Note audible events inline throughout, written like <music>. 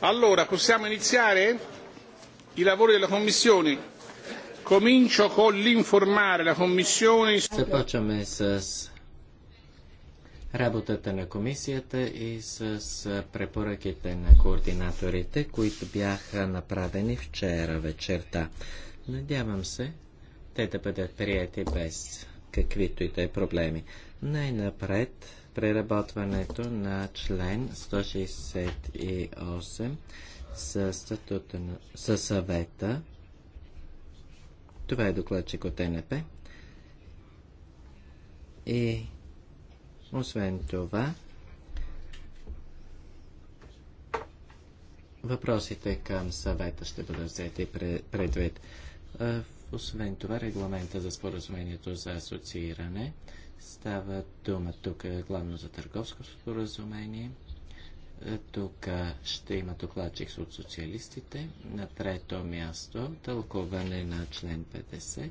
Allora, possiamo iniziare i lavori della Commissione? Comincio con l'informare la Commissione... Започваме с работата на комисията и с препоръките на координаторите, които бяха направени вчера вечерта. Надявам се, те да бъдат прияти без каквито и да е проблеми. Най-напред преработването на член 168 със, статута на, със съвета. Това е докладчик от НП. И освен това, въпросите към съвета ще бъдат взети предвид. Е, освен това, регламента за споразумението за асоцииране Става дума тук е главно за търговско споразумение. Е, тук ще има докладчик от социалистите. На трето място тълковане на член 50.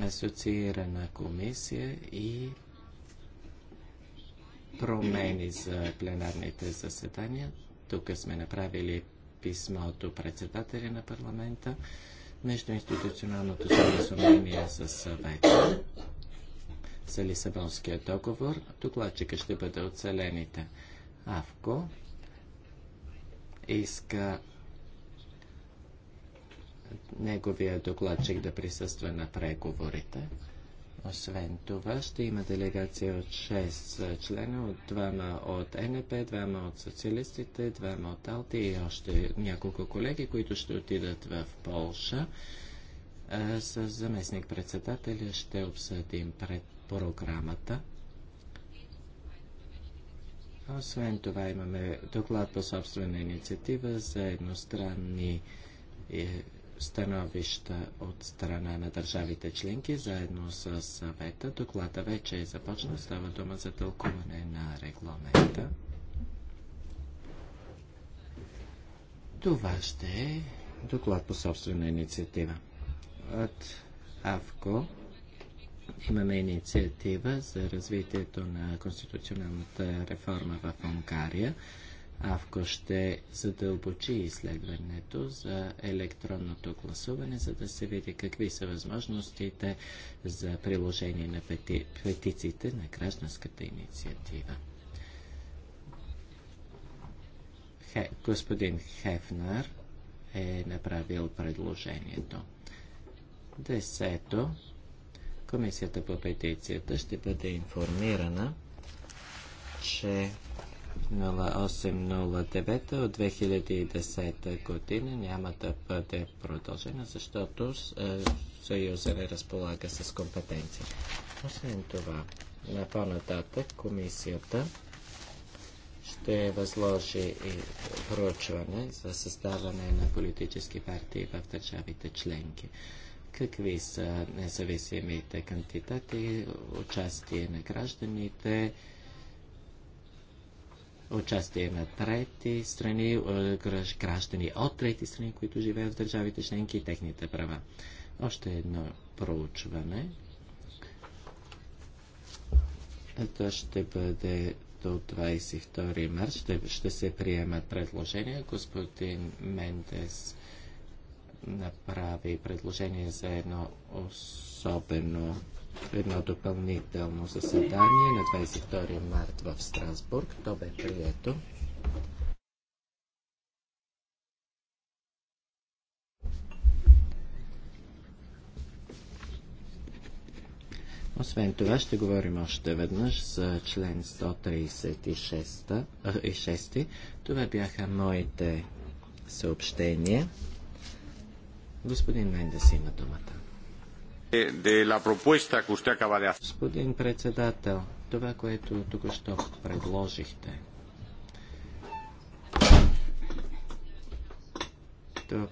Асоциирана комисия и промени за пленарните заседания. Тук сме направили писмо до председателя на парламента институционалното споразумение с съвета за Лисабонския договор. Докладчика ще бъде оцелените. Авко иска неговия докладчик да присъства на преговорите. Освен това, ще има делегация от 6 члена, от двама от НП, двама от социалистите, двама от Алти и още няколко колеги, които ще отидат в Полша. С заместник-председателя ще обсъдим пред програмата. Освен това имаме доклад по собствена инициатива за едностранни е, становища от страна на държавите членки, заедно с съвета. Доклада вече е започнал. Става дума за тълкуване на регламента. Това ще е доклад по собствена инициатива. От АВКО имаме инициатива за развитието на конституционалната реформа в Унгария. АВКО ще задълбочи изследването за електронното гласуване, за да се види какви са възможностите за приложение на пети... петициите на гражданската инициатива. Хе... Господин Хефнар е направил предложението. Десето. Комисията по петицията ще бъде информирана, че 0809 от 2010 година няма да бъде продължена, защото е, Съюза не разполага с компетенции. Освен това, на по-нататък комисията ще възложи и проучване за създаване на политически партии в държавите членки. Какви са независимите кандидати, участие на гражданите, участие на трети страни, е, граждани от трети страни, които живеят в държавите членки и техните права. Още едно проучване. То ще бъде до 22 март. Ще, ще се приемат предложения. Господин Мендес направи предложение за едно особено едно допълнително заседание на 22 март в Страсбург. То бе прието. Освен това ще говорим още веднъж за член 136. Това бяха моите съобщения. Господин Мендес има думата. Господин председател, това, което току-що предложихте, то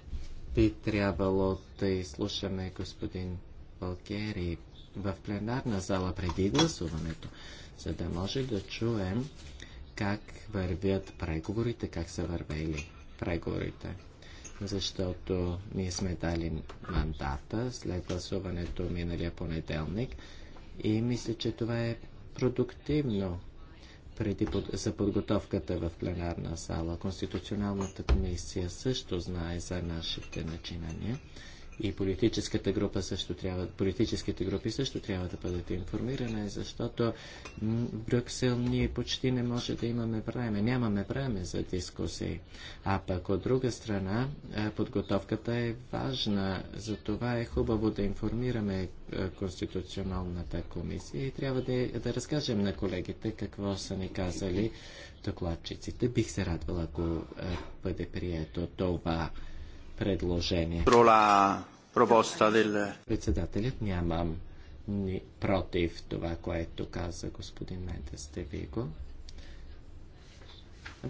би трябвало да изслушаме господин Балгери в пленарна зала преди гласуването, за да може да чуем как вървят преговорите, как са вървели преговорите защото ние сме дали мандата след гласуването миналия понеделник и мисля, че това е продуктивно преди под... за подготовката в пленарна сала. Конституционалната комисия също знае за нашите начинания и политическата група също трябва, политическите групи също трябва да бъдат информирани, защото в Брюксел ние почти не може да имаме време, нямаме време за дискусии. А пък от друга страна, подготовката е важна, за това е хубаво да информираме Конституционалната комисия и трябва да, да разкажем на колегите какво са ни казали докладчиците. Бих се радвала, ако бъде прието това предложение. Председателят нямам ни против това, което каза господин Менте Стевиго.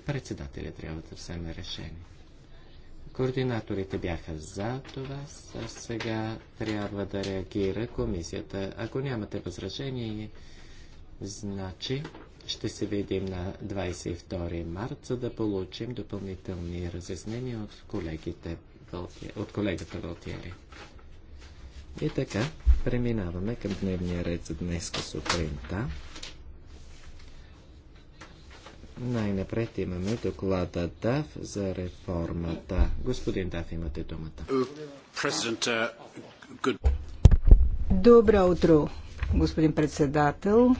Председателя трябва да вземе решение. Координаторите бяха за това, а сега трябва да реагира комисията. Ако нямате възражение, значи ще се видим на 22 марта, за да получим допълнителни разяснения от колегите от колегата Галтиери. И така, преминаваме към дневния ред за днеска сутринта. Най-напред имаме доклада ДАВ за реформата. Господин ДАВ, имате думата. Uh, добро утро, господин председател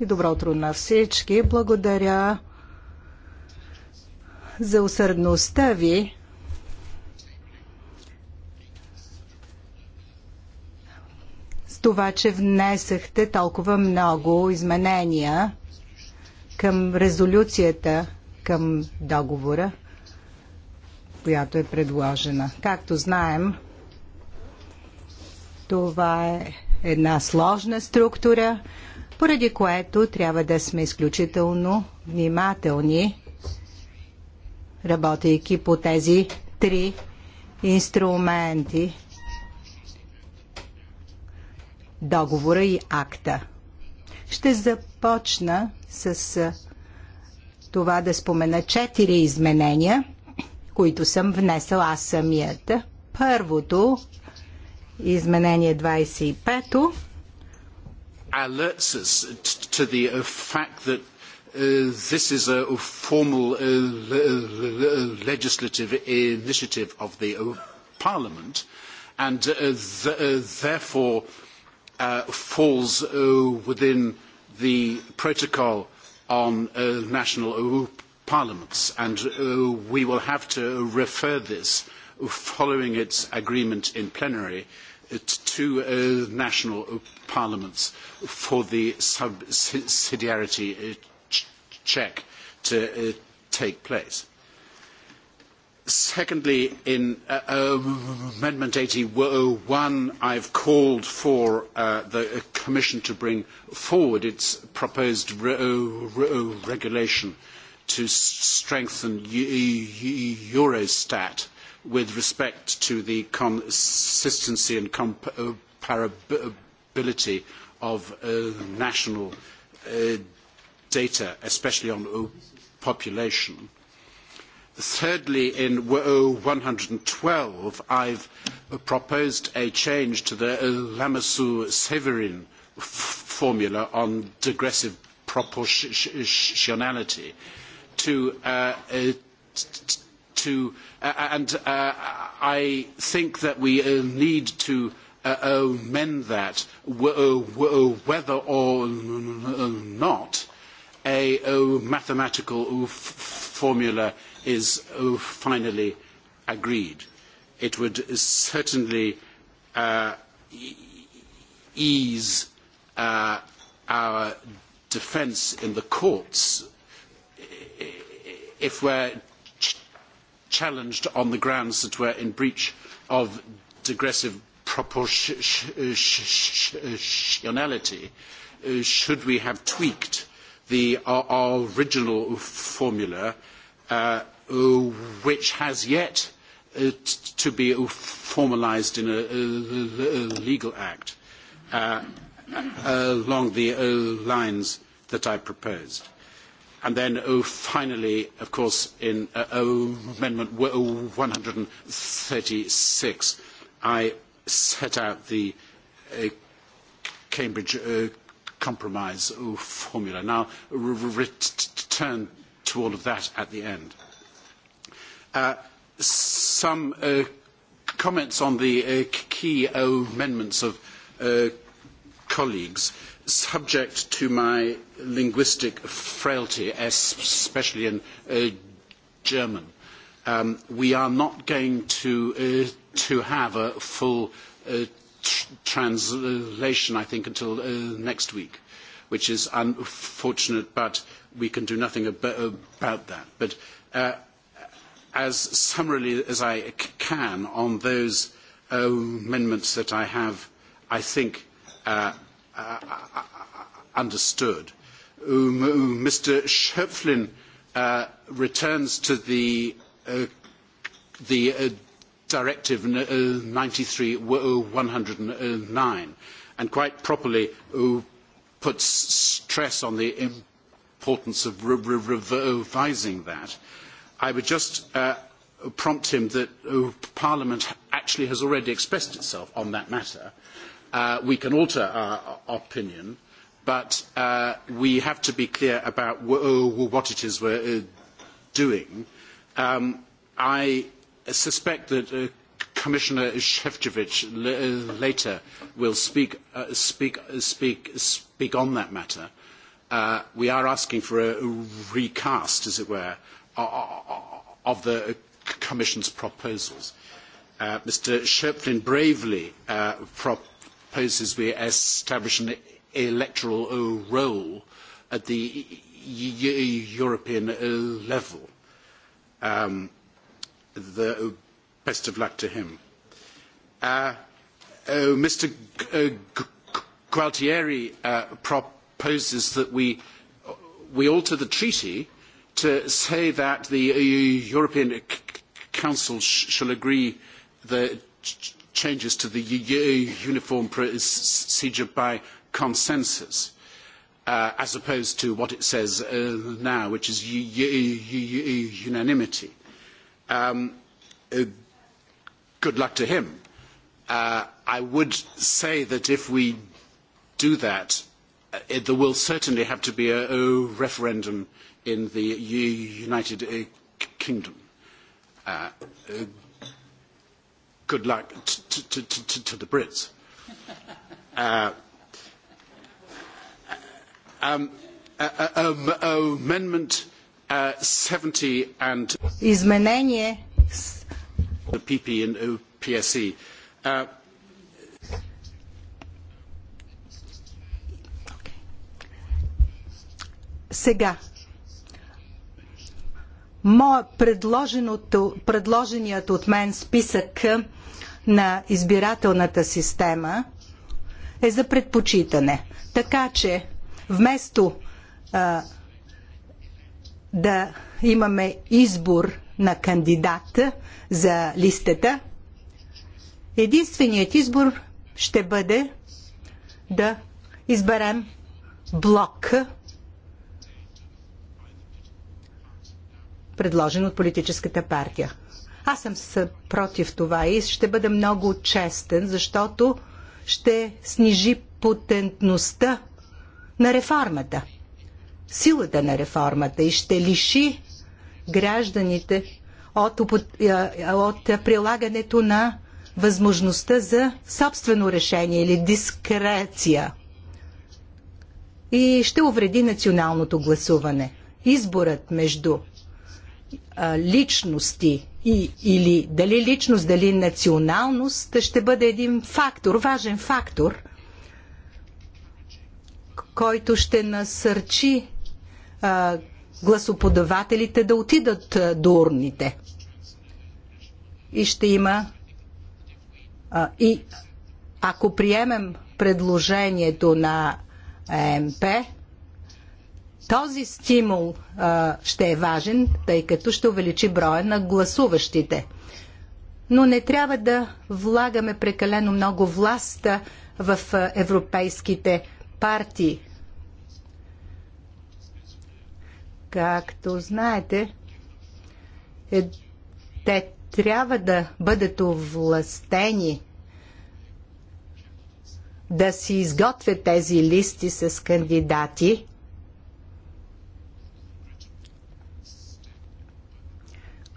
и добро утро на всички. Благодаря за усърдността ви това, че внесахте толкова много изменения към резолюцията, към договора, която е предложена. Както знаем, това е една сложна структура, поради което трябва да сме изключително внимателни, работейки по тези три инструменти договора и акта. Ще започна с това да спомена четири изменения, които съм внесъл аз самият. Първото, изменение 25-то, alerts us to the uh, fact that uh, this is a formal uh, legislative initiative of the Parliament and therefore falls within the protocol on national parliaments, and we will have to refer this, following its agreement in plenary, to national parliaments for the subsidiarity check to take place. Secondly, in Amendment eighty one, I have called for the Commission to bring forward its proposed regulation to strengthen Eurostat with respect to the consistency and comparability of national data, especially on population. Thirdly, in one hundred and twelve I have proposed a change to the Lamassoure-Severin formula on digressive proportionality to and I think that we need to amend that whether or not a mathematical formula is finally agreed. It would certainly ease our defence in the courts if we are challenged on the grounds that we are in breach of digressive proportionality should we have tweaked the original formula which has yet to be formalised in a legal act along the lines that I proposed. And then finally, of course, in Amendment one hundred and thirty six, I set out the Cambridge Compromise formula. Now, return to all of that at the end some comments on the key amendments of colleagues subject to my linguistic frailty, especially in German. we are not going to, have a full translation, I think, until next week, which is unfortunate, but we can do nothing about that. But as summarily as I can on those amendments that I have, I think, understood. Mr. Schöpflin returns to the, Directive ninety three one hundred and nine, and quite properly puts stress on the importance of revising that I would just prompt him that Parliament actually has already expressed itself on that matter. we can alter our opinion, but we have to be clear about what it is we're doing. I suspect that Commissioner Shevchevich later will speak, on that matter. we are asking for a recast, as it were, of the Commission's proposals. Mr. Schöpflin bravely proposes we establish an electoral role at the European level. the best of luck to him. Mr. Gualtieri proposes that we alter the treaty to say that the European Council shall agree the changes to the uniform procedure by consensus, as opposed to what it says now, which is unanimity. good luck to him. I would say that if we do that, there will certainly have to be a referendum in the United Kingdom. good luck to the Brits. amendment seventy and Изменение the PP and PSE предложеният от мен списък на избирателната система е за предпочитане. Така че вместо а, да имаме избор на кандидат за листата, единственият избор ще бъде да изберем блок предложен от политическата партия. Аз съм против това и ще бъда много честен, защото ще снижи потентността на реформата, силата на реформата и ще лиши гражданите от, от прилагането на възможността за собствено решение или дискреция и ще увреди националното гласуване. Изборът между личности и, или дали личност, дали националност ще бъде един фактор, важен фактор, който ще насърчи а, гласоподавателите да отидат до урните. И ще има. А, и ако приемем предложението на МП, този стимул а, ще е важен, тъй като ще увеличи броя на гласуващите. Но не трябва да влагаме прекалено много власт в европейските партии. Както знаете, е, те трябва да бъдат овластени да си изготвят тези листи с кандидати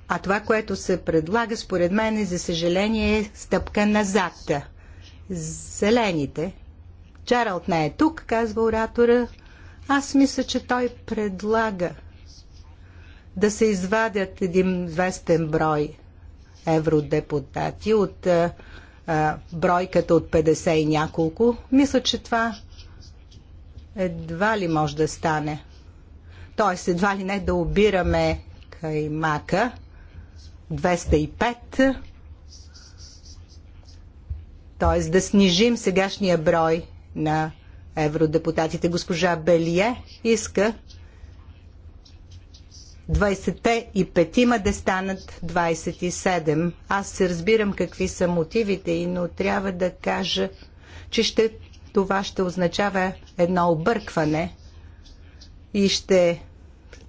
А това, което се предлага, според мен, е, за съжаление, е стъпка назад. Зелените. Джералд не е тук, казва оратора. Аз мисля, че той предлага да се извадят един вестен брой евродепутати от а, бройката от 50 и няколко. Мисля, че това едва ли може да стане. Тоест, едва ли не да обираме каймака 205, т.е. да снижим сегашния брой на евродепутатите. Госпожа Белие иска 20-те и да станат 27. Аз се разбирам какви са мотивите но трябва да кажа, че ще, това ще означава едно объркване и ще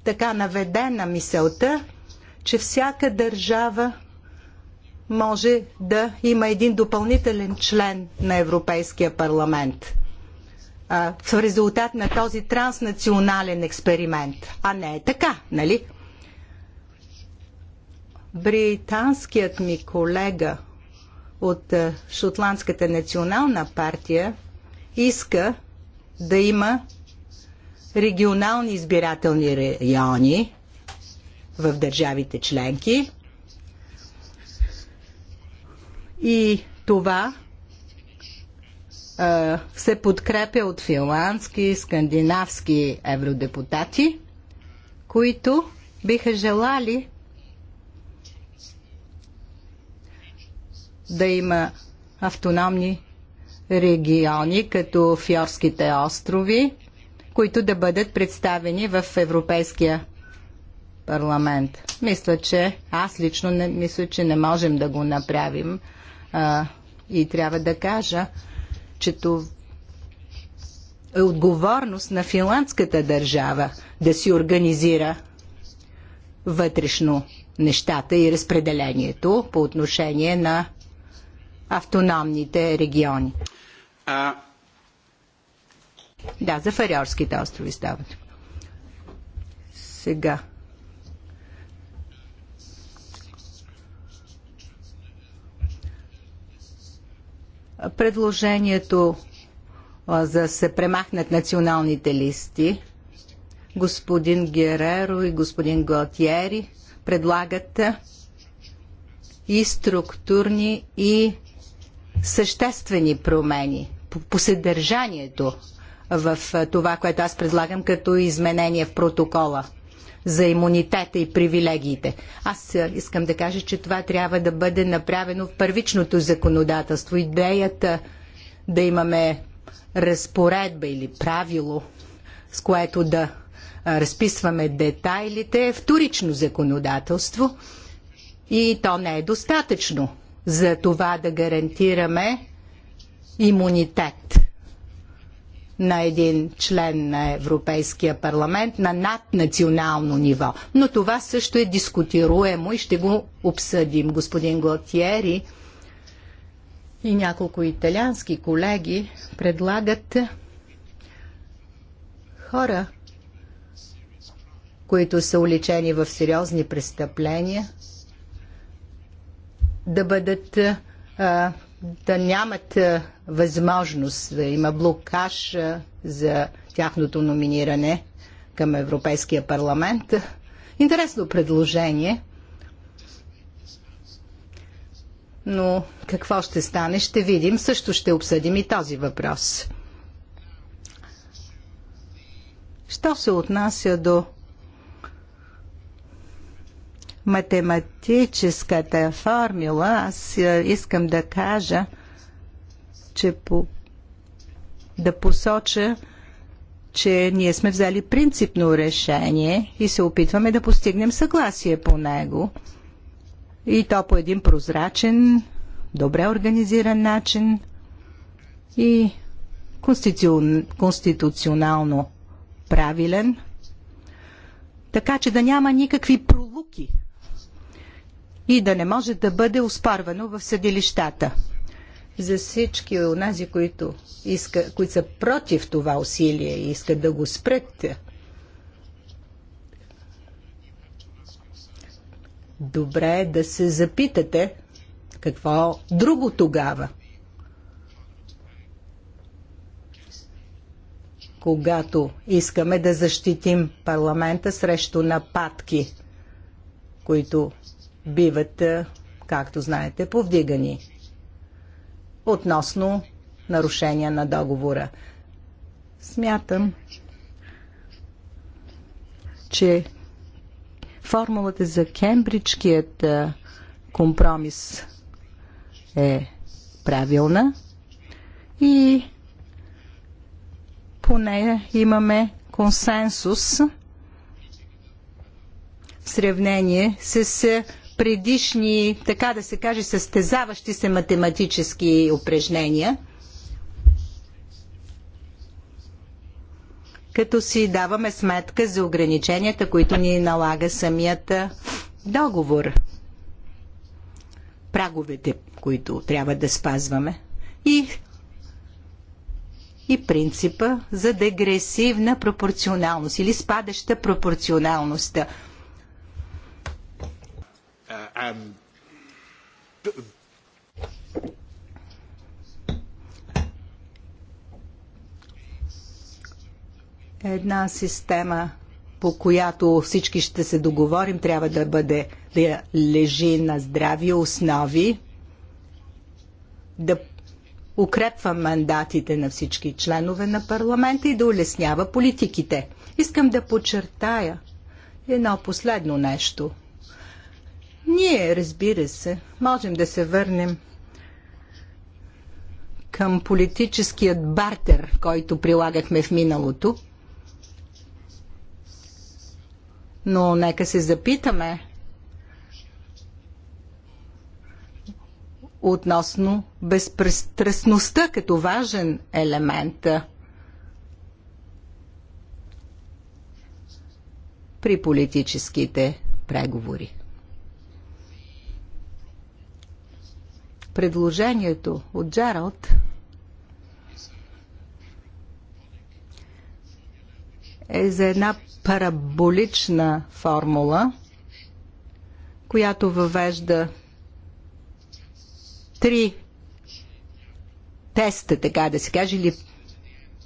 така наведена мисълта, че всяка държава може да има един допълнителен член на Европейския парламент а, в резултат на този транснационален експеримент. А не е така, нали? Британският ми колега от Шотландската национална партия иска да има регионални избирателни райони, в държавите членки. И това а, се подкрепя от финландски, скандинавски евродепутати, които биха желали да има автономни региони, като Фьорските острови, които да бъдат представени в Европейския парламент. Мисля, че аз лично не, мисля, че не можем да го направим. А, и трябва да кажа, че това е отговорност на финландската държава да си организира вътрешно нещата и разпределението по отношение на автономните региони. А... Да, за Фариорските острови стават. Сега. предложението за да се премахнат националните листи. Господин Гереро и господин Готиери предлагат и структурни, и съществени промени по, по съдържанието в това, което аз предлагам като изменение в протокола – за имунитета и привилегиите. Аз искам да кажа, че това трябва да бъде направено в първичното законодателство. Идеята да имаме разпоредба или правило, с което да разписваме детайлите, е вторично законодателство и то не е достатъчно за това да гарантираме имунитет на един член на Европейския парламент на наднационално ниво. Но това също е дискутируемо и ще го обсъдим. Господин Готиери и няколко италиански колеги предлагат хора, които са уличени в сериозни престъпления, да бъдат да нямат е, възможност да има блокаж е, за тяхното номиниране към Европейския парламент. Интересно предложение. Но какво ще стане, ще видим. Също ще обсъдим и този въпрос. Що се отнася до математическата формула, аз е, искам да кажа, че по, да посоча, че ние сме взели принципно решение и се опитваме да постигнем съгласие по него. И то по един прозрачен, добре организиран начин и конституционално правилен, така че да няма никакви пролуки и да не може да бъде оспарвано в съдилищата. За всички онази, които, иска, които са против това усилие и искат да го спрат, добре е да се запитате какво друго тогава. Когато искаме да защитим парламента срещу нападки, които биват, както знаете, повдигани относно нарушения на договора. Смятам, че формулата за кембриджкият компромис е правилна и по нея имаме консенсус в сравнение с предишни, така да се каже, състезаващи се математически упражнения, като си даваме сметка за ограниченията, които ни налага самият договор. Праговете, които трябва да спазваме. И и принципа за дегресивна пропорционалност или спадаща пропорционалност um, една система, по която всички ще се договорим, трябва да бъде да лежи на здрави основи, да укрепва мандатите на всички членове на парламента и да улеснява политиките. Искам да подчертая едно последно нещо – ние, разбира се, можем да се върнем към политическият бартер, който прилагахме в миналото. Но нека се запитаме относно безпристрастността като важен елемент при политическите преговори. предложението от Джералд е за една параболична формула, която въвежда три теста, така да се каже, или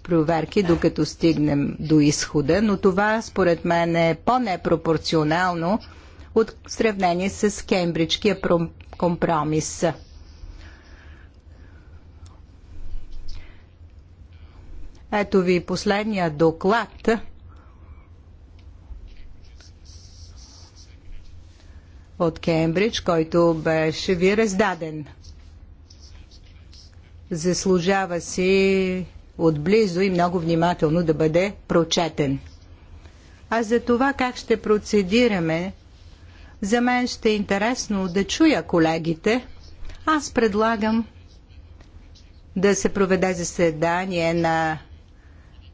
проверки, докато стигнем до изхода, но това според мен е по-непропорционално от сравнение с кембриджкия компромис. Ето ви последния доклад. от Кембридж, който беше ви раздаден. Заслужава си отблизо и много внимателно да бъде прочетен. А за това как ще процедираме, за мен ще е интересно да чуя колегите. Аз предлагам да се проведе заседание на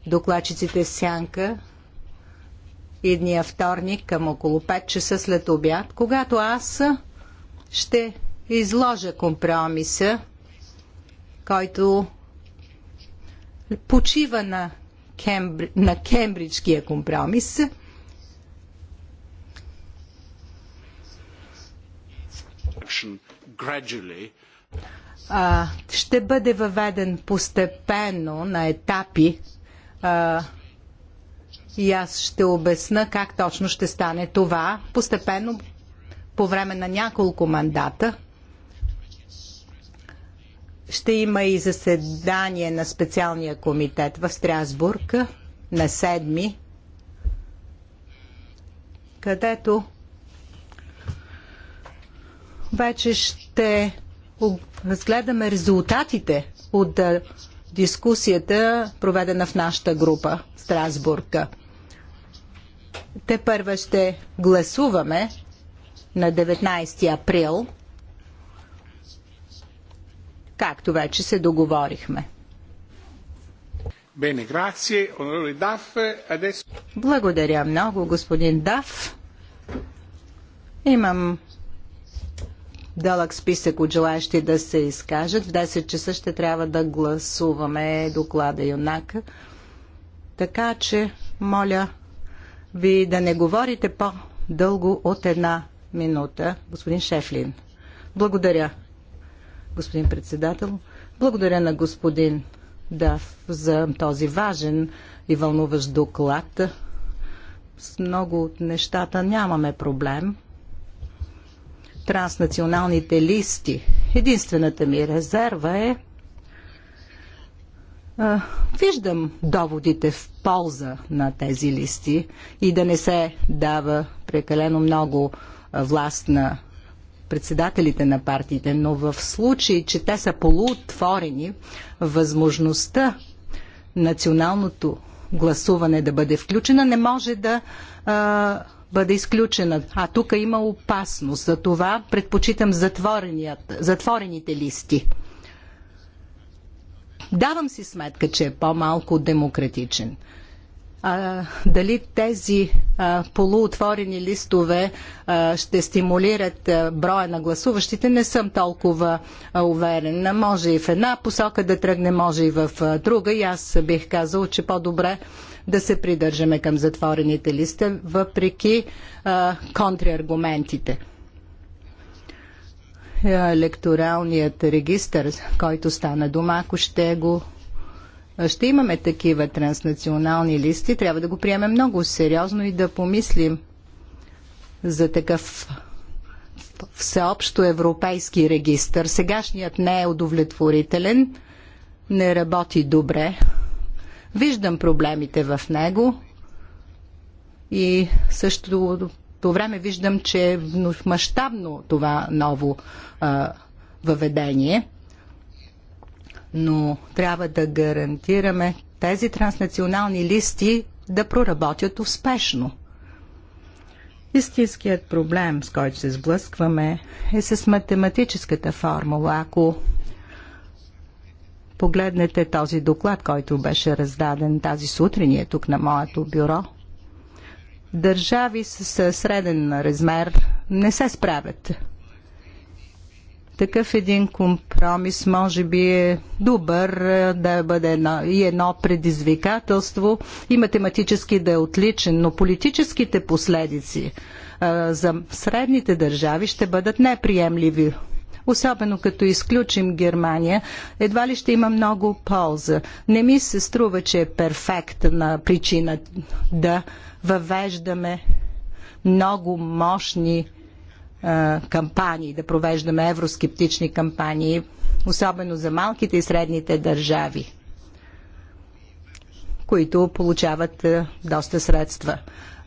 докладчиците Сянка идния вторник към около 5 часа след обяд, когато аз ще изложа компромиса, който почива на, Кембр... на кембриджския компромис. ще бъде въведен постепенно на етапи а, и аз ще обясна как точно ще стане това постепенно по време на няколко мандата. Ще има и заседание на специалния комитет в Страсбург на 7 където вече ще разгледаме резултатите от дискусията, проведена в нашата група в Страсбург. Те първа ще гласуваме на 19 април, както вече се договорихме. Благодаря много, господин Даф. Имам дълъг списък от желаящи да се изкажат. В 10 часа ще трябва да гласуваме доклада Юнак. Така че, моля ви да не говорите по-дълго от една минута. Господин Шефлин. Благодаря, господин председател. Благодаря на господин Дав за този важен и вълнуващ доклад. С много от нещата нямаме проблем транснационалните листи. Единствената ми резерва е виждам доводите в полза на тези листи и да не се дава прекалено много власт на председателите на партиите, но в случай, че те са полуотворени, възможността националното гласуване да бъде включена не може да а, бъде изключена. А тук има опасност. За това предпочитам затворените листи. Давам си сметка, че е по-малко демократичен. А, дали тези а, полуотворени листове а, ще стимулират а, броя на гласуващите, не съм толкова а, уверена. Може и в една посока да тръгне, може и в а, друга. И аз бих казал, че по-добре да се придържаме към затворените листа, въпреки а, контраргументите. Е, електоралният регистр, който стана дома ако ще го ще имаме такива транснационални листи, трябва да го приемем много сериозно и да помислим за такъв всеобщо европейски регистр. Сегашният не е удовлетворителен, не работи добре Виждам проблемите в него и също по време виждам, че е мащабно това ново а, въведение, но трябва да гарантираме тези транснационални листи да проработят успешно. Истинският проблем, с който се сблъскваме, е с математическата формула. Ако погледнете този доклад, който беше раздаден тази сутрин е тук на моето бюро, държави с среден размер не се справят. Такъв един компромис може би е добър е, да бъде едно, и едно предизвикателство и математически да е отличен, но политическите последици а, е, за средните държави ще бъдат неприемливи особено като изключим Германия, едва ли ще има много полза. Не ми се струва, че е перфектна причина да въвеждаме много мощни кампании, да провеждаме евроскептични кампании, особено за малките и средните държави, които получават доста средства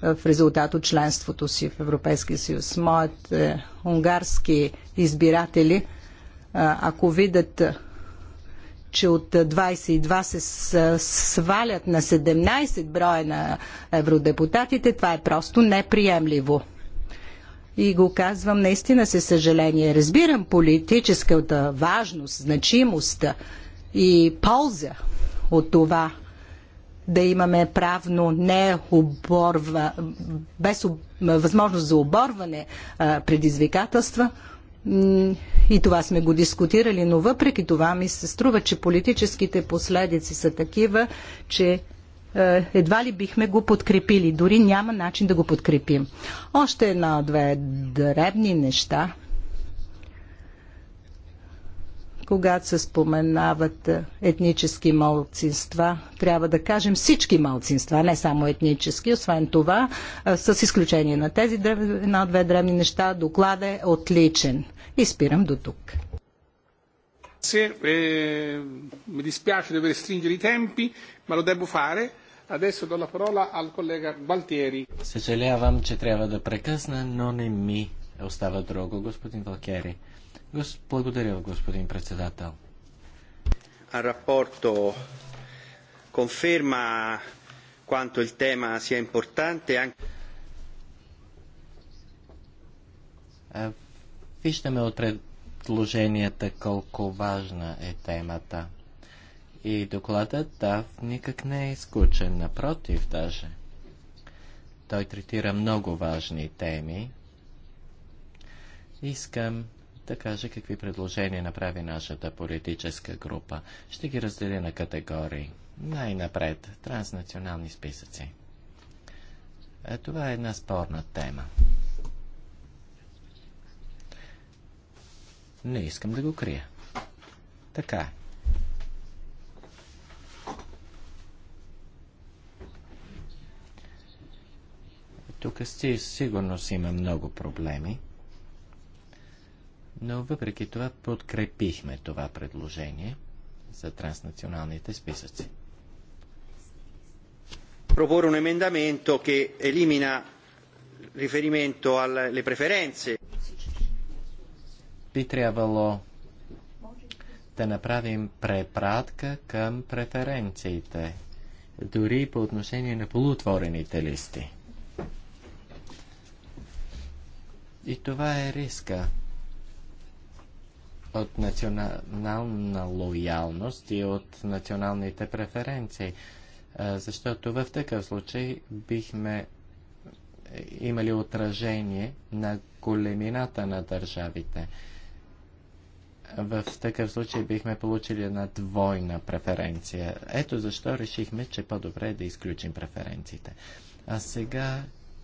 в резултат от членството си в Европейския съюз. Моят е, унгарски избиратели, е, ако видят че от 22 се свалят на 17 броя на евродепутатите, това е просто неприемливо. И го казвам наистина със съжаление. Разбирам политическата важност, значимост и полза от това да имаме правно не оборва, без об... възможност за оборване а, предизвикателства. И това сме го дискутирали, но въпреки това ми се струва, че политическите последици са такива, че едва ли бихме го подкрепили. Дори няма начин да го подкрепим. Още една-две дребни неща. когато се споменават етнически малцинства, трябва да кажем всички малцинства, не само етнически. Освен това, с изключение на тези една-две древни неща, доклад е отличен. И спирам до тук. Е, ми dispiace да ви i темпи, ma lo devo fare. Adesso do la parola al collega Съжалявам, че трябва да прекъсна, но не ми остава друго, господин Валкери. Благодаря, господин председател. Рапорто конфирма quanto il tema sia importante anche Виждаме от предложенията колко важна е темата. И докладът да, никак не е изключен, напротив даже. Той третира много важни теми. Искам да каже какви предложения направи нашата политическа група. Ще ги разделя на категории. Най-напред – транснационални списъци. Е, това е една спорна тема. Не искам да го крия. Така е. Тук си сигурно си има много проблеми но въпреки това подкрепихме това предложение за транснационалните списъци. Proporre un emendamento che elimina riferimento alle preferenze. Би трябвало да направим препратка към преференциите, дори по отношение на полуотворените листи. И това е риска от национална лоялност и от националните преференции. Защото в такъв случай бихме имали отражение на големината на държавите. В такъв случай бихме получили една двойна преференция. Ето защо решихме, че по-добре е да изключим преференциите. А сега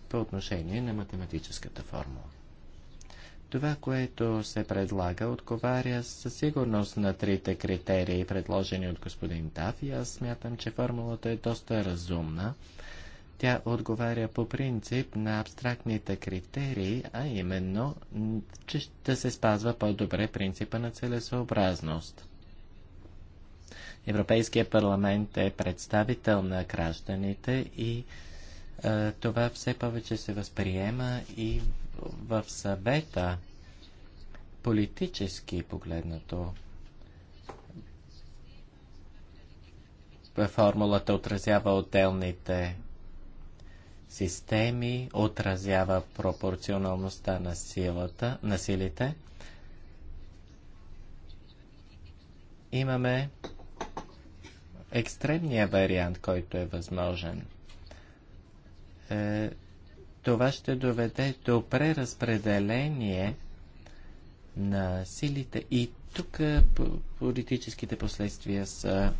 по отношение на математическата формула. Това, което се предлага, отговаря със сигурност на трите критерии, предложени от господин Тав, и аз смятам, че формулата е доста разумна. Тя отговаря по принцип на абстрактните критерии, а именно, че ще се спазва по-добре принципа на целесообразност. Европейския парламент е представител на гражданите и е, това все повече се възприема и в съвета, политически погледнато, формулата отразява отделните системи, отразява пропорционалността на, силата, на силите. Имаме екстремния вариант, който е възможен. Е, това ще доведе до преразпределение на силите и тук е, политическите последствия са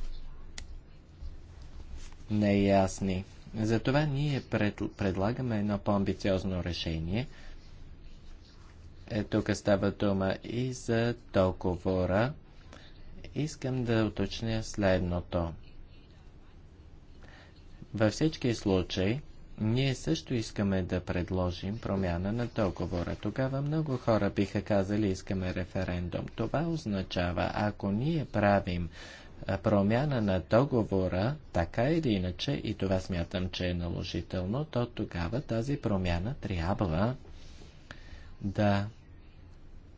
неясни. Затова ние пред, предлагаме едно по-амбициозно решение. Е, тук става дума и за договора. Искам да уточня следното. Във всички случаи ние също искаме да предложим промяна на договора. Тогава много хора биха казали искаме референдум. Това означава, ако ние правим промяна на договора, така или иначе, и това смятам, че е наложително, то тогава тази промяна трябва да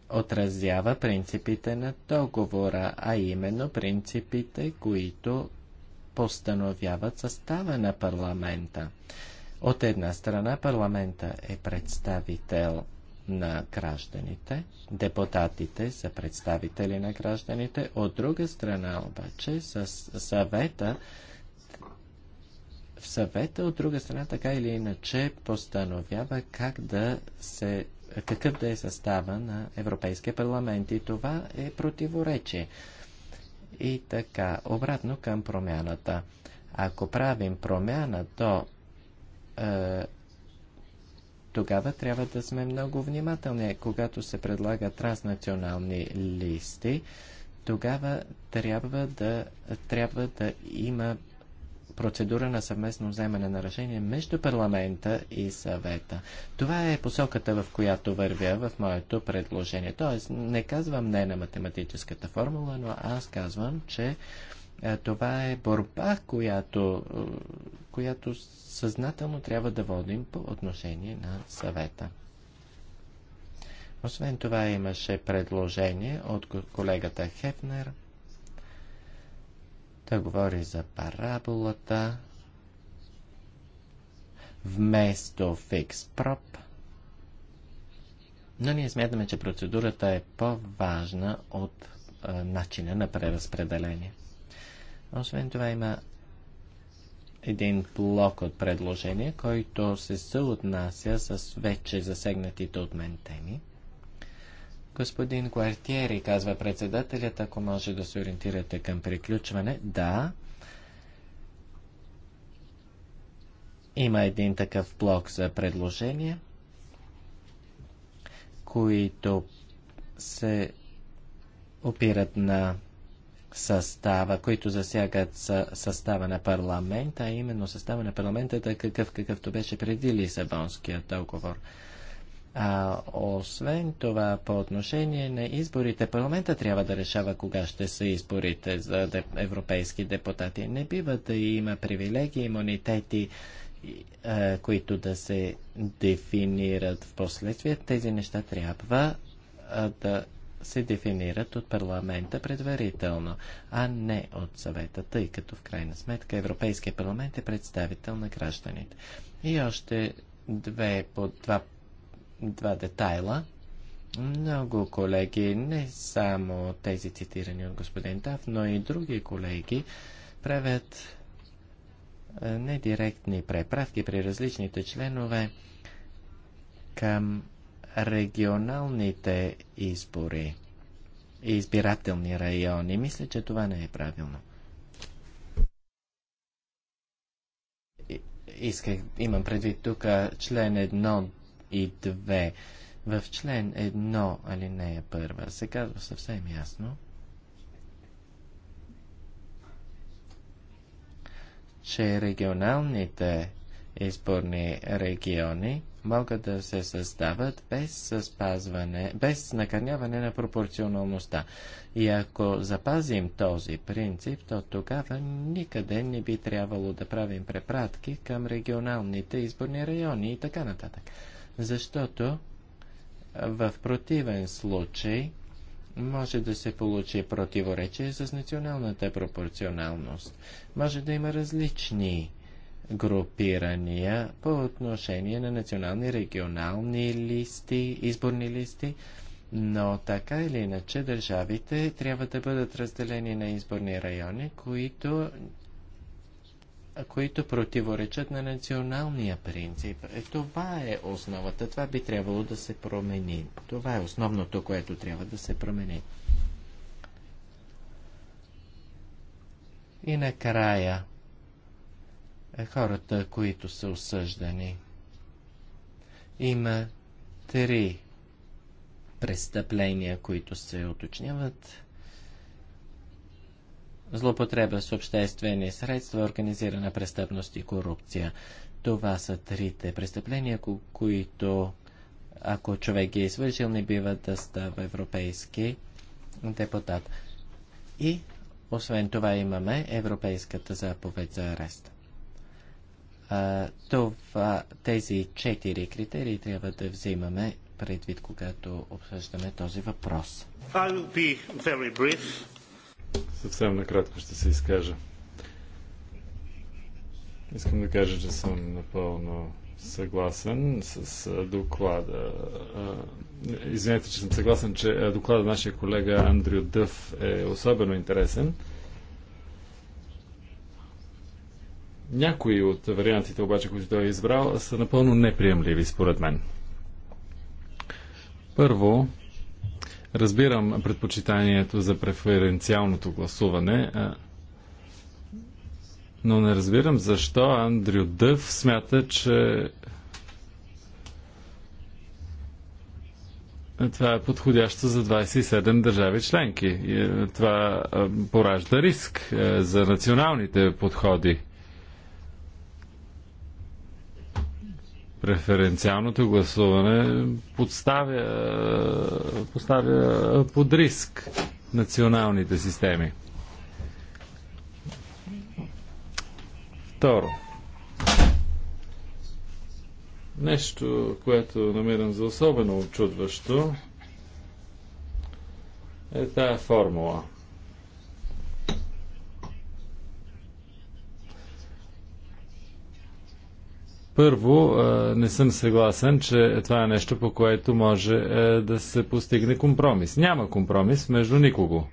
отразява принципите на договора, а именно принципите, които постановяват състава на парламента. От една страна парламента е представител на гражданите, депутатите са представители на гражданите, от друга страна обаче с съвета в съвета, от друга страна, така или иначе, постановява как да се, какъв да е състава на Европейския парламент. И това е противоречие. И така, обратно към промяната. Ако правим промяна, то е, тогава трябва да сме много внимателни. Когато се предлагат транснационални листи, тогава трябва да, трябва да има процедура на съвместно вземане на решение между парламента и съвета. Това е посоката, в която вървя в моето предложение. Тоест, не казвам не на математическата формула, но аз казвам, че е, това е борба, която, която съзнателно трябва да водим по отношение на съвета. Освен това имаше предложение от колегата Хепнер. Той говори за параболата вместо фикс проп. Но ние смятаме, че процедурата е по-важна от е, начина на преразпределение. Освен това има един блок от предложения, който се съотнася с вече засегнатите от мен теми. Господин Гуартиери, казва председателят, ако може да се ориентирате към приключване. Да. Има един такъв блок за предложения, които се опират на състава, които засягат състава на парламента, а именно състава на парламента е какъв какъвто беше преди Лисабонския договор. А освен това, по отношение на изборите, парламента трябва да решава кога ще са изборите за европейски депутати. Не бива да има привилегии, имунитети, които да се дефинират в последствие. Тези неща трябва да се дефинират от парламента предварително, а не от съвета, тъй като в крайна сметка Европейския парламент е представител на гражданите. И още две, по два, два детайла. Много колеги, не само тези цитирани от господин Тав, но и други колеги правят недиректни преправки при различните членове към регионалните избори и избирателни райони. Мисля, че това не е правилно. Исках, имам предвид тук член 1 и 2. В член 1, алинея 1, се казва съвсем ясно, че регионалните изборни региони могат да се създават без, спазване, без накърняване на пропорционалността. И ако запазим този принцип, то тогава никъде не би трябвало да правим препратки към регионалните изборни райони и така нататък. Защото в противен случай може да се получи противоречие с националната пропорционалност. Може да има различни групирания по отношение на национални, регионални листи, изборни листи, но така или иначе държавите трябва да бъдат разделени на изборни райони, които, които противоречат на националния принцип. Е, това е основата, това би трябвало да се промени. Това е основното, което трябва да се промени. И накрая – е хората, които са осъждани. Има три престъпления, които се уточняват. Злопотреба с обществени средства, организирана престъпност и корупция. Това са трите престъпления, които, ако човек ги е извършил, не бива да става европейски депутат. И, освен това, имаме Европейската заповед за арест. Това, тези четири критерии трябва да взимаме предвид, когато обсъждаме този въпрос. Съвсем накратко ще се изкажа. Искам да кажа, че съм напълно съгласен с доклада. Извинете, че съм съгласен, че доклада на нашия колега Андрю Дъв е особено интересен. Някои от вариантите обаче, които той е избрал, са напълно неприемливи според мен. Първо, разбирам предпочитанието за преференциалното гласуване, но не разбирам защо Андрю Дъв смята, че това е подходящо за 27 държави членки. Това поражда риск за националните подходи. преференциалното гласуване подставя, поставя под риск националните системи. Второ. Нещо, което намирам за особено очудващо, е тая формула – Първо, не съм съгласен, че това е нещо, по което може да се постигне компромис. Няма компромис между никого.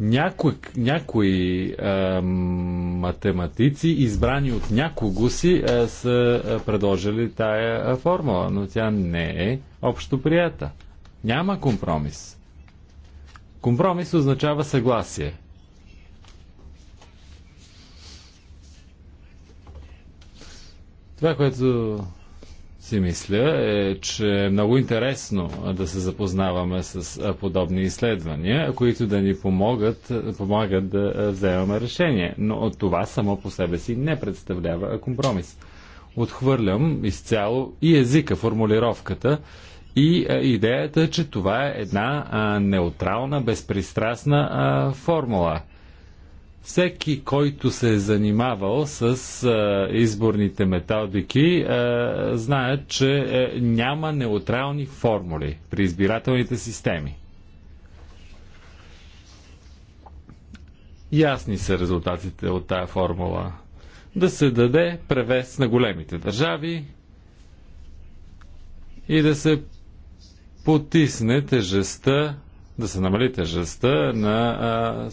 Някой, някои е, математици, избрани от някого си, е, са предложили тая формула, но тя не е общо прията. Няма компромис. Компромис означава съгласие. Това, което си мисля е, че е много интересно да се запознаваме с подобни изследвания, които да ни помогат, помагат да вземаме решение. Но от това само по себе си не представлява компромис. Отхвърлям изцяло и езика, формулировката и идеята, че това е една неутрална, безпристрастна формула – всеки, който се е занимавал с а, изборните методики, а, знае, че а, е, няма неутрални формули при избирателните системи. Ясни са резултатите от тая формула. Да се даде превес на големите държави и да се потисне тежестта, да се намали тежестта на а,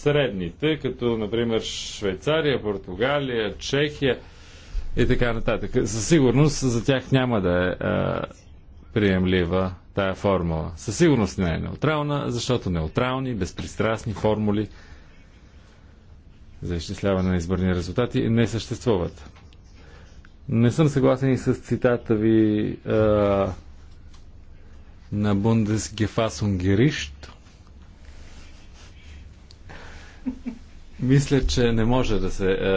средните, като например Швейцария, Португалия, Чехия и така нататък. Със сигурност за тях няма да е а, приемлива тая формула. Със сигурност не е неутрална, защото неутрални, безпристрастни формули за изчисляване на изборни резултати не съществуват. Не съм съгласен и с цитата ви а, на Бундесгефасунгерищ, мисля, че не може да се е,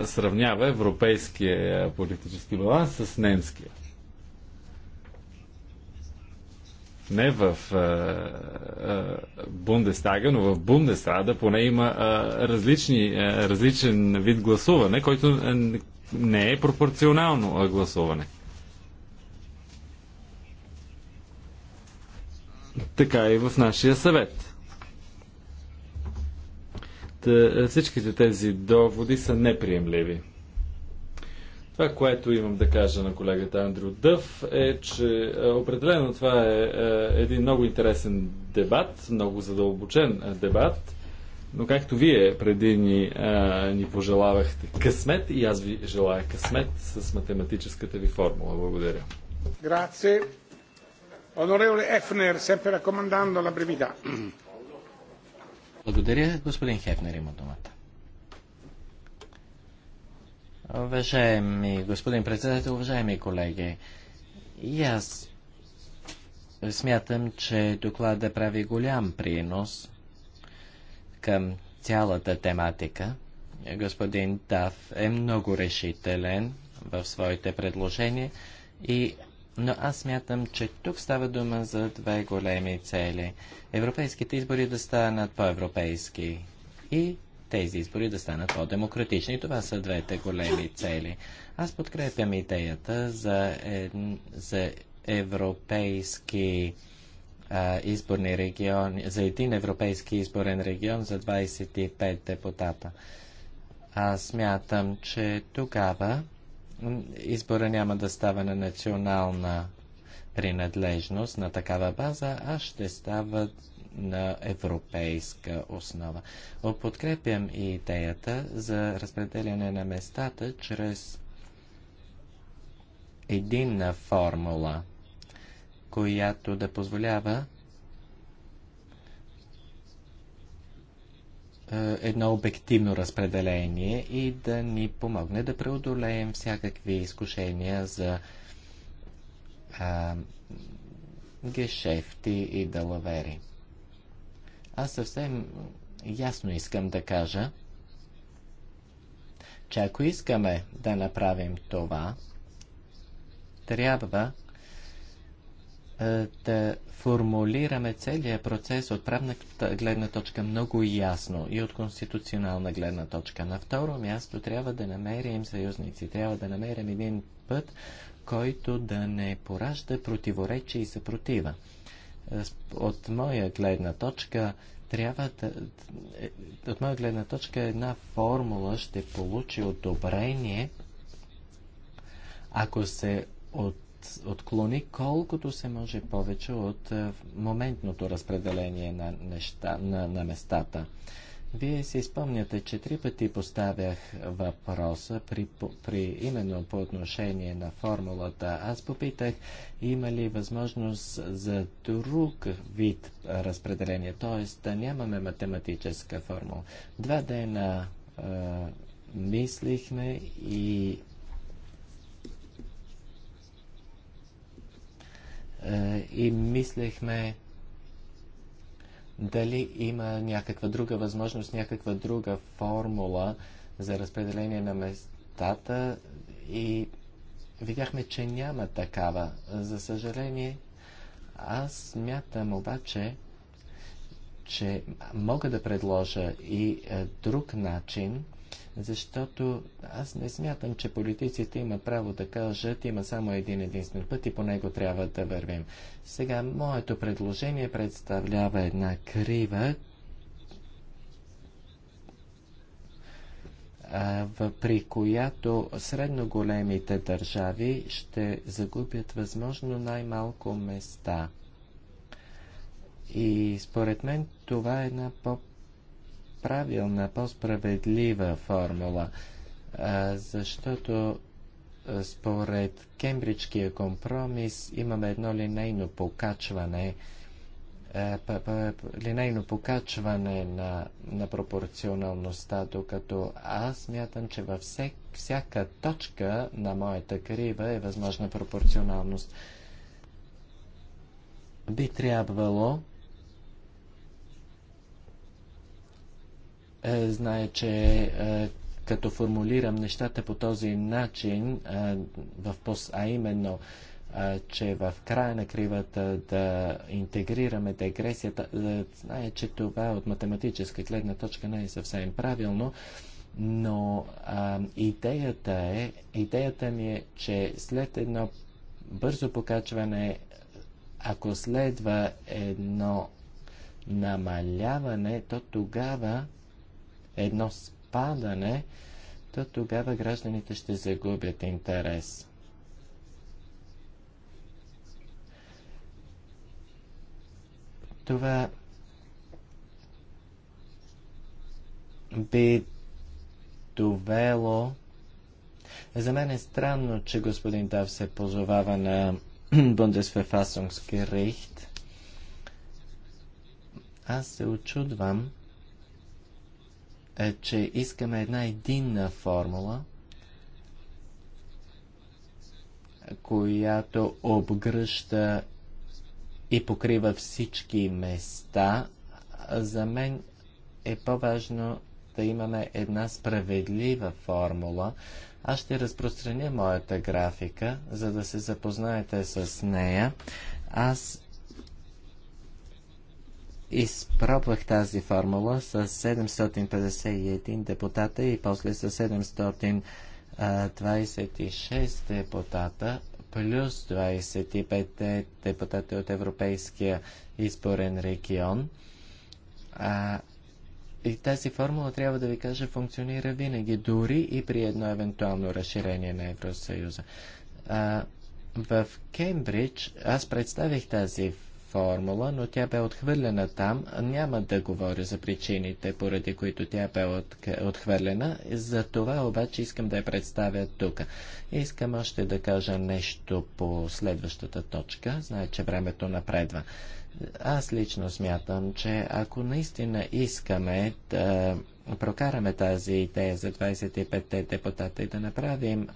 е, сравнява европейския политически баланс с немския. не в е, е, Бундестага, но в Бундесрада поне има е, различни, е, различен вид гласуване, който е, не е пропорционално гласуване. Така е и в нашия съвет. Е, е, всичките тези доводи са неприемливи. Това, което имам да кажа на колегата Андрю Дъв е, че е, определено това е един много интересен дебат, много задълбочен дебат, но както вие преди ни, ни пожелавахте късмет и аз ви желая късмет с математическата ви формула. Благодаря. Grazie. Onorevole Efner, sempre raccomandando la brevità. Благодаря. Господин Хефнер има думата. Уважаеми господин председател, уважаеми колеги, и аз смятам, че докладът прави голям принос към цялата тематика. Господин Тав е много решителен в своите предложения и но аз смятам, че тук става дума за две големи цели. Европейските избори да станат по-европейски и тези избори да станат по-демократични. Това са двете големи цели. Аз подкрепям идеята за, е, за европейски а, изборни региони, за един европейски изборен регион за 25 депутата. Аз смятам, че тогава избора няма да става на национална принадлежност на такава база, а ще става на европейска основа. Подкрепям и идеята за разпределяне на местата чрез единна формула, която да позволява Е, едно обективно разпределение и да ни помогне да преодолеем всякакви изкушения за а, гешефти и далавери. Аз съвсем ясно искам да кажа, че ако искаме да направим това, трябва е, да формулираме целият процес от правна гледна точка много ясно и от конституционална гледна точка. На второ място трябва да намерим съюзници, трябва да намерим един път, който да не поражда противоречие и съпротива. Е, от моя гледна точка трябва да... Е, от моя гледна точка една формула ще получи одобрение, ако се от отклони колкото се може повече от е, моментното разпределение на, неща, на, на местата. Вие си спомняте, че три пъти поставях въпроса при, при именно по отношение на формулата. Аз попитах има ли възможност за друг вид разпределение, т.е. да нямаме математическа формула. Два дена е, мислихме и Е, и мислехме дали има някаква друга възможност, някаква друга формула за разпределение на местата и видяхме, че няма такава. За съжаление, аз мятам обаче, че мога да предложа и е, друг начин – защото аз не смятам, че политиците имат право да кажат, има само един единствен път и по него трябва да вървим. Сега, моето предложение представлява една крива, при която средно големите държави ще загубят възможно най-малко места. И според мен това е една по по-правилна, по-справедлива формула, защото според Кембриджкия компромис имаме едно линейно покачване линейно покачване на, на пропорционалността, докато аз мятам, че във всек, всяка точка на моята крива е възможна пропорционалност. Би трябвало Е, знае, че е, като формулирам нещата по този начин, е, а именно, че в края на кривата да интегрираме дегресията, знае, че това от математическа гледна точка не е съвсем правилно, но а, идеята, е, идеята ми е, че след едно бързо покачване, ако следва едно намаляване, то тогава едно спадане, то тогава гражданите ще загубят интерес. Това би довело. За мен е странно, че господин Дав се позовава на <clears throat> Бундесфефасунгски Рихт. Аз се очудвам, е, че искаме една единна формула, която обгръща и покрива всички места. За мен е по-важно да имаме една справедлива формула. Аз ще разпространя моята графика, за да се запознаете с нея. Аз Изпробвах тази формула с 751 депутата и после с 726 депутата плюс 25 депутати от Европейския изборен регион. А, и тази формула, трябва да ви кажа, функционира винаги, дори и при едно евентуално разширение на Евросъюза. А, в Кембридж аз представих тази формула, но тя бе отхвърлена там. Няма да говоря за причините, поради които тя бе отхвърлена. За това обаче искам да я представя тук. Искам още да кажа нещо по следващата точка. Знае, че времето напредва. Аз лично смятам, че ако наистина искаме да прокараме тази идея за 25-те депутата и да направим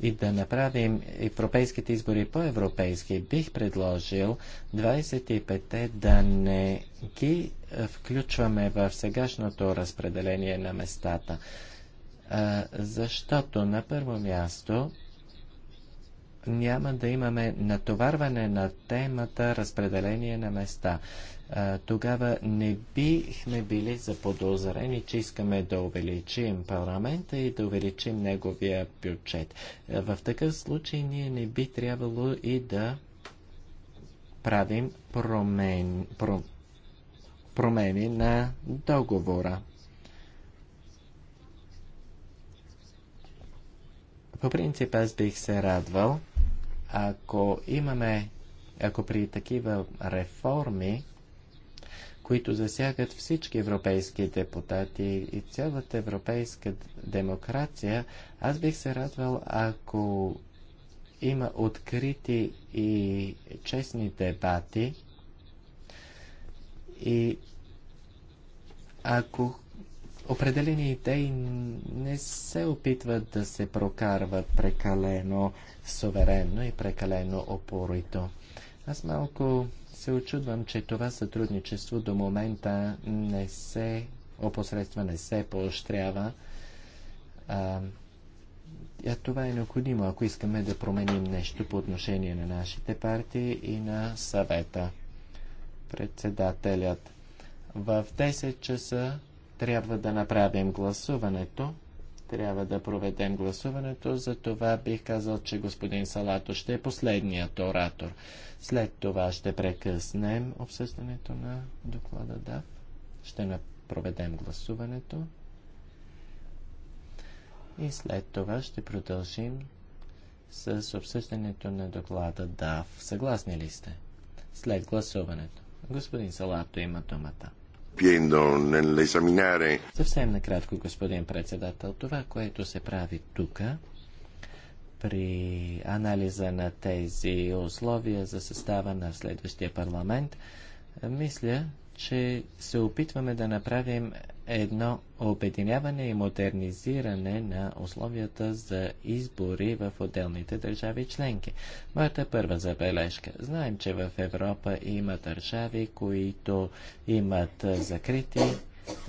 и да направим европейските избори по-европейски, бих предложил 25-те да не ги включваме в сегашното разпределение на местата. Защото на първо място няма да имаме натоварване на темата разпределение на места тогава не бихме били заподозрени, че искаме да увеличим парламента и да увеличим неговия бюджет. В такъв случай ние не би трябвало и да правим промен, про, промени на договора. По принцип аз бих се радвал, ако имаме, ако при такива реформи, които засягат всички европейски депутати и цялата европейска демокрация, аз бих се радвал, ако има открити и честни дебати и ако определени идеи не се опитват да се прокарват прекалено суверенно и прекалено опорито. Аз малко се очудвам, че това сътрудничество до момента не се опосредства, не се поощрява. А, а това е необходимо, ако искаме да променим нещо по отношение на нашите партии и на съвета. Председателят. В 10 часа трябва да направим гласуването трябва да проведем гласуването, за това бих казал, че господин Салато ще е последният оратор. След това ще прекъснем обсъждането на доклада ДАВ. Ще проведем гласуването. И след това ще продължим с обсъждането на доклада ДАВ. Съгласни ли сте? След гласуването. Господин Салато има думата. Съвсем накратко, господин председател, това, което се прави тук при анализа на тези условия за състава на следващия парламент, мисля, че се опитваме да направим едно обединяване и модернизиране на условията за избори в отделните държави членки. Моята първа забележка. Знаем, че в Европа има държави, които имат закрити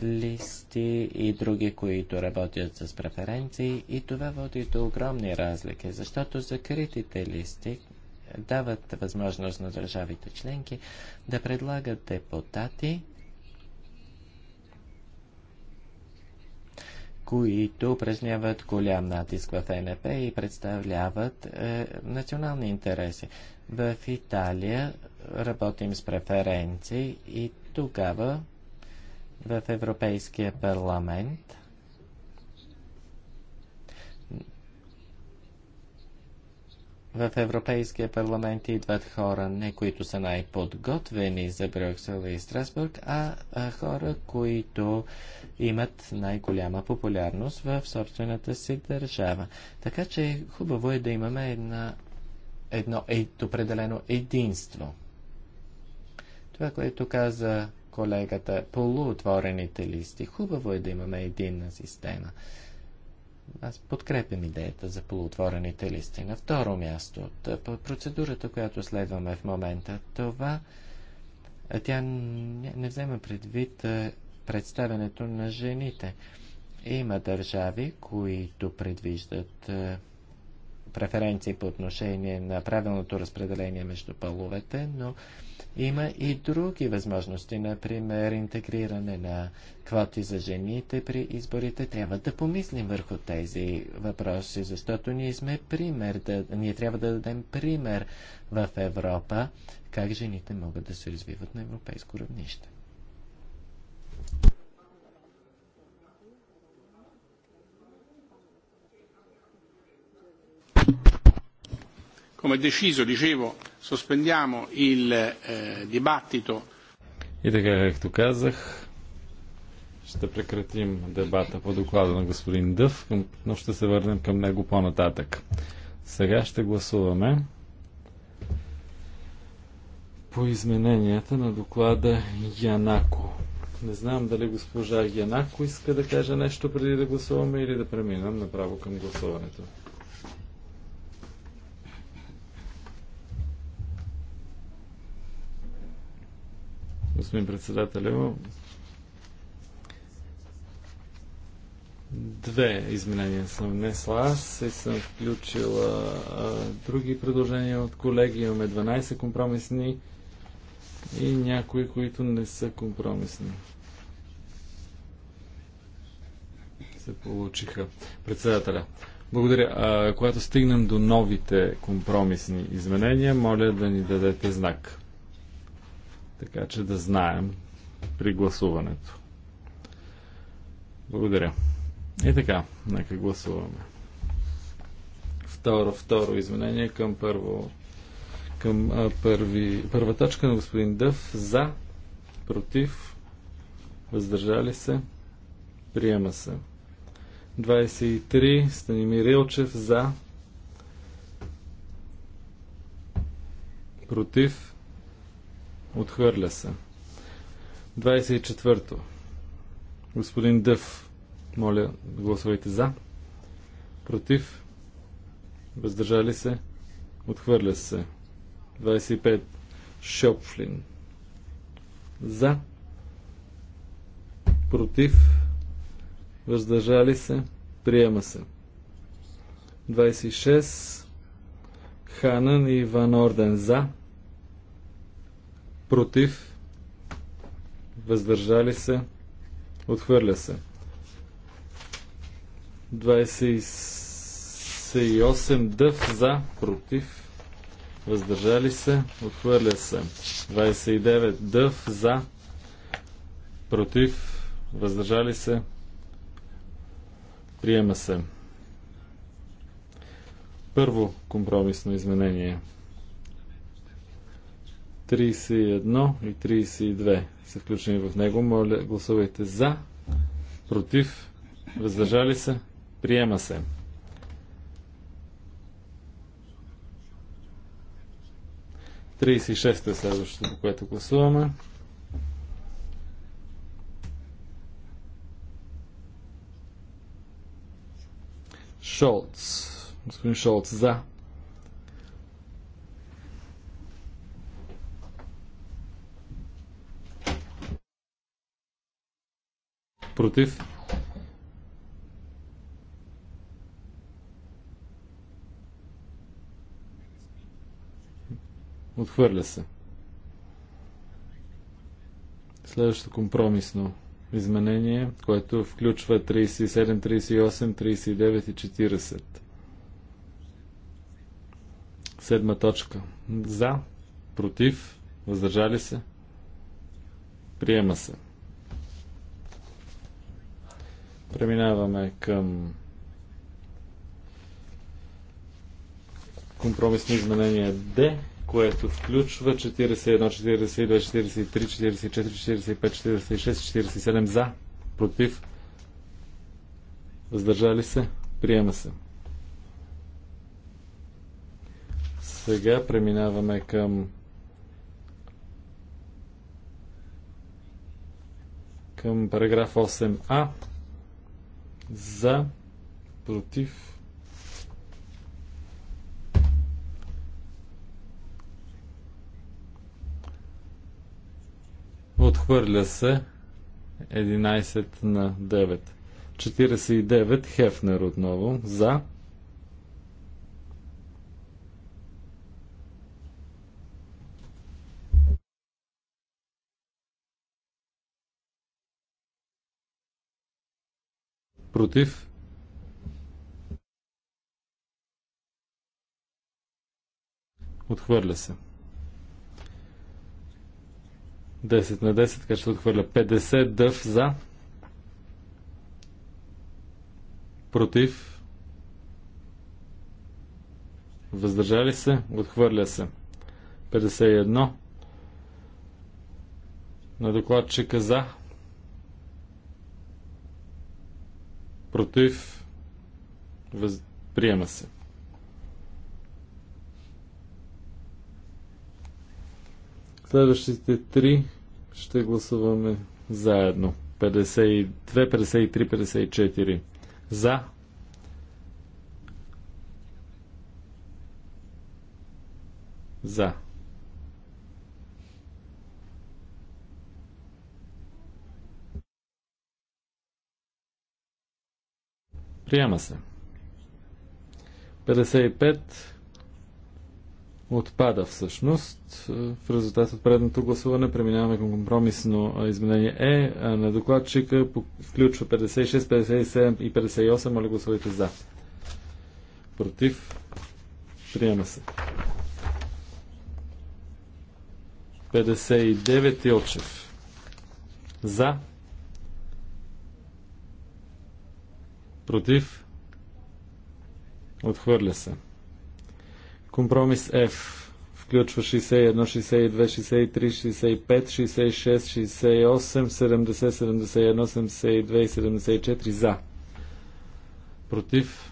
листи и други, които работят с преференции и това води до огромни разлики, защото закритите листи дават възможност на държавите членки да предлагат депутати, които упражняват голям натиск в ЕНП и представляват е, национални интереси. В Италия работим с преференции и тогава в Европейския парламент в Европейския парламент идват хора, не които са най-подготвени за Брюксел и Страсбург, а, хора, които имат най-голяма популярност в собствената си държава. Така че хубаво е да имаме една, едно е, определено единство. Това, което каза колегата, полуотворените листи. Хубаво е да имаме единна система. Аз подкрепям идеята за полуотворените листи. На второ място, е, процедурата, която следваме в момента, това е, тя не взема предвид е, представянето на жените. Има държави, които предвиждат преференции по отношение на правилното разпределение между половете, но има и други възможности, например интегриране на квоти за жените при изборите. Трябва да помислим върху тези въпроси, защото ние сме пример, да, ние трябва да дадем пример в Европа, как жените могат да се развиват на европейско равнище. Come deciso, dicevo, Sospendiamo il eh, dibattito. И така, както казах, ще прекратим дебата по доклада на господин Дъв, но ще се върнем към него по-нататък. Сега ще гласуваме по измененията на доклада Янако. Не знам дали госпожа Янако иска да каже нещо преди да гласуваме или да преминем направо към гласуването. господин председателю. Две изменения съм внесла аз и съм включила а, други предложения от колеги. Имаме 12 компромисни и някои, които не са компромисни. Се получиха. Председателя. Благодаря. А, когато стигнем до новите компромисни изменения, моля да ни дадете знак така че да знаем при гласуването. Благодаря. И така, нека гласуваме. Второ, второ изменение към първо към а, първи, първа точка на господин Дъв за, против, въздържали се, приема се. 23 Станимир Илчев за, против, Отхвърля се. 24-то. Господин Дъв, моля, гласувайте за. Против. Въздържали се. Отхвърля се. 25. Шопфлин. За. Против. Въздържали се. Приема се. 26. Ханан и Ван Орден за против, въздържали се, отхвърля се. 28 дъв за, против, въздържали се, отхвърля се. 29 дъв за, против, въздържали се, приема се. Първо компромисно изменение – 31 и 32 са включени в него. Моля, гласувайте за, против, въздържали се, приема се. Тридесет е следващото, по което гласуваме. Шолц. Господин Шолц за. Против. Отхвърля се. Следващото компромисно изменение, което включва 37, 38, 39 и 40. Седма точка. За, против, въздържали се, приема се. Преминаваме към компромисно изменение D, което включва 41, 42, 43, 44, 45, 46, 47 за, против, въздържали се, приема се. Сега преминаваме към към параграф 8а за, против. Отхвърля се 11 на 9. 49 Хефнер отново за, Против? Отхвърля се. 10 на 10, така ще отхвърля 50 дъв за. Против. Въздържали се. Отхвърля се. 51 на докладчика за. против, въз... приема се. Следващите три ще гласуваме заедно. 52, 53, 54. За. За. Приема се. 55 отпада всъщност. Е, в резултат от предното гласуване преминаваме към компромисно е, изменение е, е на докладчика. Включва 56, 57 и 58. Моля гласувайте за. Против. Приема се. 59 и Илчев. За. Против. Отхвърля се. Компромис F включва 61, 62, 63, 65, 66, 68, 70, 71, 72 и 74 за. Против.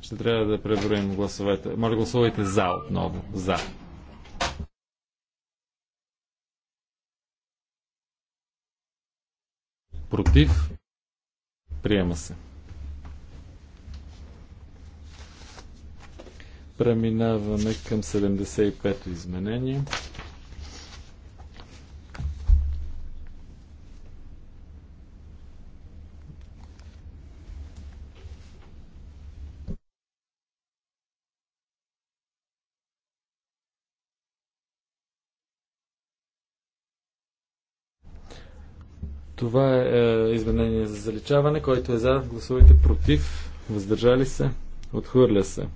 Ще трябва да преброим гласовете. Може гласувайте за отново. За. Против. Приема се. Преминаваме към 75-то изменение. Това е, е изменение за заличаване. Който е за, гласувайте против. Въздържали се. Отхвърля се.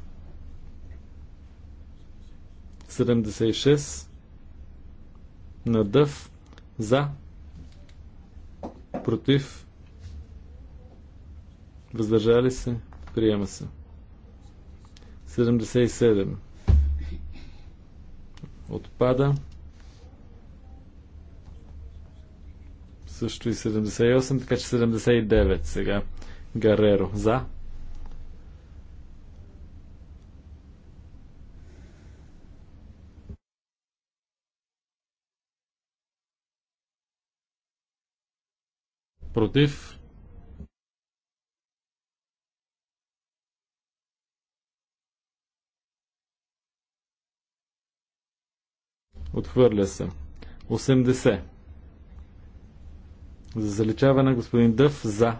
76 на дъв за против въздържали се приема се 77 отпада също и 78, така че 79 сега. Гареро. За. Против. Отхвърля се. 80. За заличаване господин Дъв за.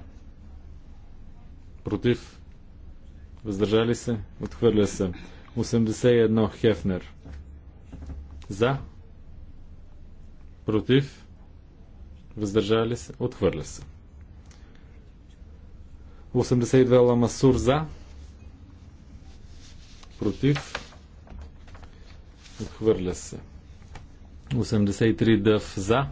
Против. Въздържали се. Отхвърля се. 81 Хефнер. За. Против. Въздържали се. Отхвърля се. 82 Ламасур за. Против. Отхвърля се. 83 Дъв за.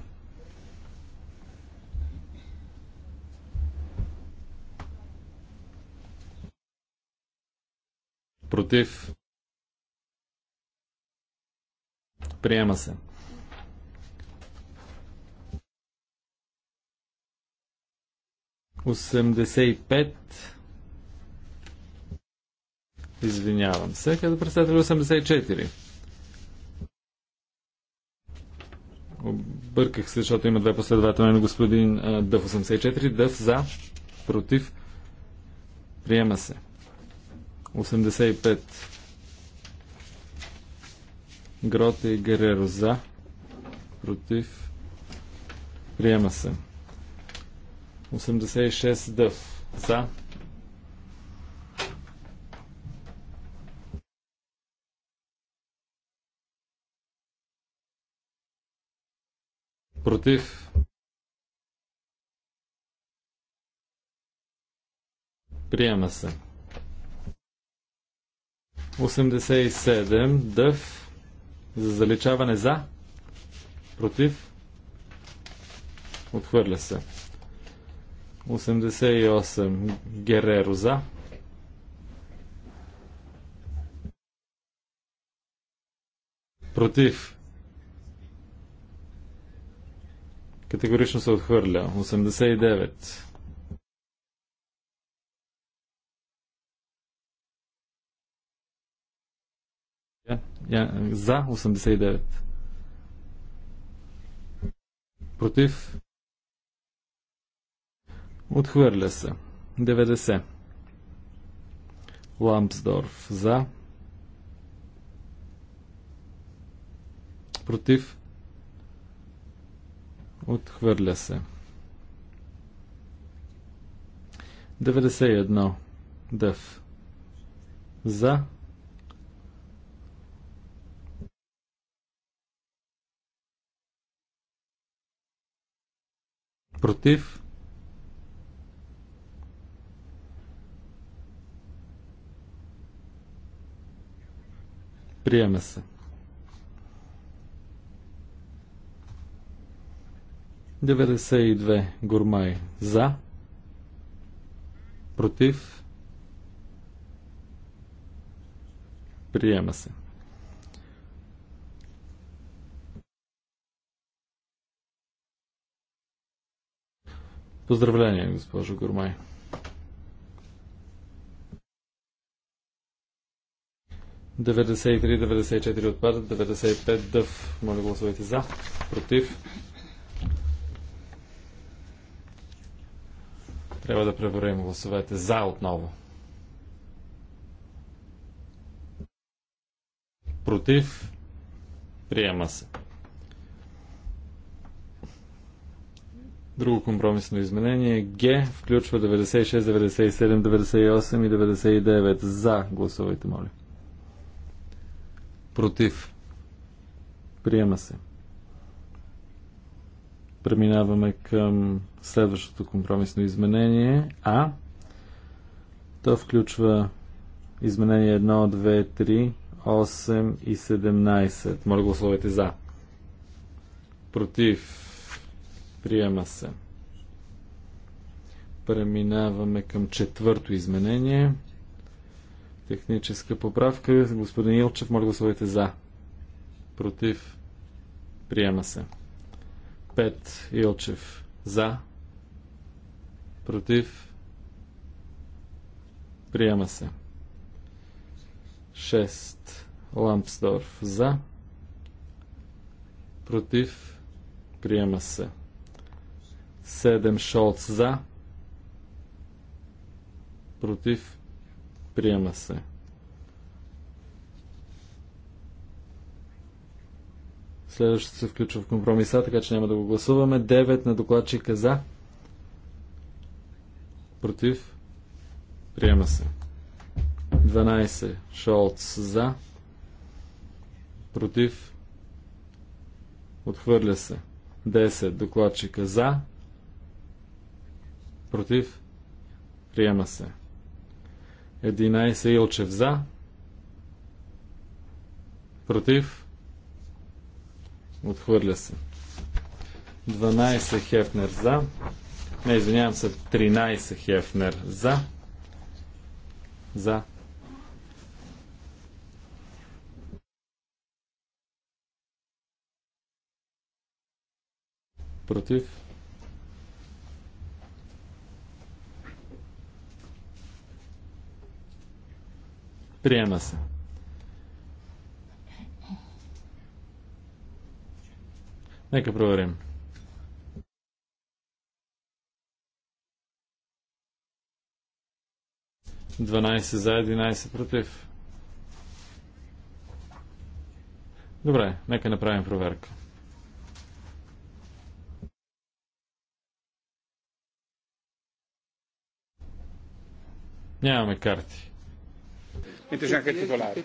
Против. Приема се. Осемдесет пет. Извинявам се. Къде представители 84? Обърках се, защото има две последователни на господин Дъв 84. Дъв за, против, приема се. 85. Грота и Гереро за. Против. Приема се. 86 дъв. За. Против. Приема се. 87 дъв за заличаване за против отхвърля се 88 Гереро за против категорично се отхвърля 89 за 89. Против. Отхвърля се. 90. Лампсдорф за. Против. Отхвърля се. 91. Дъв. За. Против. Приема се. Деведесет и две гурмай за. Против. Приема се. Поздравление, госпожо Гормай. Деветдесет и 94 отпадат, 95 дъв. Моля гласувайте за, против. Трябва да преборим гласовете за отново. Против. Приема се. Друго компромисно изменение Г включва 96, 97, 98 и 99. За гласовете, моля. Против. Приема се. Преминаваме към следващото компромисно изменение А. То включва изменение 1, 2, 3, 8 и 17. Моля гласовете за. Против Приема се. Преминаваме към четвърто изменение. Техническа поправка. Господин Илчев, моля гласувайте за. Против. Приема се. 5. Илчев. За. Против. Приема се. 6. Лампсдорф. За. Против. Приема се. 7 Шолц за. Против. Приема се. Следващото се включва в компромиса, така че няма да го гласуваме. 9 на докладчика за. Против. Приема се. 12 Шолц за. Против. Отхвърля се. 10 докладчика за. Против. Приема се. 11 Илчев за. Против. Отхвърля се. 12 Хефнер за. Не, извинявам се, 13 Хефнер за. За. Против. Приема се. Нека проверим. Дванайсет за, единайсет против. Добре, нека направим проверка. Нямаме карти entriamo anche il titolare.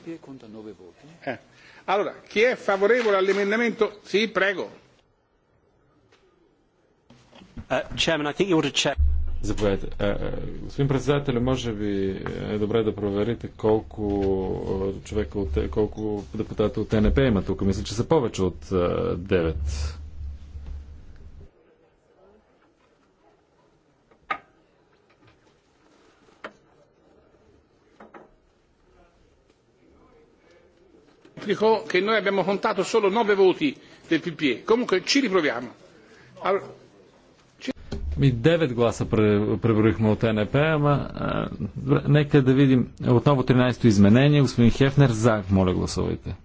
Eh. Allora, chi è favorevole all'emendamento? Sì, prego. Uh, Заповядайте. Е, е, господин председател, може би е, е добре да проверите колко човека от, колко депутата от ТНП има тук. Мисля, че са повече от 9. Dico che noi abbiamo contato solo nove voti del PPE. Comunque ci riproviamo. Allora... Ми девет гласа преброихме от НП, ама а, нека да видим отново 13-то изменение. Господин Хефнер, за, моля гласувайте.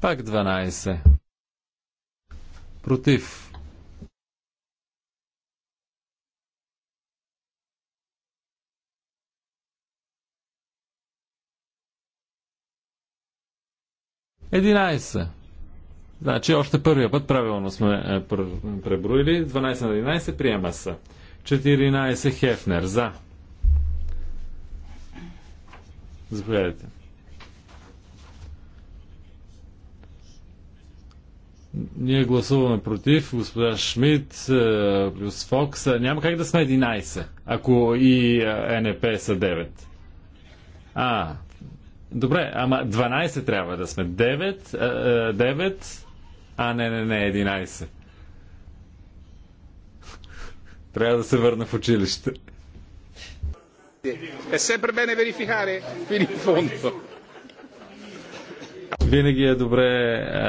Пак 12. Против. 11. Значи още първия път правилно сме е, преброили. 12 на 11 приема са. 14 Хефнер за. Заповядайте. Ние гласуваме против господа Шмидт плюс е, Фокс. Е, няма как да сме 11, ако и НП са 9. А, Добре, ама 12 трябва да сме. 9, 9, а не, не, не, 11. <laughs> Трябва да се върна в училище. Е sempre bene verificare fino in fondo. Винаги е добре а,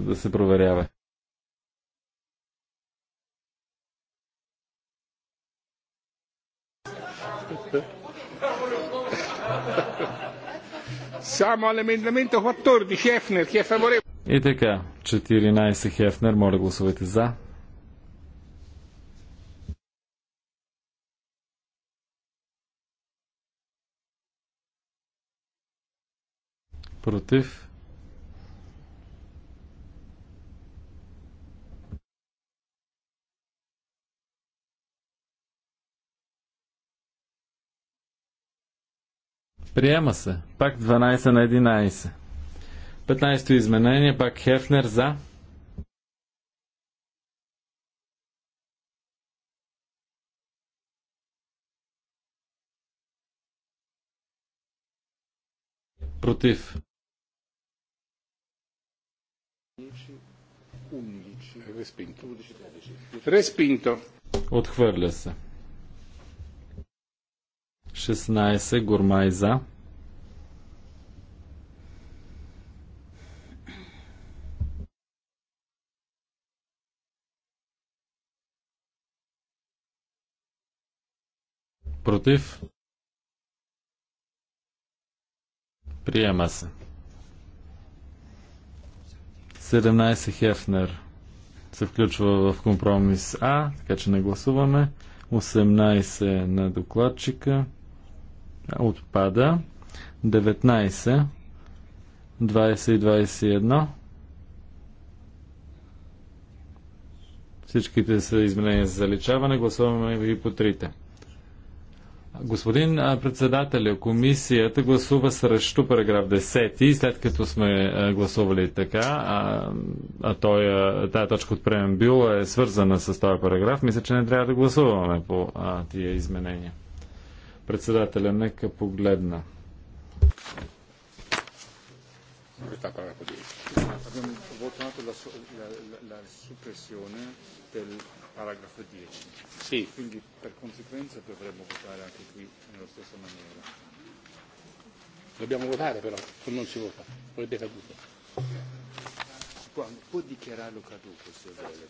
да се проверява. Siamo all'emendamento 14, Hefner, chi è favorevole? И така, 14 Хефнер, моля гласувайте за. Против. Приема се. Пак 12 на 11. 15-то изменение, пак Хефнер за. Против. Респинто. Отхвърля се. 16 Гурмайза. за. Против. Приема се. 17 Хефнер се включва в компромис А, така че не гласуваме. 18 на докладчика. Отпада. 19. 20 и 21. Всичките са изменения за заличаване. Гласуваме ви по трите. Господин председателя, комисията гласува срещу параграф 10 и след като сме гласували така, а, а той, тая точка от преамбюла е свързана с този параграф, мисля, че не трябва да гласуваме по а, тия изменения. Председателя, нека погледна. Abbiamo votato la, del paragrafo Sì. Quindi per conseguenza dovremmo votare anche qui nella stessa maniera. Dobbiamo votare però, se non si vota, poi è decaduto. Può dichiararlo caduto se vuole.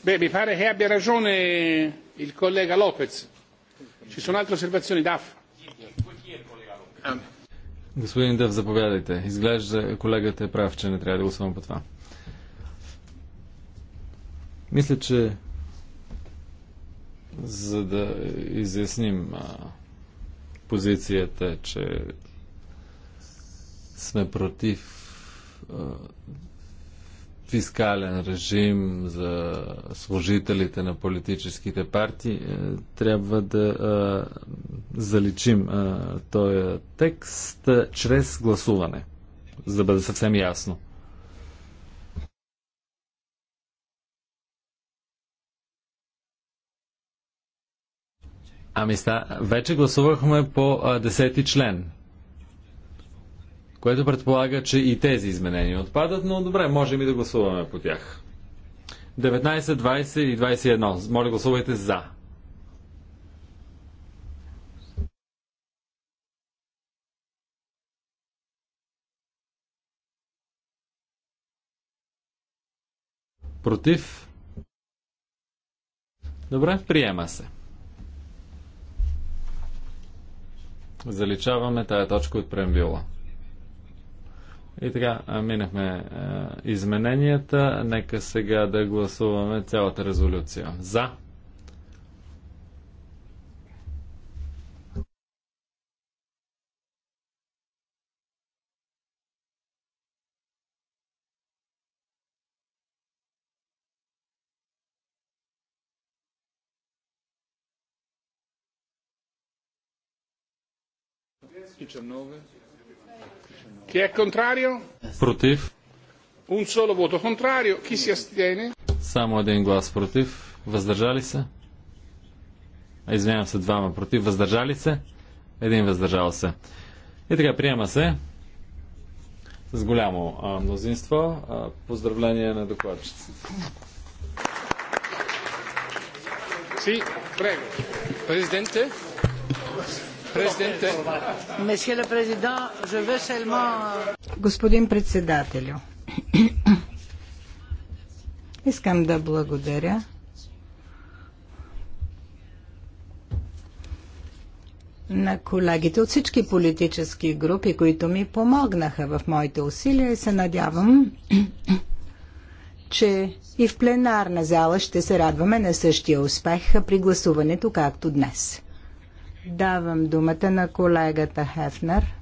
Beh, mi pare che abbia ragione il collega Lopez Ci sono altre osservazioni, Господин Дъв, заповядайте. Изглежда колегата е прав, че не трябва да гласувам по това. Мисля, че за да изясним а, позицията, че сме против а, фискален режим за служителите на политическите партии, е, трябва да а, е, заличим а, е, този текст а, чрез гласуване, за да бъде съвсем ясно. Ами ста, вече гласувахме по 10 член което предполага, че и тези изменения отпадат, но добре, можем и да гласуваме по тях. 19, 20 и 21. Моля, гласувайте за. Против? Добре, приема се. Заличаваме тая точка от преамбюла. И така, минахме е, измененията. Нека сега да гласуваме цялата резолюция. За. Изключам нове. Chi è contrario? Против. Un solo voto contrario. Chi si astiene? Само един глас против. Въздържали се? Извинявам се, двама против. Въздържали се? Един въздържал се. И така, приема се с голямо а, мнозинство. А, поздравление на докладчиците. Си, прего. Президенте. Euh, Господин председателю, <clears throat> искам да благодаря на колегите от всички политически групи, които ми помогнаха в моите усилия и се надявам, <clears throat> че и в пленарна зала ще се радваме на същия успех при гласуването, както днес. Давам думата на колегата Хефнер.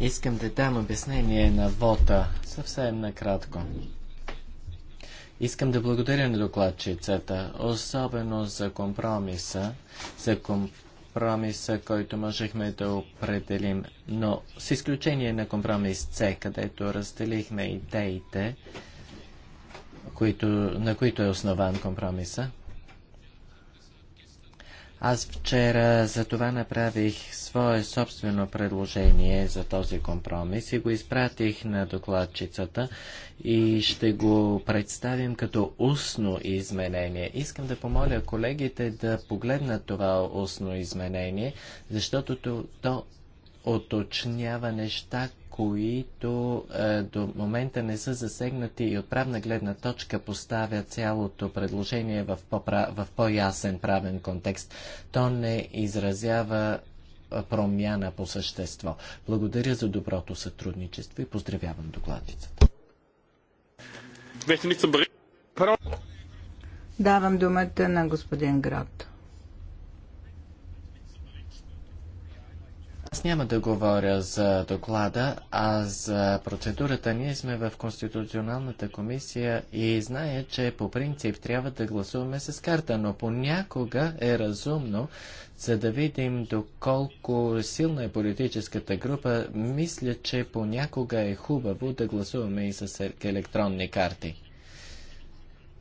Искам да дам обяснение на вота съвсем накратко. Искам да благодаря на докладчицата, особено за компромиса, за компромиса, който можехме да определим, но с изключение на компромис С, където разделихме идеите, които, на които е основан компромиса. Аз вчера за това направих свое собствено предложение за този компромис и го изпратих на докладчицата и ще го представим като устно изменение. Искам да помоля колегите да погледнат това устно изменение, защото то, то уточнява неща, които е, до момента не са засегнати и от правна гледна точка поставя цялото предложение в, в по-ясен правен контекст. То не изразява е, промяна по същество. Благодаря за доброто сътрудничество и поздравявам докладицата. Давам думата на господин Град. Аз няма да говоря за доклада, а за процедурата. Ние сме в Конституционалната комисия и знае, че по принцип трябва да гласуваме с карта, но понякога е разумно, за да видим доколко силна е политическата група. Мисля, че понякога е хубаво да гласуваме и с е-, електронни карти.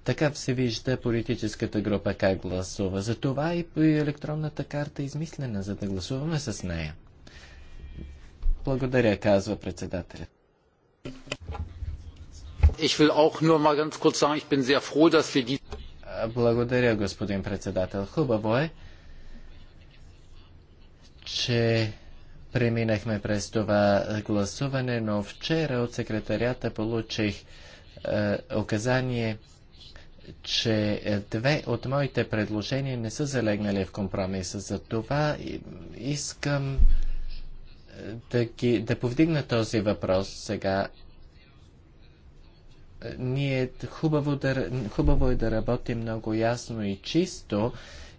Така се вижда политическата група как гласува. Затова и електронната карта е измислена, за да гласуваме с нея. Благодаря, казва председателят. Благодаря, господин председател. Хубаво е, че преминахме през това гласуване, но вчера от секретарията получих указание, че е, две от моите предложения не са залегнали в компромиса. За това искам да, ги, да повдигна този въпрос сега. Е, ние хубаво, да, хубаво е да работим много ясно и чисто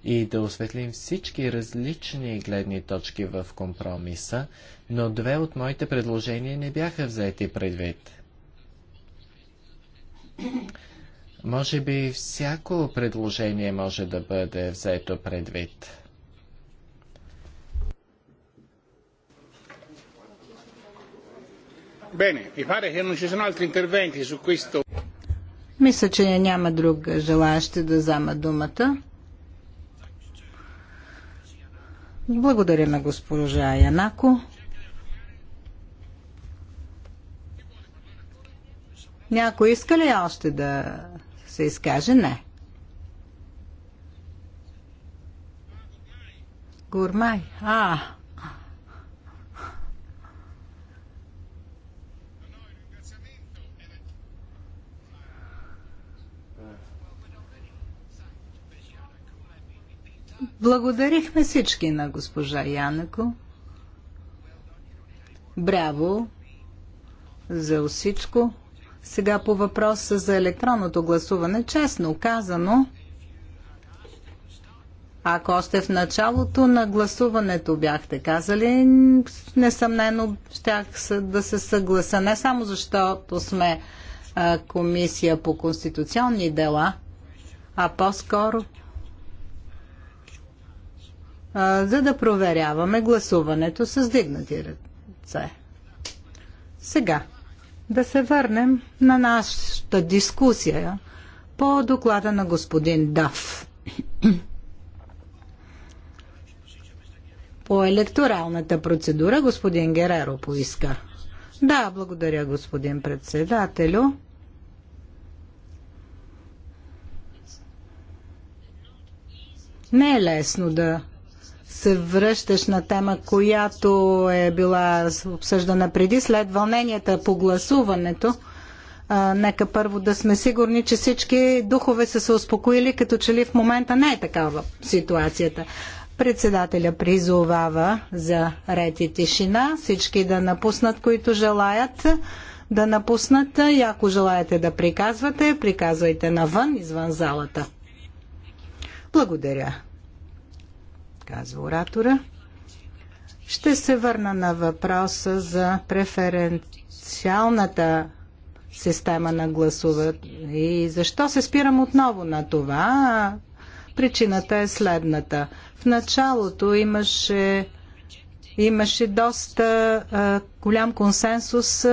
и да осветлим всички различни гледни точки в компромиса, но две от моите предложения не бяха взети предвид. Може би всяко предложение може да бъде взето предвид. Мисля, че няма друг желаящи да взема думата. Благодаря на госпожа Янако. Някой иска ли още да се изкаже? Не. Гурмай. А, Благодарихме всички на госпожа Янако. Браво за всичко. Сега по въпроса за електронното гласуване, честно казано, ако още в началото на гласуването бяхте казали, несъмнено щях да се съгласа. Не само защото сме комисия по конституционни дела, а по-скоро а, за да проверяваме гласуването с дигнати ръце. Сега да се върнем на нашата дискусия по доклада на господин Дав. По електоралната процедура господин Гереро поиска. Да, благодаря господин председателю. Не е лесно да се връщаш на тема, която е била обсъждана преди, след вълненията по гласуването. А, нека първо да сме сигурни, че всички духове са се успокоили, като че ли в момента не е такава ситуацията. Председателя призовава за ред и тишина. Всички да напуснат, които желаят да напуснат. И ако желаете да приказвате, приказвайте навън, извън залата. Благодаря казва оратора. Ще се върна на въпроса за преференциалната система на гласуване и защо се спирам отново на това. Причината е следната. В началото имаше, имаше доста а, голям консенсус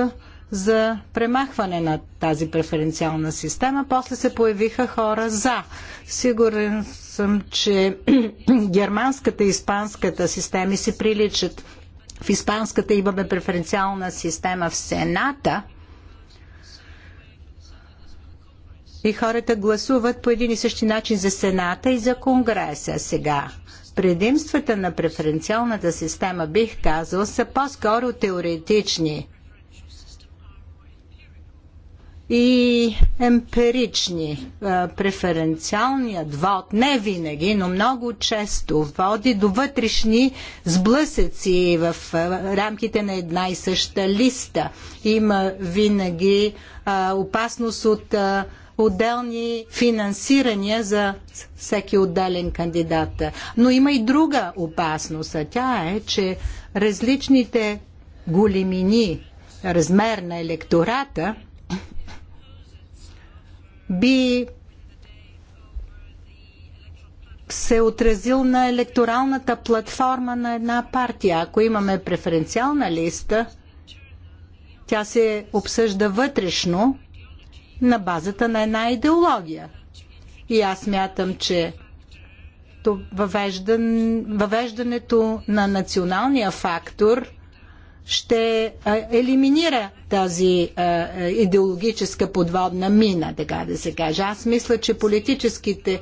за премахване на тази преференциална система. После се появиха хора за. Сигурен съм, че <clears throat> германската и испанската системи си приличат. В испанската имаме преференциална система в Сената и хората гласуват по един и същи начин за Сената и за Конгреса сега. Предимствата на преференциалната система, бих казал, са по-скоро теоретични и емпирични. Преференциалният вод не винаги, но много често води до вътрешни сблъсъци в рамките на една и съща листа. Има винаги опасност от отделни финансирания за всеки отделен кандидат. Но има и друга опасност, а тя е, че различните големини, размер на електората – би се отразил на електоралната платформа на една партия. Ако имаме преференциална листа, тя се обсъжда вътрешно на базата на една идеология. И аз мятам, че въвеждането на националния фактор ще елиминира тази идеологическа подводна мина, така да се каже. Аз мисля, че политическите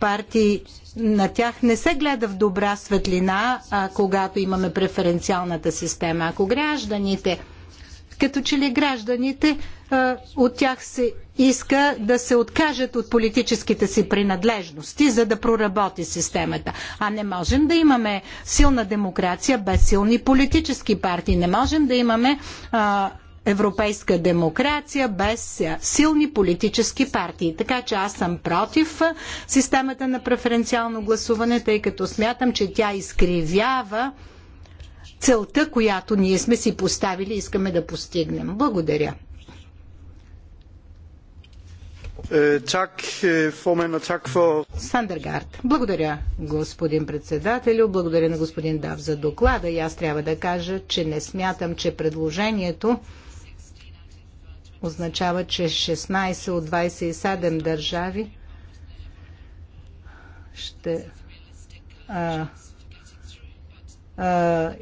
партии на тях не се гледа в добра светлина, а, когато имаме преференциалната система. Ако гражданите като че ли гражданите от тях се иска да се откажат от политическите си принадлежности, за да проработи системата. А не можем да имаме силна демокрация без силни политически партии. Не можем да имаме а, европейска демокрация без силни политически партии. Така че аз съм против системата на преференциално гласуване, тъй като смятам, че тя изкривява целта, която ние сме си поставили и искаме да постигнем. Благодаря. Е, е, Сандергард. Благодаря, господин председателю. Благодаря на господин Дав за доклада. И аз трябва да кажа, че не смятам, че предложението означава, че 16 от 27 държави ще а,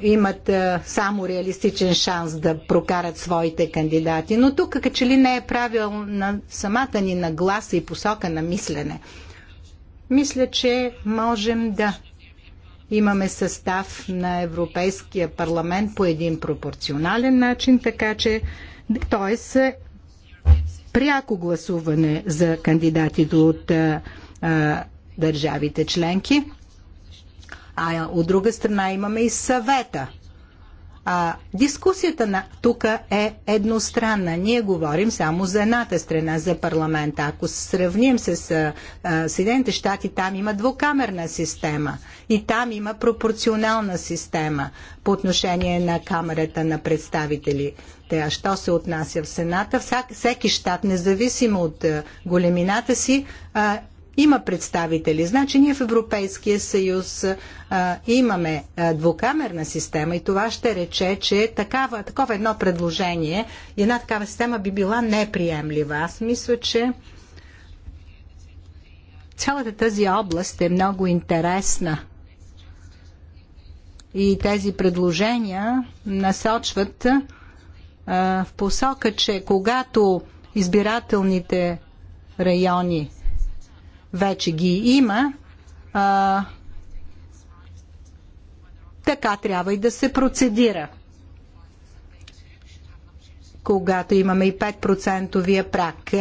имат само реалистичен шанс да прокарат своите кандидати. Но тук като че ли не е правил на самата ни нагласа и посока на мислене. Мисля, че можем да имаме състав на Европейския парламент по един пропорционален начин, така че т.е. пряко гласуване за кандидатите от а, държавите членки а от друга страна имаме и съвета. А, дискусията на, тук е едностранна. Ние говорим само за едната страна, за парламента. Ако сравним с Съединените щати, там има двукамерна система и там има пропорционална система по отношение на камерата на представители. А що се отнася в Сената, всеки щат, независимо от големината си, а, има представители. Значи ние в Европейския съюз а, имаме а, двукамерна система и това ще рече, че такава, такова едно предложение и една такава система би била неприемлива. Аз мисля, че цялата тази област е много интересна. И тези предложения насочват а, в посока, че когато избирателните райони вече ги има, а, така трябва и да се процедира. Когато имаме и 5% прак,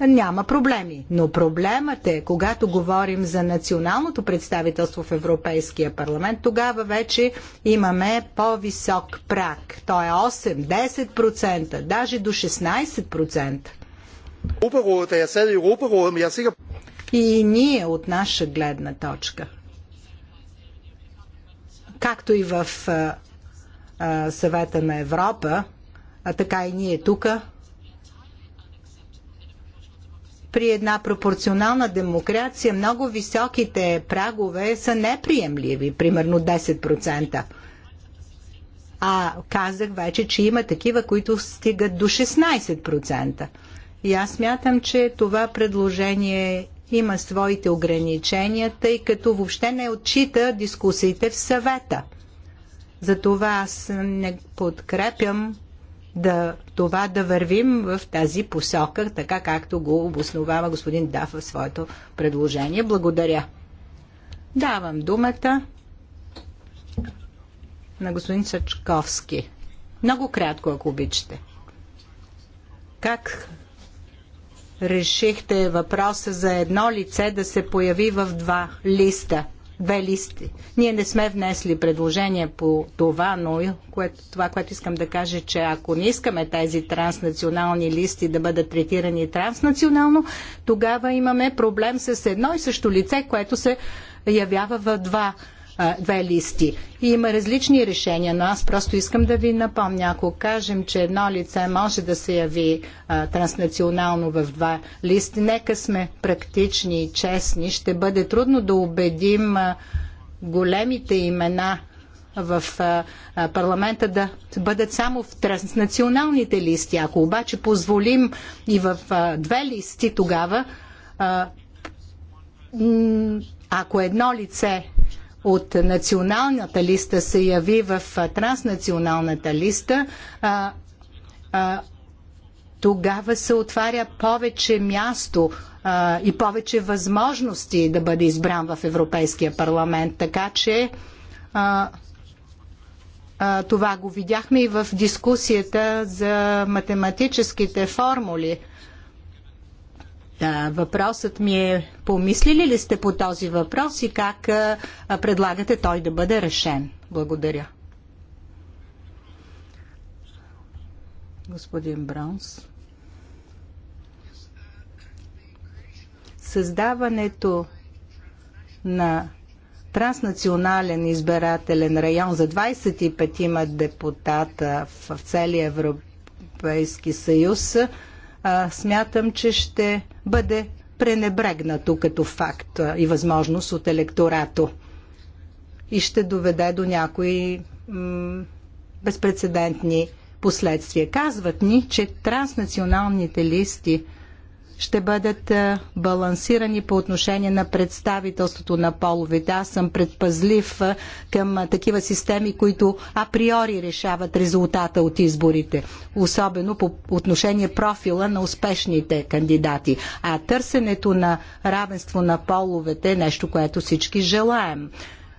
няма проблеми. Но проблемът е, когато говорим за националното представителство в Европейския парламент, тогава вече имаме по-висок прак. Той е 8, 10%, даже до 16%. Er и ние от наша гледна точка, както и в съвета на Европа, а така и ние тук, при една пропорционална демокрация много високите прагове са неприемливи, примерно 10%. А казах вече, че има такива, които стигат до 16%. И аз мятам, че това предложение има своите ограничения, тъй като въобще не отчита дискусиите в съвета. Затова аз не подкрепям да, това да вървим в тази посока, така както го обосновава господин Даф в своето предложение. Благодаря. Давам думата на господин Сачковски. Много кратко, ако обичате. Как решихте въпроса за едно лице да се появи в два листа. Две листи. Ние не сме внесли предложение по това, но което, това, което искам да кажа, че ако не искаме тези транснационални листи да бъдат третирани транснационално, тогава имаме проблем с едно и също лице, което се явява в два две листи. И има различни решения, но аз просто искам да ви напомня, ако кажем, че едно лице може да се яви а, транснационално в два листи, нека сме практични и честни. Ще бъде трудно да убедим а, големите имена в парламента да бъдат само в транснационалните листи. Ако обаче позволим и в две листи, тогава ако едно лице от националната листа се яви в транснационалната листа, а, а, тогава се отваря повече място а, и повече възможности да бъде избран в Европейския парламент. Така че а, а, това го видяхме и в дискусията за математическите формули. Да, въпросът ми е, помислили ли сте по този въпрос и как а, предлагате той да бъде решен? Благодаря. Господин Браунс. Създаването на транснационален избирателен район за 25 има депутата в, в целия Европейски съюз, а, смятам, че ще бъде пренебрегнато като факт и възможност от електорато и ще доведе до някои безпредседентни последствия. Казват ни, че транснационалните листи ще бъдат балансирани по отношение на представителството на половете. Аз съм предпазлив към такива системи, които априори решават резултата от изборите, особено по отношение профила на успешните кандидати. А търсенето на равенство на половете е нещо, което всички желаем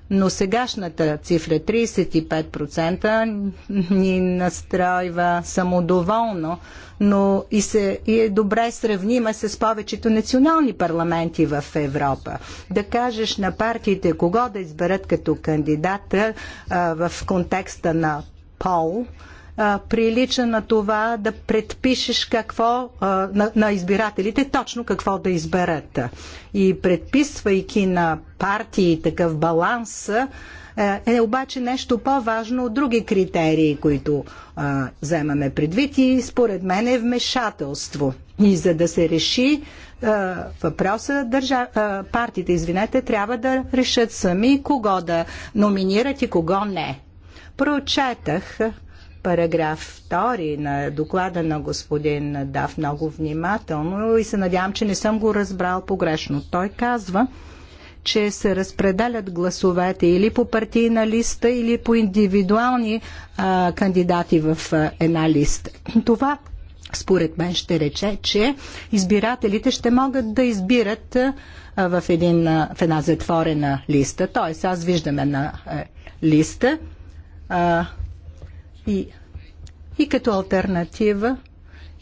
но сегашната цифра 35% ни настройва самодоволно, но и, се, и е добре сравнима с повечето национални парламенти в Европа. Да кажеш на партиите кого да изберат като кандидата а, в контекста на пол – а, прилича на това да предпишеш какво а, на, на избирателите точно какво да изберат. И предписвайки на партии такъв баланс, е, е обаче нещо по-важно от други критерии, които а, вземаме предвид и според мен е вмешателство. И за да се реши а, въпроса, държа, а, партиите, извинете, трябва да решат сами кого да номинират и кого не. Прочетах параграф 2 на доклада на господин Дав много внимателно и се надявам, че не съм го разбрал погрешно. Той казва, че се разпределят гласовете или по партийна листа, или по индивидуални а, кандидати в а, една листа. Това според мен ще рече, че избирателите ще могат да избират а, в, един, а, в една затворена листа. Тоест, аз виждам една а, листа, а, и, и като альтернатива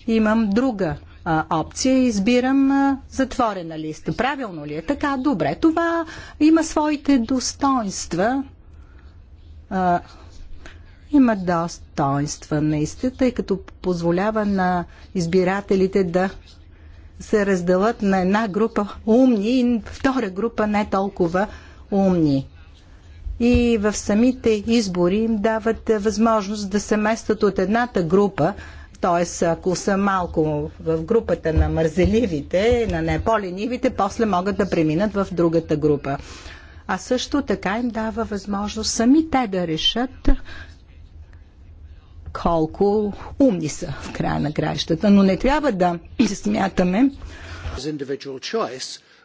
имам друга а, опция и избирам а, затворена листа. Правилно ли е така? Добре. Това има своите достоинства. А, има достоинства наистина, тъй като позволява на избирателите да се разделят на една група умни и втора група не толкова умни и в самите избори им дават възможност да се местат от едната група, т.е. ако са малко в групата на мързеливите, на не по-ленивите, после могат да преминат в другата група. А също така им дава възможност сами те да решат колко умни са в края на краищата. Но не трябва да смятаме,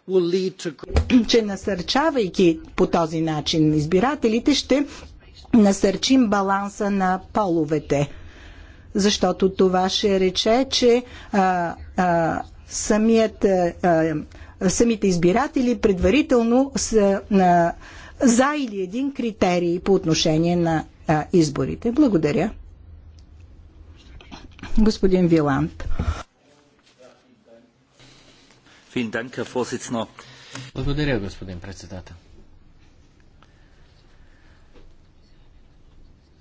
<clears throat> че насърчавайки по този начин избирателите, ще насърчим баланса на половете. Защото това ще рече, че а, а, самият, а, самите избиратели предварително са а, за или един критерий по отношение на а, изборите. Благодаря. Господин Виланд. Благодаря, господин председател.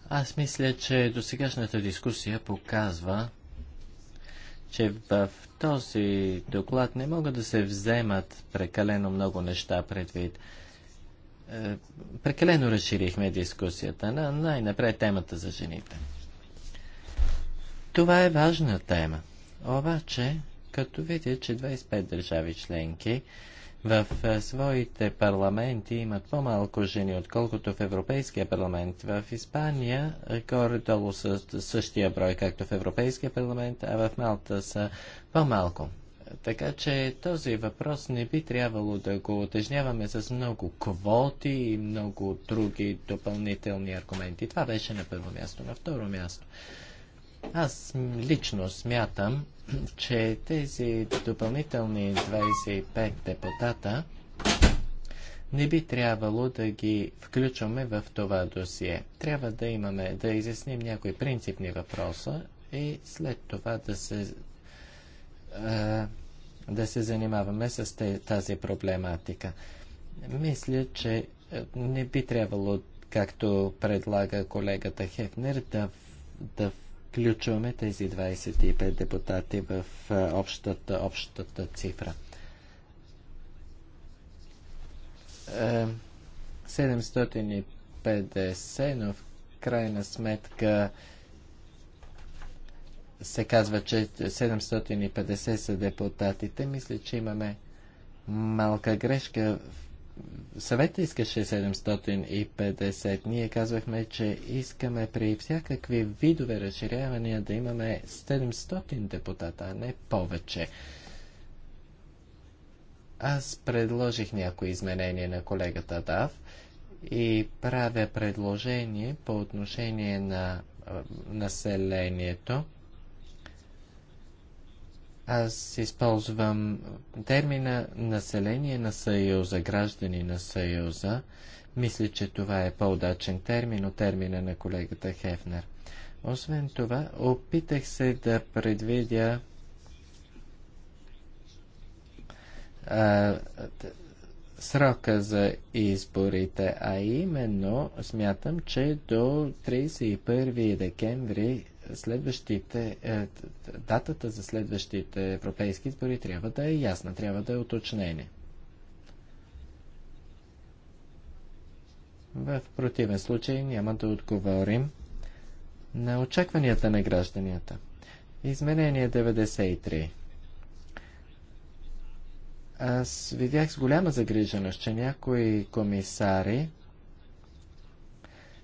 Аз мисля, че досегашната дискусия показва, че в този доклад не могат да се вземат прекалено много неща предвид. Е, прекалено разширихме дискусията на най-напред темата за жените. Това е важна тема. Обаче, като видя, че 25 държави членки в своите парламенти имат по-малко жени, отколкото в Европейския парламент. В Испания горе-долу са същия брой, както в Европейския парламент, а в Малта са по-малко. Така че този въпрос не би трябвало да го отежняваме с много квоти и много други допълнителни аргументи. Това беше на първо място. На второ място. Аз лично смятам, че тези допълнителни 25 депутата не би трябвало да ги включваме в това досие. Трябва да имаме, да изясним някои принципни въпроса и след това да се, е, да се занимаваме с тази проблематика. Мисля, че не би трябвало, както предлага колегата Хефнер, да, да включваме тези 25 депутати в общата, общата цифра. 750, е, но в крайна сметка се казва, че 750 са депутатите. Мисля, че имаме малка грешка в съвета искаше 750. Ние казвахме, че искаме при всякакви видове разширявания да имаме 700 депутата, а не повече. Аз предложих някои изменения на колегата Дав и правя предложение по отношение на населението. Аз използвам термина население на Съюза, граждани на Съюза. Мисля, че това е по-удачен термин от термина на колегата Хефнер. Освен това, опитах се да предвидя а, срока за изборите, а именно смятам, че до 31 декември следващите, е, датата за следващите европейски избори трябва да е ясна, трябва да е уточнена. В противен случай няма да отговорим на очакванията на гражданията. Изменение 93. Аз видях с голяма загриженост, че някои комисари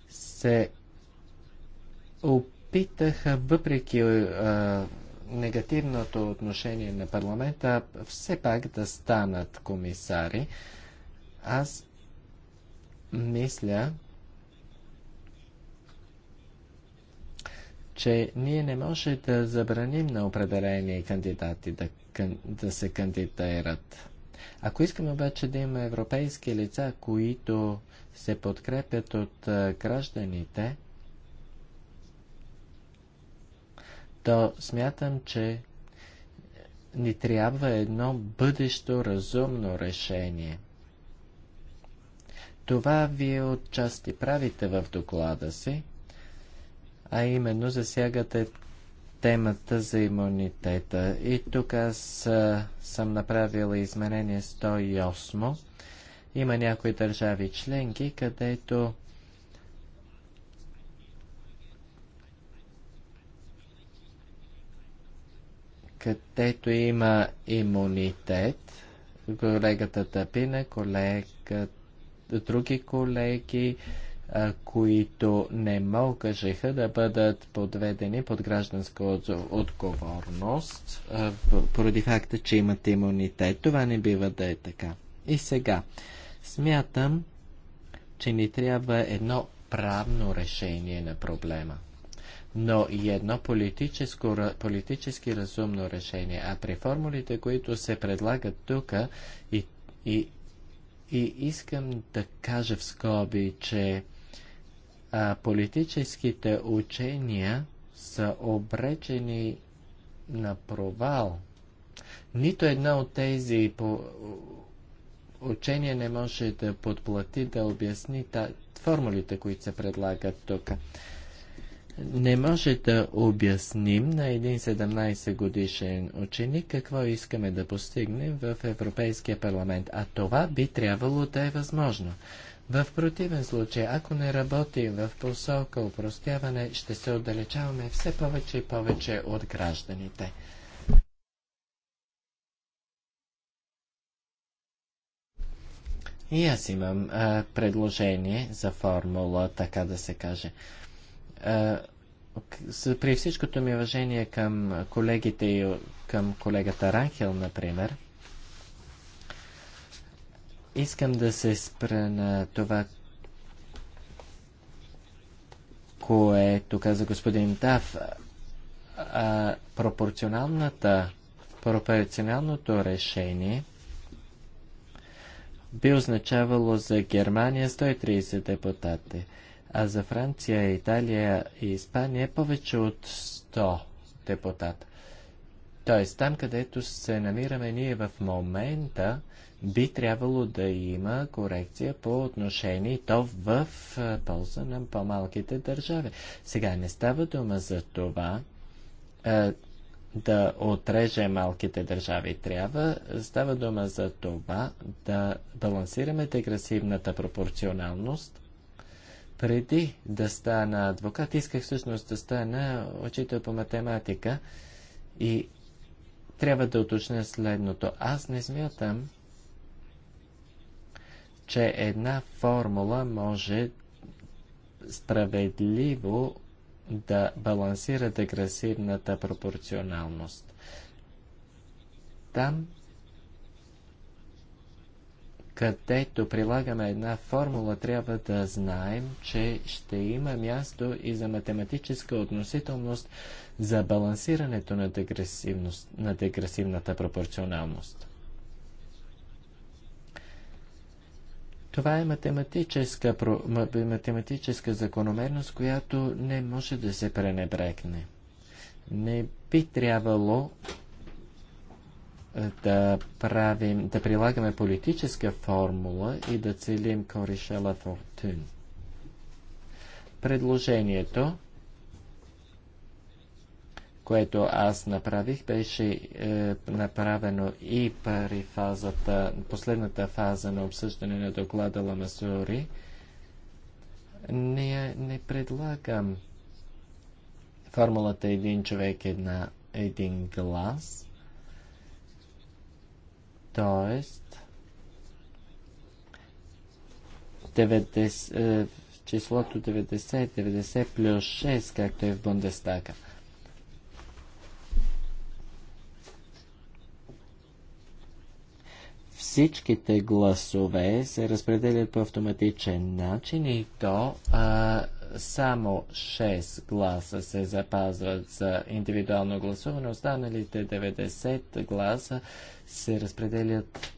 се опитват опитаха, въпреки а, негативното отношение на парламента, все пак да станат комисари. Аз мисля, че ние не може да забраним на определени кандидати да, да се кандидатират. Ако искаме обаче да има европейски лица, които се подкрепят от гражданите, то смятам, че ни трябва едно бъдещо разумно решение. Това вие отчасти правите в доклада си, а именно засягате темата за имунитета. И тук аз а, съм направила изменение 108. Има някои държави членки, където където има имунитет, колегата Тапина, колега, други колеги, които не могаха да бъдат подведени под гражданска отговорност поради факта, че имат имунитет. Това не бива да е така. И сега, смятам, че ни трябва едно правно решение на проблема но и едно политическо, политически разумно решение. А при формулите, които се предлагат тук и, и, и искам да кажа в скоби, че а, политическите учения са обречени на провал. Нито една от тези по учения не може да подплати, да обясни та, формулите, които се предлагат тук не може да обясним на един 17 годишен ученик какво искаме да постигнем в Европейския парламент, а това би трябвало да е възможно. В противен случай, ако не работим в посока упростяване, ще се отдалечаваме все повече и повече от гражданите. И аз имам а, предложение за формула, така да се каже. Е, при всичкото ми уважение към колегите и към колегата Ранхел, например, искам да се спра на това, което каза господин Дав. пропорционалната, пропорционалното решение би означавало за Германия 130 депутати а за Франция, Италия и Испания повече от 100 депутата. Тоест, там, където се намираме ние в момента, би трябвало да има корекция по отношение то в полза на по-малките държави. Сега не става дума за това е, да отреже малките държави. Трябва, става дума за това да балансираме дегресивната пропорционалност преди да стана адвокат, исках всъщност да стана учител по математика и трябва да уточня следното. Аз не смятам, че една формула може справедливо да балансира дегресивната пропорционалност. Там където прилагаме една формула, трябва да знаем, че ще има място и за математическа относителност за балансирането на, дегресивност, на дегресивната пропорционалност. Това е математическа, математическа закономерност, която не може да се пренебрегне. Не би трябвало да, правим, да прилагаме политическа формула и да целим коришела фортун. Предложението, което аз направих, беше е, направено и при фазата, последната фаза на обсъждане на доклада Ламасури. Не, не предлагам формулата е един човек, една, един глас, Тоест, 90, е, числото 90, 90 плюс 6, както е в Бундестага. Всичките гласове се разпределят по автоматичен начин и то а, само 6 гласа се запазват за индивидуално гласуване, останалите 90 гласа се разпределят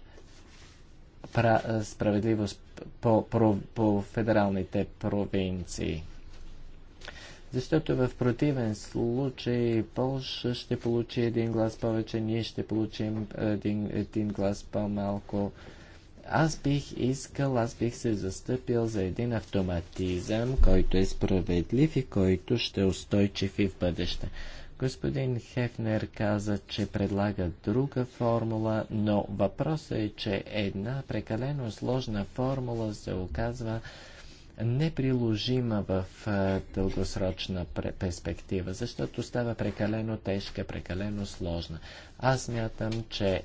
справедливо по, по, по федералните провинции. Защото в противен случай Полша ще получи един глас повече, ние ще получим е, един, един глас по-малко. Аз бих искал, аз бих се застъпил за един автоматизъм, който е справедлив и който ще е устойчив и в бъдеще. Господин Хефнер каза, че предлага друга формула, но въпросът е, че една прекалено сложна формула се оказва неприложима в а, дългосрочна перспектива, защото става прекалено тежка, прекалено сложна. Аз мятам, че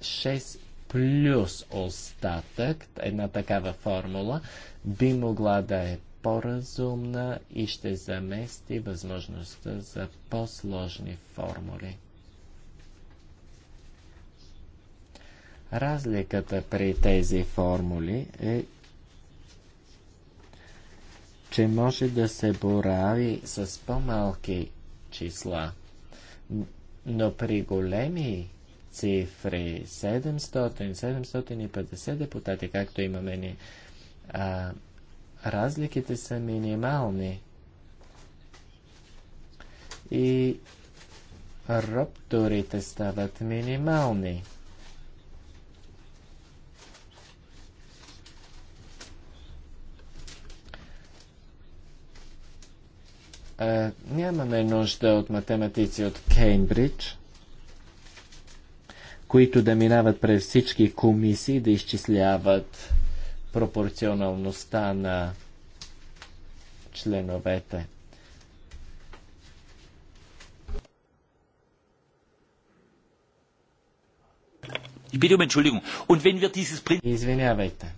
6 плюс остатък, една такава формула, би могла да е по-разумна и ще замести възможността за по-сложни формули. Разликата при тези формули е, че може да се борави с по-малки числа, но при големи цифри 700-750 депутати, както имаме ни. А, разликите са минимални. И рапторите стават минимални. Uh, нямаме нужда от математици от Кеймбридж – които да минават през всички комисии, да изчисляват пропорционалността на членовете. Um Извинявайте.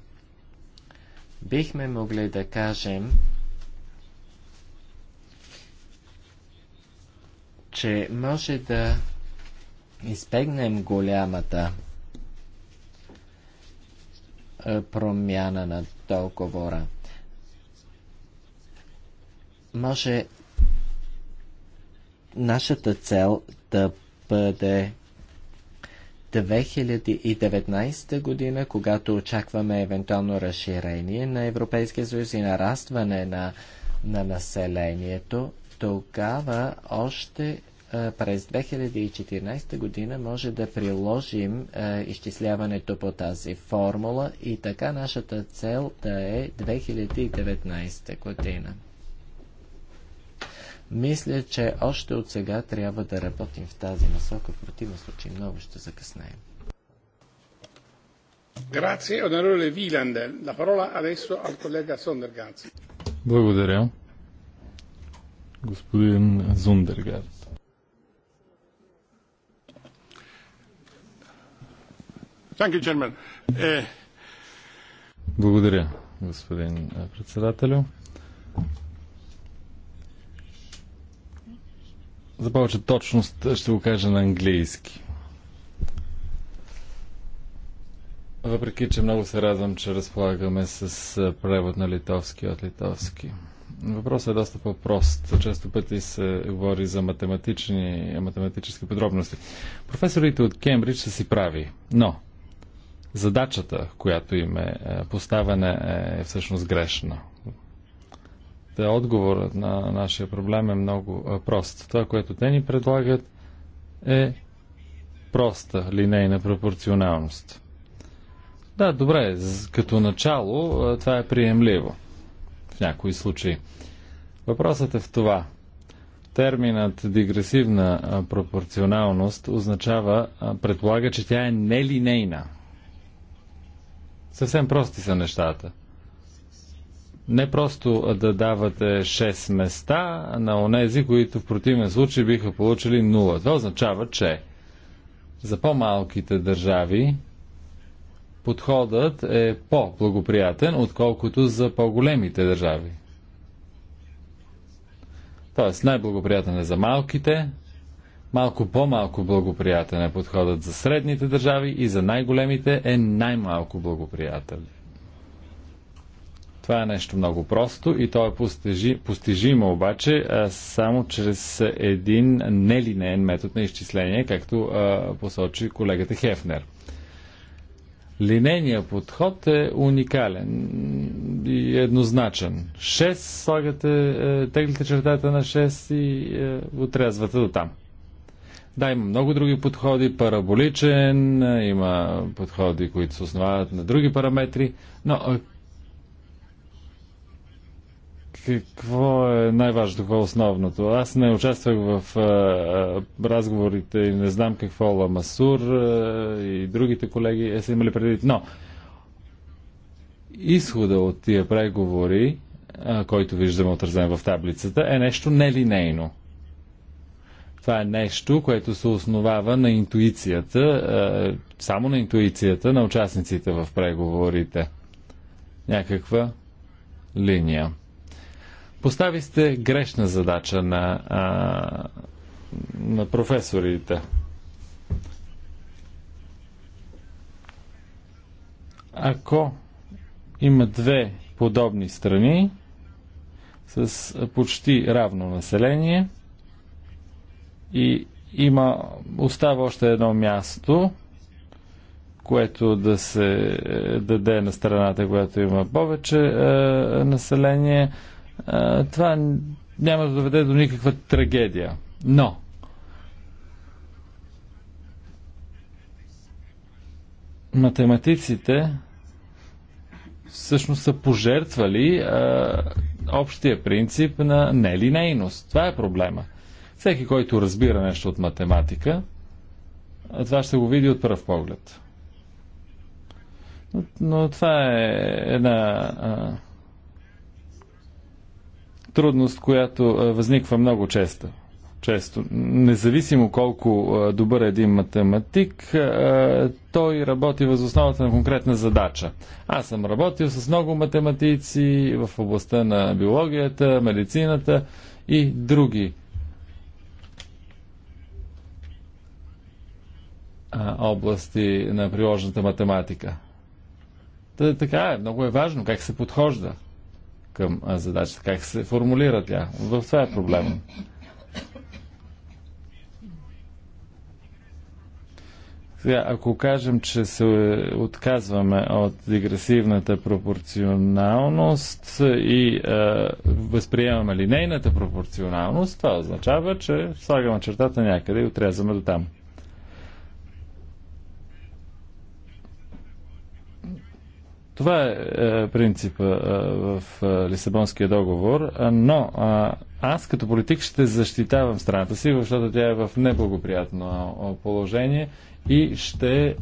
Бихме могли да кажем, че може да избегнем голямата промяна на договора. Може нашата цел да бъде 2019 година, когато очакваме евентуално разширение на Европейския съюз и нарастване на, на населението, тогава още през 2014 година може да приложим изчисляването по тази формула и така нашата цел да е 2019 година. Мисля, че още от сега трябва да работим в тази насока, в противен случай много ще закъснеем. Благодаря. Господин Зундергард. You, eh... Благодаря, господин председателю. За повече точност ще го кажа на английски. Въпреки, че много се радвам, че разполагаме с превод на литовски от литовски. Въпросът е доста по-прост. Често пъти се говори за математични, математически подробности. Професорите от Кембридж са си прави, но задачата, която им е, е поставена, е, е всъщност грешна. Та отговорът на нашия проблем е много е, прост. Това, което те ни предлагат, е проста линейна пропорционалност. Да, добре, като начало това е приемливо в някои случаи. Въпросът е в това. Терминът дигресивна пропорционалност означава, предполага, че тя е нелинейна, Съвсем прости са нещата. Не просто да давате 6 места на онези, които в противен случай биха получили 0. Това означава, че за по-малките държави подходът е по-благоприятен, отколкото за по-големите държави. Тоест най-благоприятен е за малките, малко по-малко благоприятен е подходът за средните държави и за най-големите е най-малко благоприятен. Това е нещо много просто и то е постижи, постижимо обаче а, само чрез един нелинеен метод на изчисление, както а, посочи колегата Хефнер. Линейният подход е уникален и еднозначен. 6 слагате, е, теглите чертата на 6 и е, отрязвате до там. Да, има много други подходи, параболичен, има подходи, които се основават на други параметри, но какво е най-важното, какво е основното? Аз не участвах в а, разговорите и не знам какво Ламасур а, и другите колеги е са имали преди. Но изхода от тия преговори, а, който виждаме отразен в таблицата, е нещо нелинейно. Това е нещо, което се основава на интуицията, е, само на интуицията на участниците в преговорите. Някаква линия. Постави сте грешна задача на, а, на професорите. Ако има две подобни страни с почти равно население, и има, остава още едно място, което да се е, даде на страната, която има повече е, население. Е, това няма да доведе до никаква трагедия. Но, математиците всъщност са пожертвали е, общия принцип на нелинейност. Това е проблема. Всеки, който разбира нещо от математика, това ще го види от пръв поглед. Но, но това е една а, трудност, която а, възниква много често. Често, независимо колко а, добър е един математик, а, той работи въз основата на конкретна задача. Аз съм работил с много математици в областта на биологията, медицината и други области на приложната математика. Та, така е, много е важно как се подхожда към задачата, как се формулира тя. В това е проблема. Сега, ако кажем, че се отказваме от дигресивната пропорционалност и е, възприемаме линейната пропорционалност, това означава, че слагаме чертата някъде и отрязваме до там. Това е, е принципа е, в е, Лисабонския договор, но аз като политик ще защитавам страната си, защото тя е в неблагоприятно положение и ще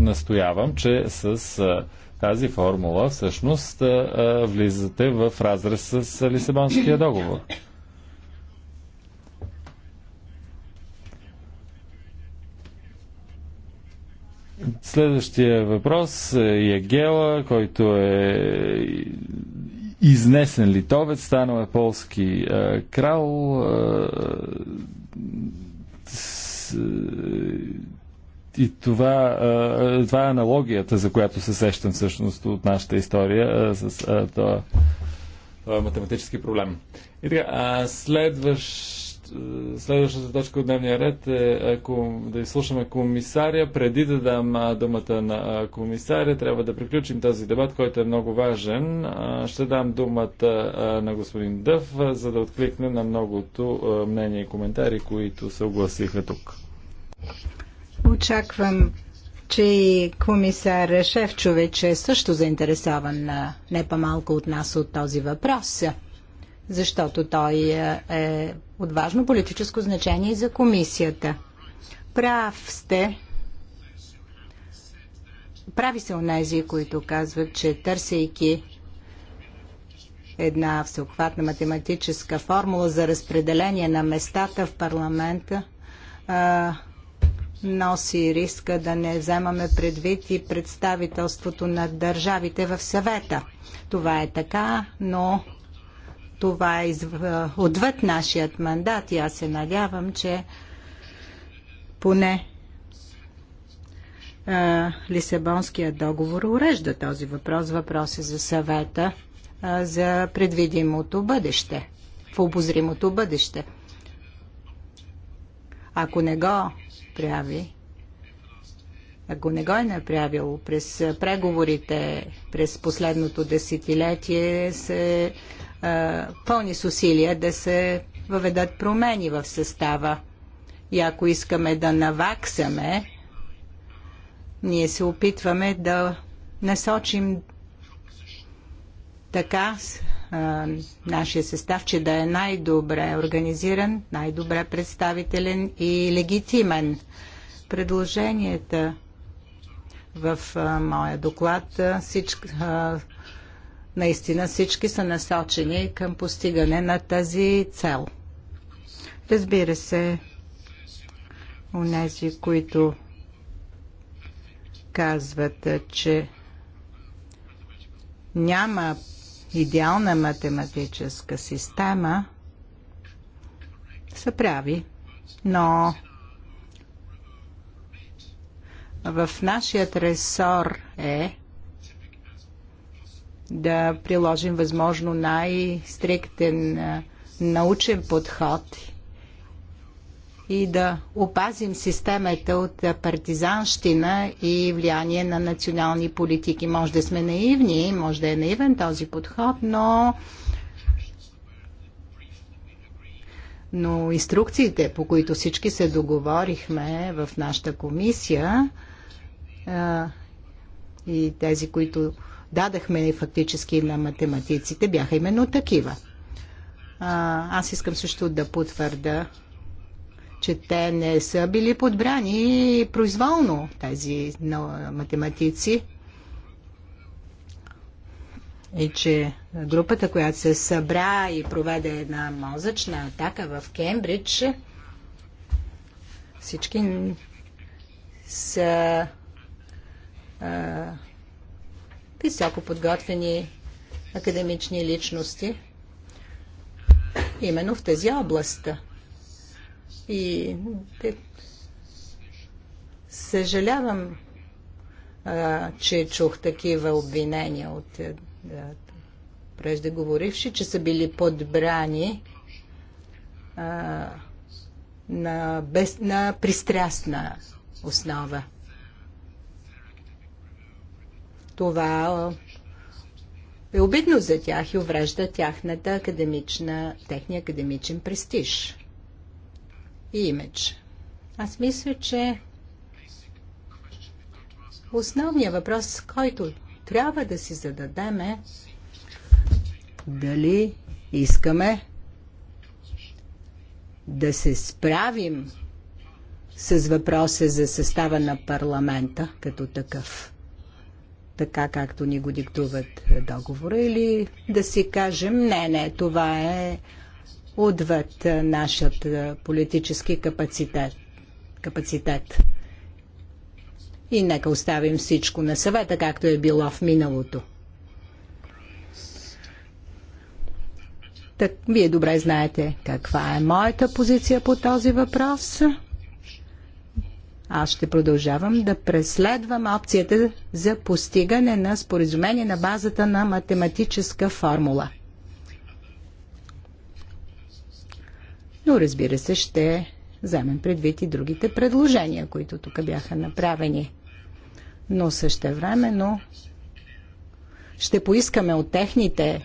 настоявам, че с тази формула всъщност влизате в разрез с Лисабонския договор. Следващия въпрос е Ягела, който е изнесен литовец, станал е полски е, крал. Е, с, е, и това, е, това е аналогията, за която се сещам всъщност от нашата история е, с е, това, това е математически проблем. И така, а следващ следващата точка от дневния ред е ако, да изслушаме комисаря. Преди да дам думата на комисаря, трябва да приключим този дебат, който е много важен. Ще дам думата на господин Дъв, за да откликне на многото мнения и коментари, които се огласиха тук. Очаквам, че и комисар Шефчович е също заинтересован не по-малко от нас от този въпрос защото той е, е от важно политическо значение и за комисията. Прав сте. Прави се онези, които казват, че търсейки една всеобхватна математическа формула за разпределение на местата в парламента, носи риска да не вземаме предвид и представителството на държавите в съвета. Това е така, но това е, е отвъд нашият мандат и аз се надявам, че поне е, Лисабонския договор урежда този въпрос. Въпрос е за съвета е, за предвидимото бъдеще, в обозримото бъдеще. Ако не го прави, ако не го е направил през преговорите през последното десетилетие, се пълни с усилия да се въведат промени в състава. И ако искаме да наваксаме, ние се опитваме да насочим така а, нашия състав, че да е най-добре организиран, най-добре представителен и легитимен. Предложенията в а, моя доклад а, всички. А, наистина всички са насочени към постигане на тази цел. Разбира се, унези, които казват, че няма идеална математическа система, са прави, но в нашият ресор е да приложим възможно най-стриктен научен подход и да опазим системата от партизанщина и влияние на национални политики. Може да сме наивни, може да е наивен този подход, но но инструкциите, по които всички се договорихме в нашата комисия и тези, които дадахме фактически на математиците, бяха именно такива. А, аз искам също да потвърда, че те не са били подбрани произволно, тези математици. И че групата, която се събра и проведе една мозъчна атака в Кембридж, всички са а, високо подготвени академични личности именно в тази област. И съжалявам, че чух такива обвинения от е, е, преждеговоривши, че са били подбрани на, без, на пристрастна основа. Това е обидно за тях и уврежда тяхната академична, техния академичен престиж и имидж. Аз мисля, че основният въпрос, който трябва да си зададем е дали искаме да се справим с въпроса за състава на парламента като такъв така както ни го диктуват договора или да си кажем не, не, това е отвъд нашият политически капацитет. капацитет. И нека оставим всичко на съвета, както е било в миналото. Так, вие добре знаете каква е моята позиция по този въпрос. Аз ще продължавам да преследвам опцията за постигане на споразумение на базата на математическа формула. Но разбира се, ще вземем предвид и другите предложения, които тук бяха направени. Но същевременно ще поискаме от техните,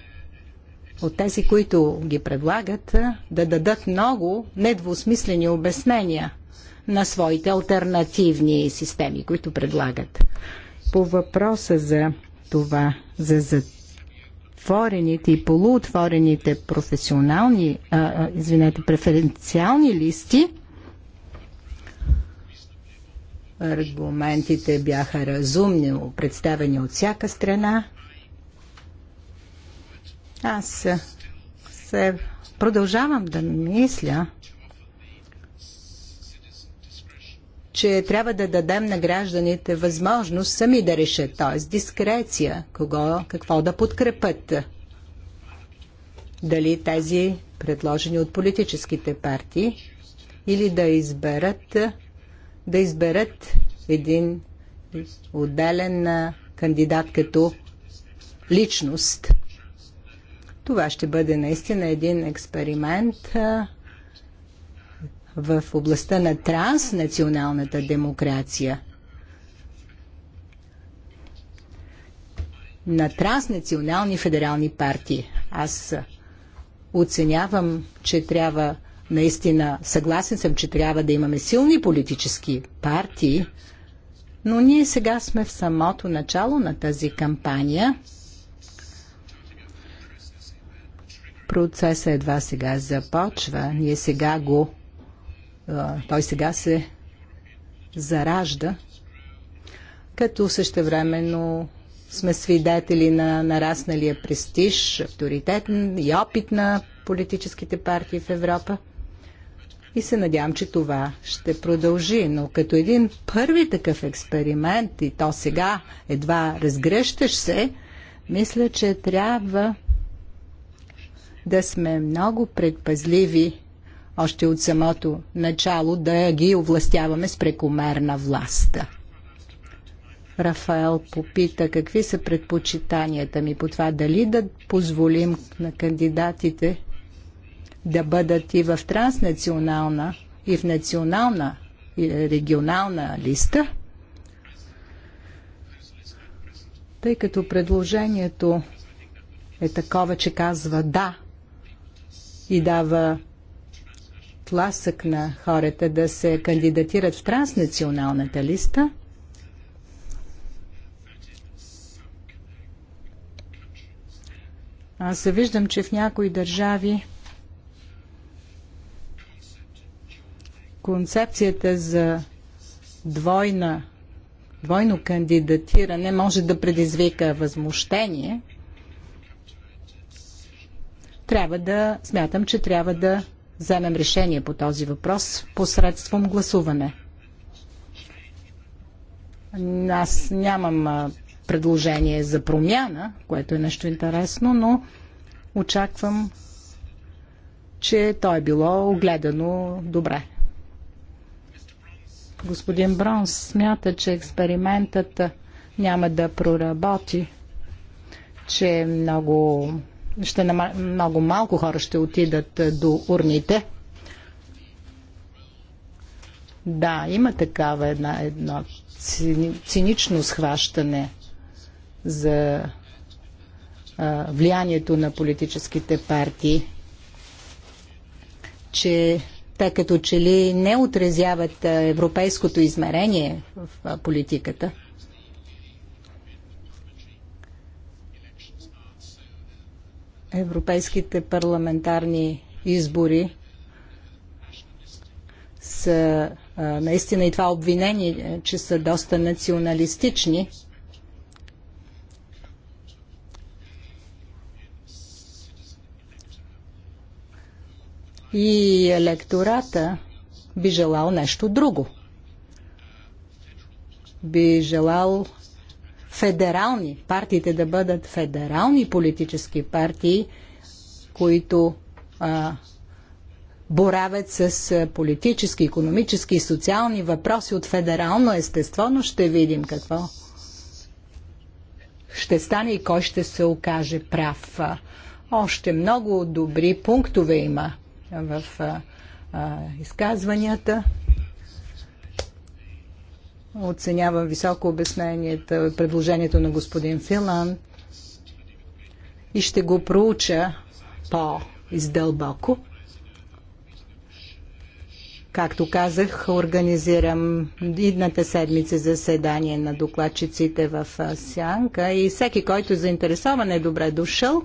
от тези, които ги предлагат, да дадат много недвусмислени обяснения – на своите альтернативни системи, които предлагат. По въпроса за това, за затворените и полуотворените професионални, а, извинете, преференциални листи, аргументите бяха разумни, представени от всяка страна. Аз се продължавам да мисля, че трябва да дадем на гражданите възможност сами да решат, т.е. дискреция, кого, какво да подкрепят. Дали тези предложени от политическите партии или да изберат, да изберат един отделен кандидат като личност. Това ще бъде наистина един експеримент, в областта на транснационалната демокрация. на транснационални федерални партии. Аз оценявам, че трябва наистина, съгласен съм, че трябва да имаме силни политически партии, но ние сега сме в самото начало на тази кампания. Процесът едва сега започва. Ние сега го той сега се заражда, като същевременно сме свидетели на нарасналия престиж, авторитетен и опит на политическите партии в Европа. И се надявам, че това ще продължи. Но като един първи такъв експеримент, и то сега едва разгръщаш се, мисля, че трябва да сме много предпазливи още от самото начало да ги овластяваме с прекомерна власт. Рафаел попита какви са предпочитанията ми по това дали да позволим на кандидатите да бъдат и в транснационална, и в национална, и регионална листа, тъй като предложението е такова, че казва да и дава тласък на хората да се кандидатират в транснационалната листа. Аз се виждам, че в някои държави концепцията за двойна, двойно кандидатиране може да предизвика възмущение. Трябва да, смятам, че трябва да вземем решение по този въпрос посредством гласуване. Аз нямам предложение за промяна, което е нещо интересно, но очаквам, че то е било огледано добре. Господин Бронс смята, че експериментът няма да проработи, че е много ще нам... много малко хора ще отидат е, до урните. Да, има такава една, едно цини, цинично схващане за а, влиянието на политическите партии, че те като че ли не отрезяват европейското измерение в политиката – европейските парламентарни избори са наистина и това обвинение, е, че са доста националистични. И електората би желал нещо друго. Би желал федерални, партиите да бъдат федерални политически партии, които а, боравят с политически, економически и социални въпроси от федерално естество, но ще видим какво ще стане и кой ще се окаже прав. Още много добри пунктове има в а, изказванията. Оценявам високо обяснението, предложението на господин Филан и ще го проуча по-издълбоко. Както казах, организирам идната седмица заседание на докладчиците в Сянка и всеки, който е заинтересован е добре дошъл.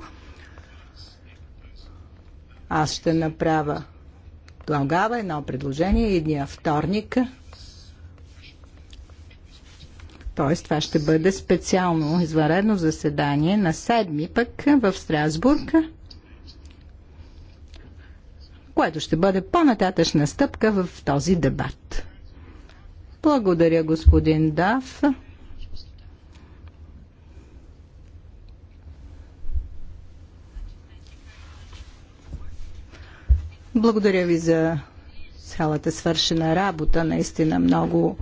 Аз ще направя тогава едно предложение и дния вторник т.е. това ще бъде специално изваредно заседание на 7 пък в Страсбург, което ще бъде по-нататъчна стъпка в този дебат. Благодаря, господин Дав. Благодаря ви за цялата свършена работа. Наистина много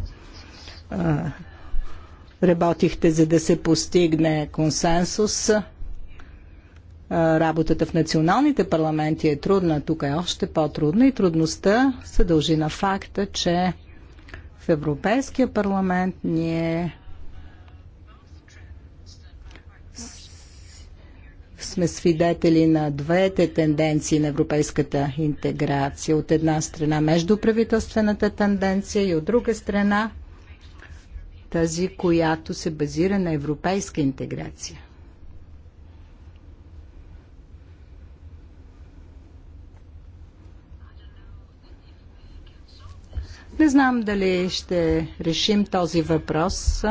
работихте, за да се постигне консенсус. Работата в националните парламенти е трудна, тук е още по-трудна и трудността се дължи на факта, че в Европейския парламент ние сме свидетели на двете тенденции на европейската интеграция. От една страна междуправителствената тенденция и от друга страна тази, която се базира на европейска интеграция. Не знам дали ще решим този въпрос.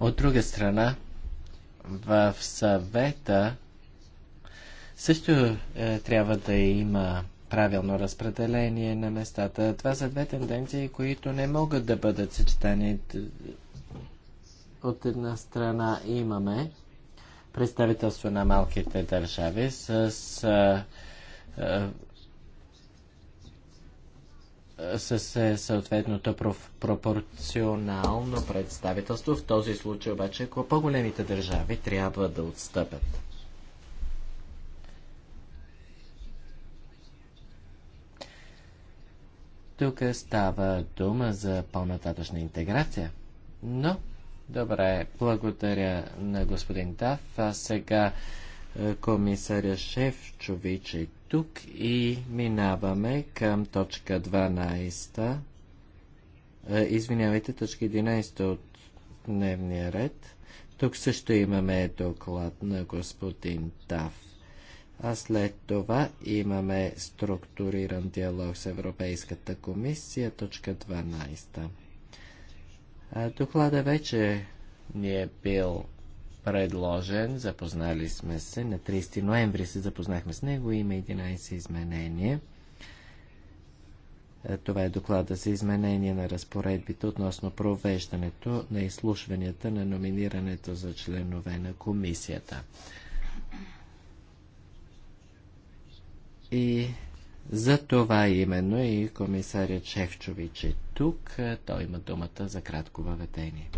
От друга страна, в съвета също е, трябва да има правилно разпределение на местата. Това са две тенденции, които не могат да бъдат съчетани. От една страна имаме представителство на малките държави с, с, с е, съответното пропорционално представителство. В този случай обаче ако по-големите държави трябва да отстъпят. Тук става дума за по-нататъчна интеграция. Но, добре, благодаря на господин Дав. А сега е, комисаря Чович е тук и минаваме към точка 12. Е, извинявайте, точка 11 от дневния ред. Тук също имаме доклад на господин Дав а след това имаме структуриран диалог с Европейската комисия, точка 12. Доклада вече ни е бил предложен, запознали сме се, на 30 ноември се запознахме с него, има 11 изменения. Това е доклада за изменение на разпоредбите относно провеждането на изслушванията на номинирането за членове на комисията. И за това именно и комисарят Шефчович е тук. Той има думата за кратко въведение.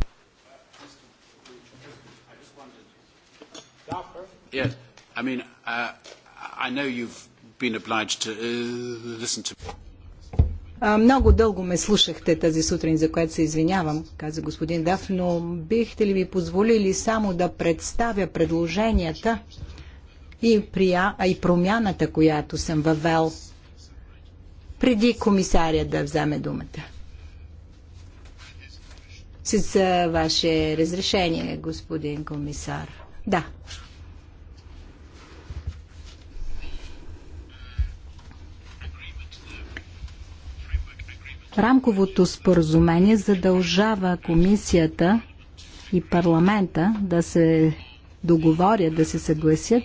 Yeah. I mean, uh, I know you've been obliged to uh, listen to много дълго ме слушахте тази сутрин, за което се извинявам, каза господин Даф, но бихте ли ви позволили само да представя предложенията, и, прия, а и промяната, която съм въвел преди комисаря да вземе думата. С ваше разрешение, господин комисар. Да. Рамковото споразумение задължава комисията и парламента да се договорят, да се съгласят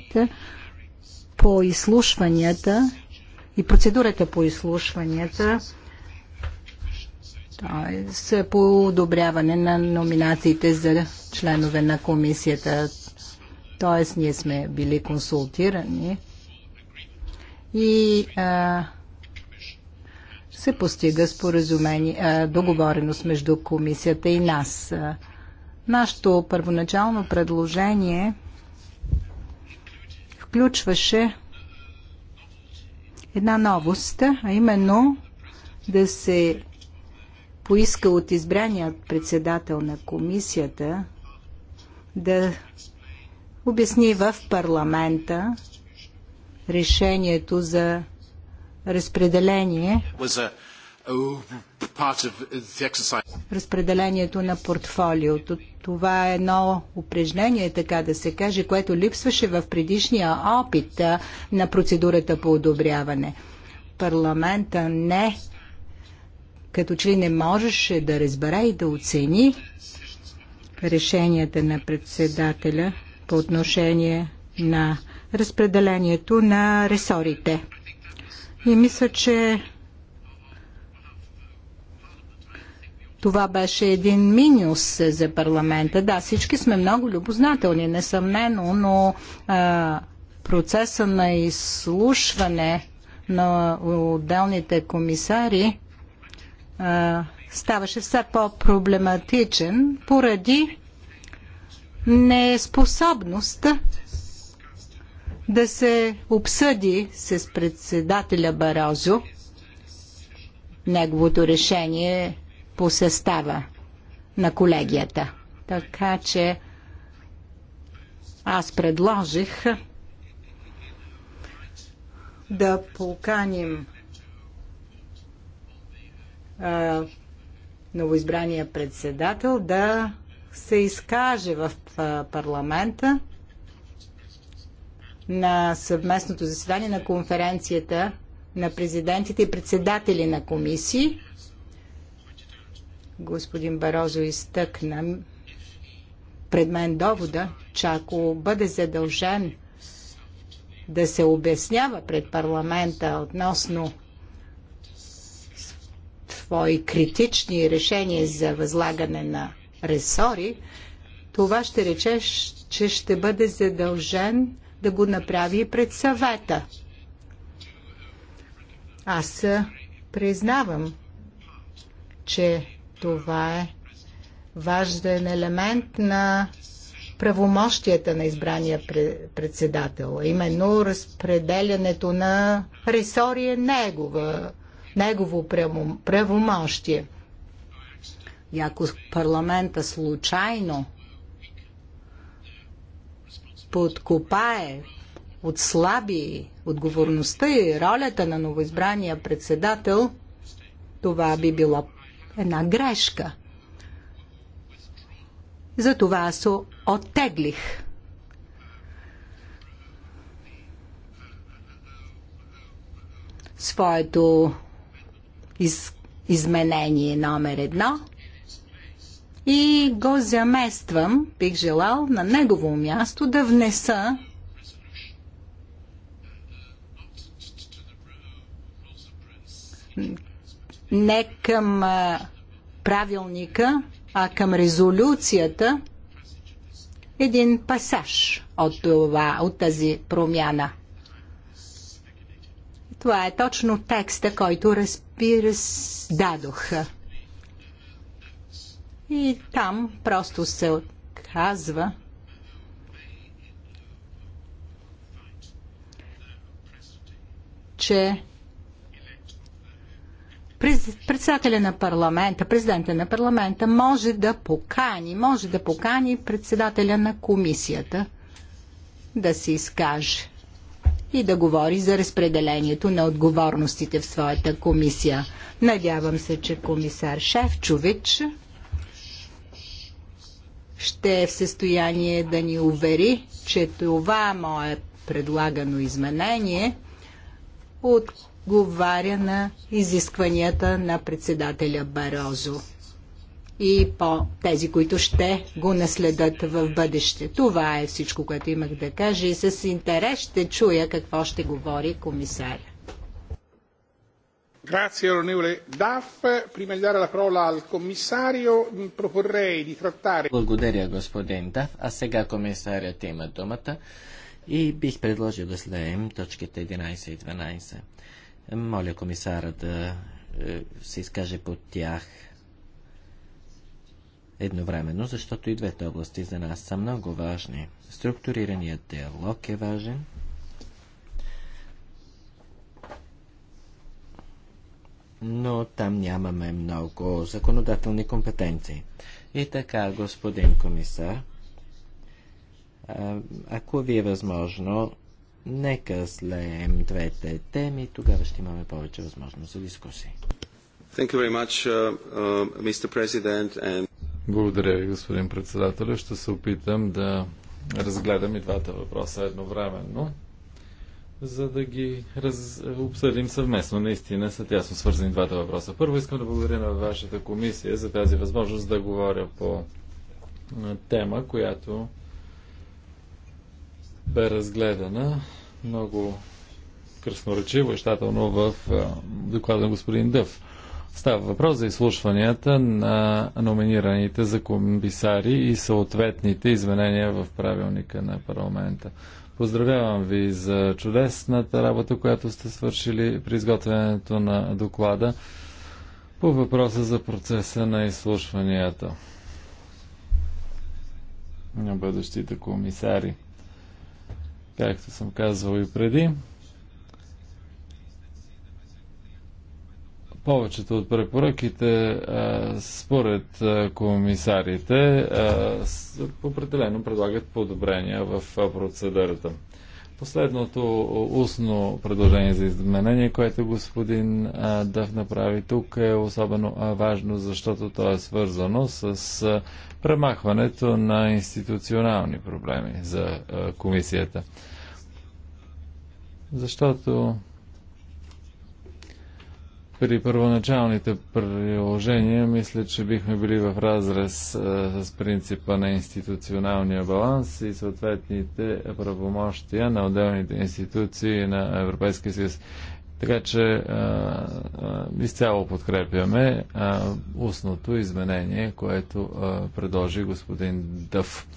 по изслушванията и процедурата по изслушванията, т.е. по одобряване на номинациите за членове на комисията. Т.е. ние сме били консултирани и а, се постига споразумение, а, договореност между комисията и нас. А, Нашето първоначално предложение включваше една новост, а именно да се поиска от избраният председател на комисията да обясни в парламента решението за разпределение разпределението на портфолиото. Това е едно упражнение, така да се каже, което липсваше в предишния опит на процедурата по одобряване. Парламента не като че ли не можеше да разбере и да оцени решенията на председателя по отношение на разпределението на ресорите. И мисля, че Това беше един минус за парламента. Да, всички сме много любознателни, несъмнено, но а, процеса на изслушване на отделните комисари а, ставаше все по-проблематичен поради неспособност да се обсъди с председателя Барозо неговото решение по състава на колегията. Така че аз предложих да поканим а, новоизбрания председател да се изкаже в парламента на съвместното заседание на конференцията на президентите и председатели на комисии господин Барозо изтъкна пред мен довода, че ако бъде задължен да се обяснява пред парламента относно твои критични решения за възлагане на ресори, това ще рече, че ще бъде задължен да го направи и пред съвета. Аз признавам, че това е важен елемент на правомощията на избрания председател. Именно разпределянето на ресори е негова, негово правомощие. И ако парламента случайно подкопае, отслаби отговорността и ролята на новоизбрания председател, това би било една грешка. Затова аз се оттеглих. своето из, изменение номер едно и го замествам, бих желал на негово място да внеса не към правилника, а към резолюцията един пасаж от, това, от тази промяна. Това е точно текста, който разбира, дадох. И там просто се казва, че Председателя на парламента, президента на парламента може да покани, може да покани председателя на комисията да се изкаже и да говори за разпределението на отговорностите в своята комисия. Надявам се, че комисар Шефчович ще е в състояние да ни увери, че това мое предлагано изменение от отговаря на изискванията на председателя Барозо и по тези, които ще го наследат в бъдеще. Това е всичко, което имах да кажа и с интерес ще чуя какво ще говори комисаря. Grazie onorevole Daff. Prima di dare la parola al commissario proporrei di trattare... Благодаря господин Даф. А сега комисарят има думата и бих предложил да следим точките 11 и 12. Моля комисара да е, се изкаже под тях едновременно, защото и двете области за нас са много важни. Структурираният диалог е важен. Но там нямаме много законодателни компетенции. И така, господин комисар, ако ви е възможно, Нека слеем двете теми, тогава ще имаме повече възможност за дискусии. Much, uh, uh, and... Благодаря ви, господин председател. Ще се опитам да разгледам и двата въпроса едновременно, за да ги раз... обсъдим съвместно. Наистина са тясно свързани двата въпроса. Първо искам да благодаря на вашата комисия за тази възможност да говоря по тема, която бе разгледана много кръсноречиво и щателно в доклада на господин Дъв. Става въпрос за изслушванията на номинираните за комисари и съответните изменения в правилника на парламента. Поздравявам ви за чудесната работа, която сте свършили при изготвянето на доклада по въпроса за процеса на изслушванията на бъдещите комисари. Както съм казвал и преди, повечето от препоръките според комисарите определено предлагат подобрения в процедурата. Последното устно предложение за изменение, което господин Дъв направи тук е особено важно, защото то е свързано с премахването на институционални проблеми за комисията. Защото при първоначалните приложения мисля, че бихме били в разрез а, с принципа на институционалния баланс и съответните правомощия на отделните институции на Европейския съюз. Така че а, а, изцяло подкрепяме а, устното изменение, което а, предложи господин Дъв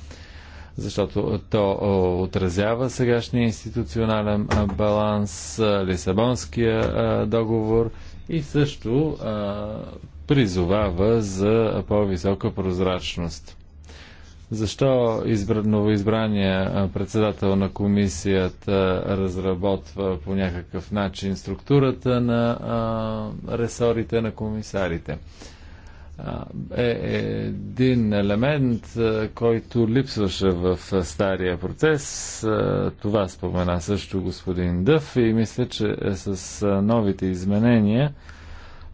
защото то отразява сегашния институционален баланс, Лисабонския договор и също а, призовава за по-висока прозрачност. Защо избра, новоизбрания председател на комисията разработва по някакъв начин структурата на а, ресорите на комисарите? е един елемент, който липсваше в стария процес. Това спомена също господин Дъв и мисля, че е с новите изменения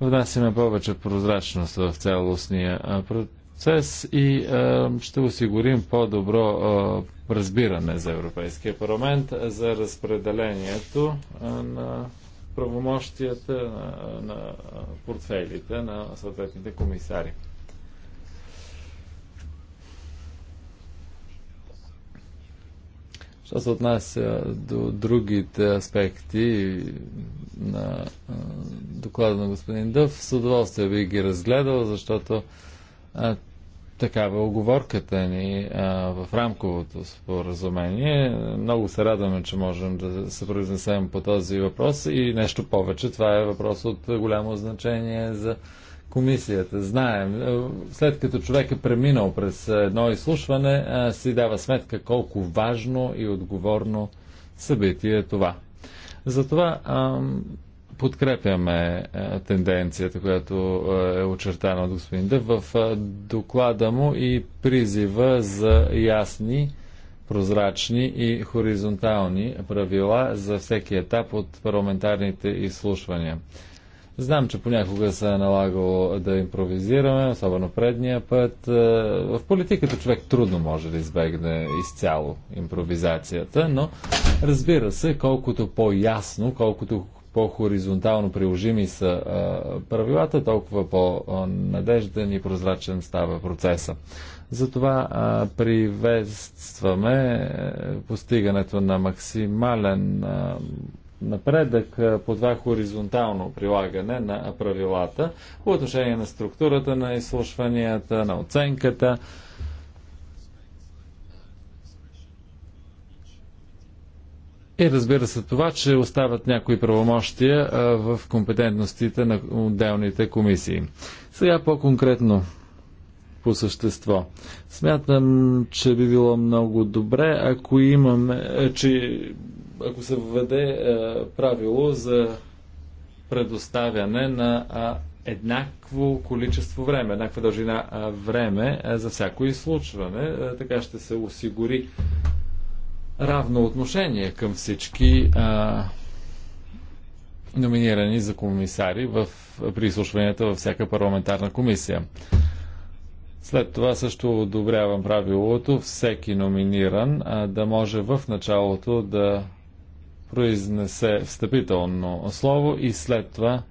внасяме повече прозрачност в цялостния процес и ще осигурим по-добро разбиране за Европейския парламент за разпределението на правомощията на, на портфелите на съответните комисари. Що се отнася до другите аспекти на доклада на господин Дъв, с удоволствие би ги разгледал, защото Такава е оговорката ни а, в рамковото споразумение. Много се радваме, че можем да се произнесем по този въпрос и нещо повече. Това е въпрос от голямо значение за комисията. Знаем, след като човек е преминал през едно изслушване, а, си дава сметка колко важно и отговорно събитие е това. Затова подкрепяме е, тенденцията, която е, е очертана от господин Дъв в е, доклада му и призива за ясни, прозрачни и хоризонтални правила за всеки етап от парламентарните изслушвания. Знам, че понякога се е налагало да импровизираме, особено предния път. В политиката човек трудно може да избегне изцяло импровизацията, но разбира се, колкото по-ясно, колкото по-хоризонтално приложими са правилата, толкова по-надежден и прозрачен става процеса. Затова а, приветстваме постигането на максимален а, напредък по това хоризонтално прилагане на правилата по отношение на структурата на изслушванията, на оценката. И разбира се това, че остават някои правомощия в компетентностите на отделните комисии. Сега по-конкретно по същество. Смятам, че би било много добре, ако имаме, е, че ако се введе е, правило за предоставяне на еднакво количество време, еднаква дължина време за всяко изслучване. Е, така ще се осигури равно отношение към всички а, номинирани за комисари в, при изслушванията във всяка парламентарна комисия. След това също одобрявам правилото всеки номиниран а, да може в началото да произнесе встъпително слово и след това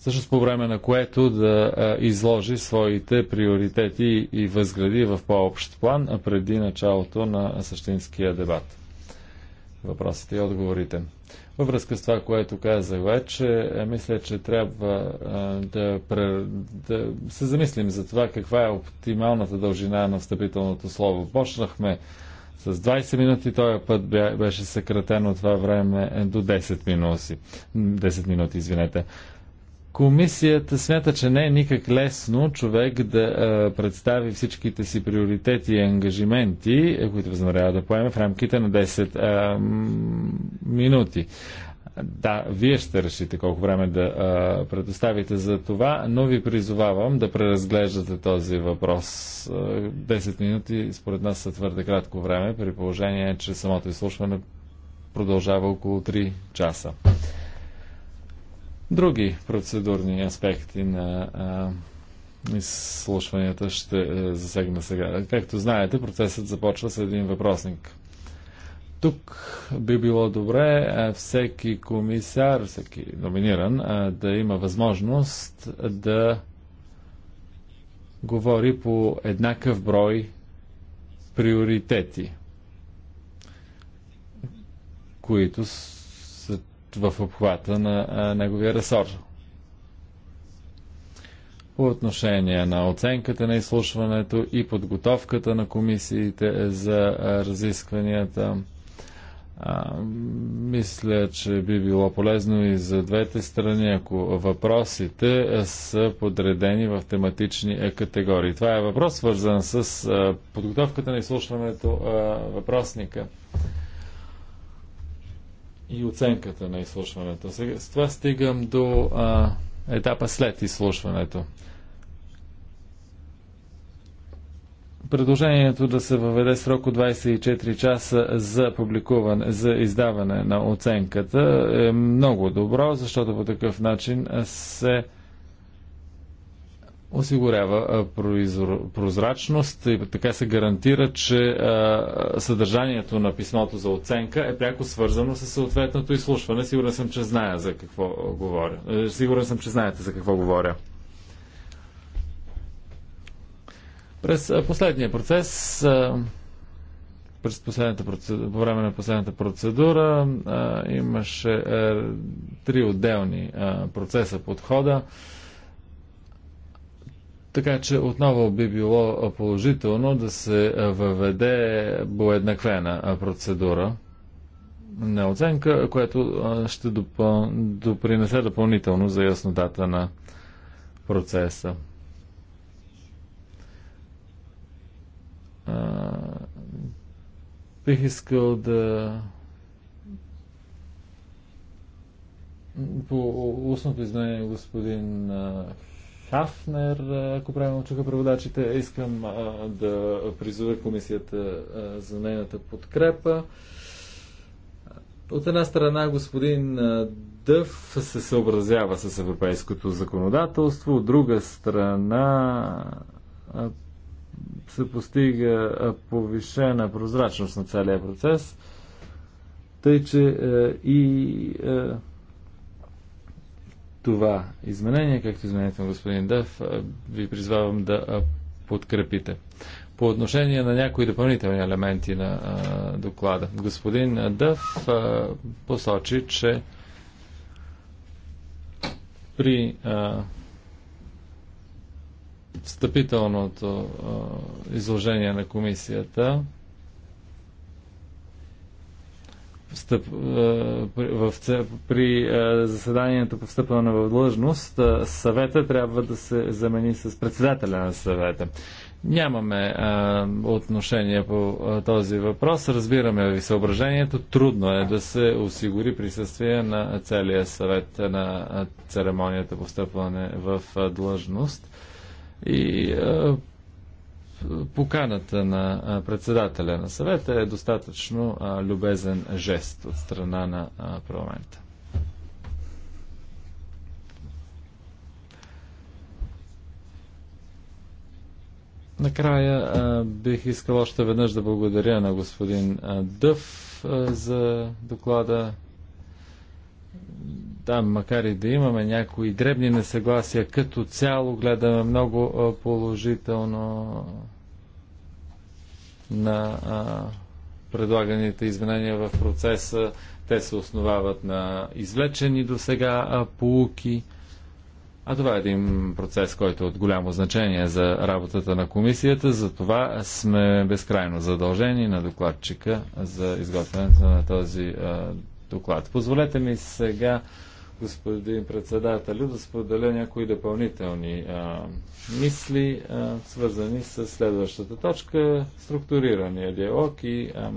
всъщност по време на което да изложи своите приоритети и възгледи в по-общ план, а преди началото на същинския дебат. Въпросите и отговорите. Във връзка с това, което казах вече, е, мисля, че трябва да, да се замислим за това каква е оптималната дължина на встъпителното слово. Почнахме с 20 минути, този път беше съкратено това време до 10 минути. 10 минути, извинете. Комисията смята, че не е никак лесно човек да а, представи всичките си приоритети и ангажименти, които възнамерява да поеме в рамките на 10 а, минути. Да, вие ще решите колко време да а, предоставите за това, но ви призовавам да преразглеждате този въпрос. 10 минути според нас са твърде кратко време, при положение, че самото изслушване продължава около 3 часа. Други процедурни аспекти на а, изслушванията ще е, засегна сега. Както знаете, процесът започва с един въпросник. Тук би било добре всеки комисар, всеки номиниран, да има възможност да говори по еднакъв брой приоритети, които в обхвата на а, неговия ресор. По отношение на оценката на изслушването и подготовката на комисиите за разискванията, а, мисля, че би било полезно и за двете страни, ако въпросите са подредени в тематични категории. Това е въпрос, свързан с подготовката на изслушването а, въпросника и оценката на изслушването. Сега, с това стигам до а, етапа след изслушването. Предложението да се въведе срок от 24 часа за публикуване, за издаване на оценката е много добро, защото по такъв начин се осигурява прозрачност и така се гарантира, че съдържанието на писмото за оценка е пряко свързано с съответното изслушване. Сигурен съм, че зная за какво говоря. Е, сигурен съм, че знаете за какво говоря. През последния процес, през последната процедура, по време на последната процедура, имаше е, три отделни процеса подхода. хода така че отново би било положително да се въведе боеднаквена процедура на оценка, което ще допъл... допринесе допълнително за яснотата на процеса. Бих искал да по устното изменение господин Хафнер, ако правилно чуха преводачите, искам а, да призова комисията а, за нейната подкрепа. От една страна господин Дъв се съобразява с европейското законодателство, от друга страна се постига повишена прозрачност на целия процес, тъй че и това изменение, както изменението на господин Дев, ви призвавам да подкрепите. По отношение на някои допълнителни елементи на а, доклада, господин Дъв а, посочи, че при а, встъпителното а, изложение на комисията встъп, е, в, при е, заседанието по встъпване в длъжност е, съвета трябва да се замени с председателя на съвета. Нямаме а, отношение по а, този въпрос. Разбираме ви съображението. Трудно е да се осигури присъствие на целия съвет на церемонията по встъпване в а, длъжност. И а, поканата на председателя на съвета е достатъчно любезен жест от страна на парламента. Накрая а, бих искал още веднъж да благодаря на господин а, Дъв а, за доклада. Да, макар и да имаме някои дребни несъгласия, като цяло гледаме много а, положително на а, предлаганите изменения в процеса. Те се основават на извлечени до сега полуки. А това е един процес, който е от голямо значение за работата на комисията. За това сме безкрайно задължени на докладчика за изготвянето на този а, доклад. Позволете ми сега господин председателю, да споделя някои допълнителни а, мисли, а, свързани с следващата точка структурирания диалог и а,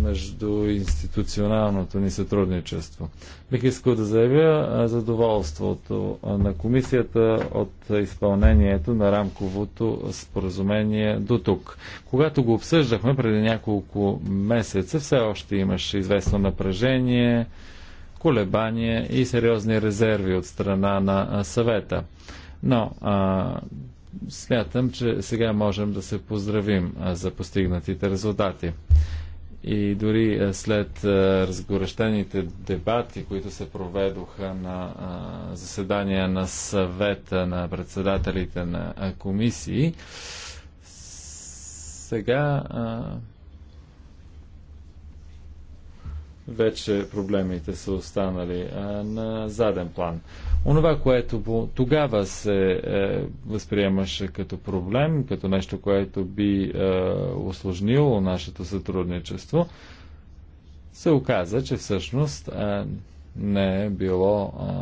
между институционалното ни сътрудничество. Бих искал да заявя задоволството на комисията от изпълнението на рамковото споразумение до тук. Когато го обсъждахме преди няколко месеца, все още имаше известно напрежение, колебания и сериозни резерви от страна на съвета. Но а, смятам, че сега можем да се поздравим за постигнатите резултати. И дори след разгорещените дебати, които се проведоха на заседания на съвета на председателите на комисии, сега вече проблемите са останали а, на заден план. Онова, което тогава се е, възприемаше като проблем, като нещо, което би е, осложнило нашето сътрудничество, се оказа, че всъщност е, не е било а, е,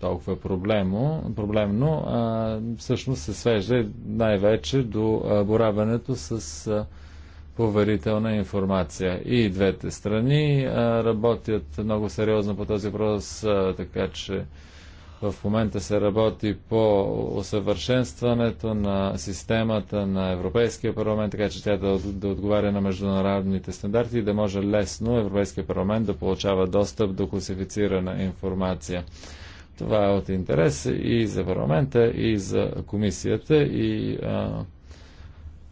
толкова проблемо, проблемно. А, е, всъщност се свежда най-вече до а, е, боравенето с. А, поверителна информация. И двете страни а, работят много сериозно по този въпрос, така че в момента се работи по усъвършенстването на системата на Европейския парламент, така че тя да, да отговаря на международните стандарти и да може лесно Европейския парламент да получава достъп до класифицирана информация. Това е от интерес и за парламента, и за комисията, и а,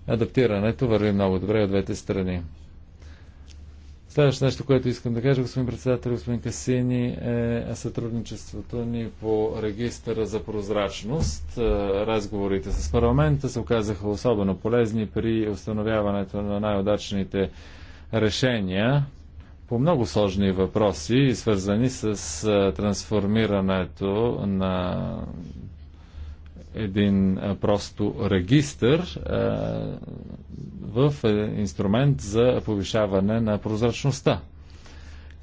адаптирането върви много добре от двете страни. Следващото нещо, което искам да кажа, господин председател, господин Касини, е сътрудничеството ни по регистъра за прозрачност. Е, разговорите с парламента се оказаха особено полезни при установяването на най-удачните решения по много сложни въпроси, свързани с е, трансформирането на един просто регистър в е, инструмент за повишаване на прозрачността.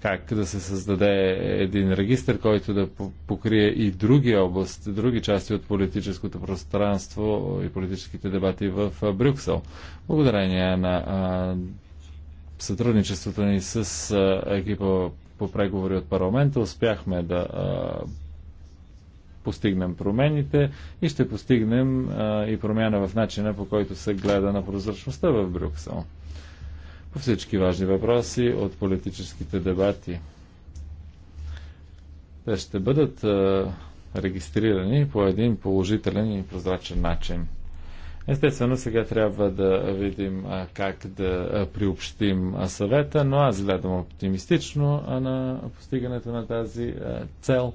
Как да се създаде един регистр, който да покрие и други области, други части от политическото пространство и политическите дебати в Брюксел. Благодарение на сътрудничеството ни с екипа по преговори от парламента успяхме да постигнем промените и ще постигнем а, и промяна в начина по който се гледа на прозрачността в Брюксел. По всички важни въпроси от политическите дебати. Те ще бъдат а, регистрирани по един положителен и прозрачен начин. Естествено, сега трябва да видим а, как да приобщим а, съвета, но аз гледам оптимистично а, на постигането на тази цел.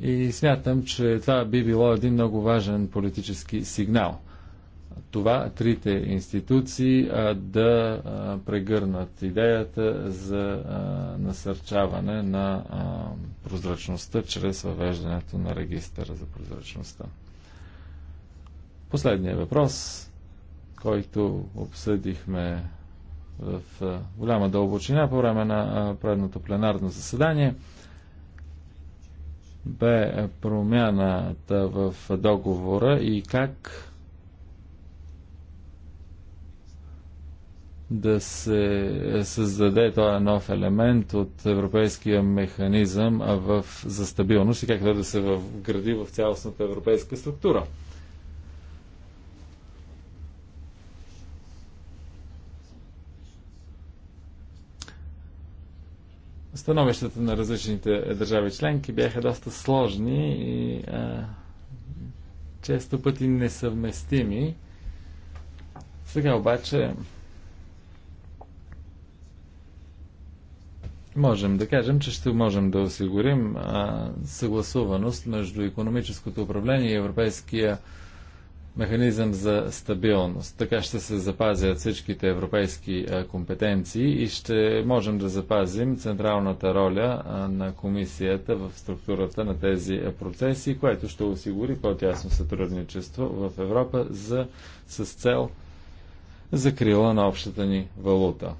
И смятам, че това би било един много важен политически сигнал. Това трите институции а, да а, прегърнат идеята за а, насърчаване на а, прозрачността чрез въвеждането на регистъра за прозрачността. Последният въпрос, който обсъдихме в голяма дълбочина по време на предното пленарно заседание – бе промяната в договора и как да се създаде този нов елемент от европейския механизъм в, за стабилност и как да се вгради в цялостната европейска структура. Становищата на различните държави членки бяха доста сложни и а, често пъти несъвместими. Сега обаче можем да кажем, че ще можем да осигурим а, съгласуваност между економическото управление и Европейския механизъм за стабилност. Така ще се запазят всичките европейски компетенции и ще можем да запазим централната роля на комисията в структурата на тези процеси, което ще осигури по-тясно сътрудничество в Европа за, с цел закрила на общата ни валута.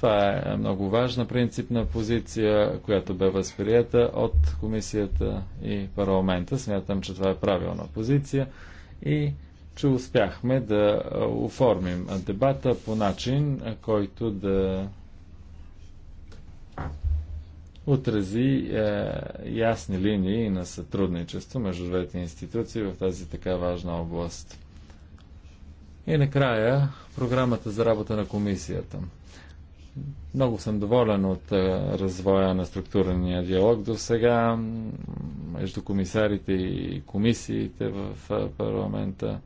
Това е много важна принципна позиция, която бе възприята от комисията и парламента. Смятам, че това е правилна позиция и че успяхме да оформим дебата по начин, който да отрази е, ясни линии на сътрудничество между двете институции в тази така важна област. И накрая програмата за работа на комисията. Много съм доволен от развоя на структурния диалог до сега между комисарите и комисиите в парламента.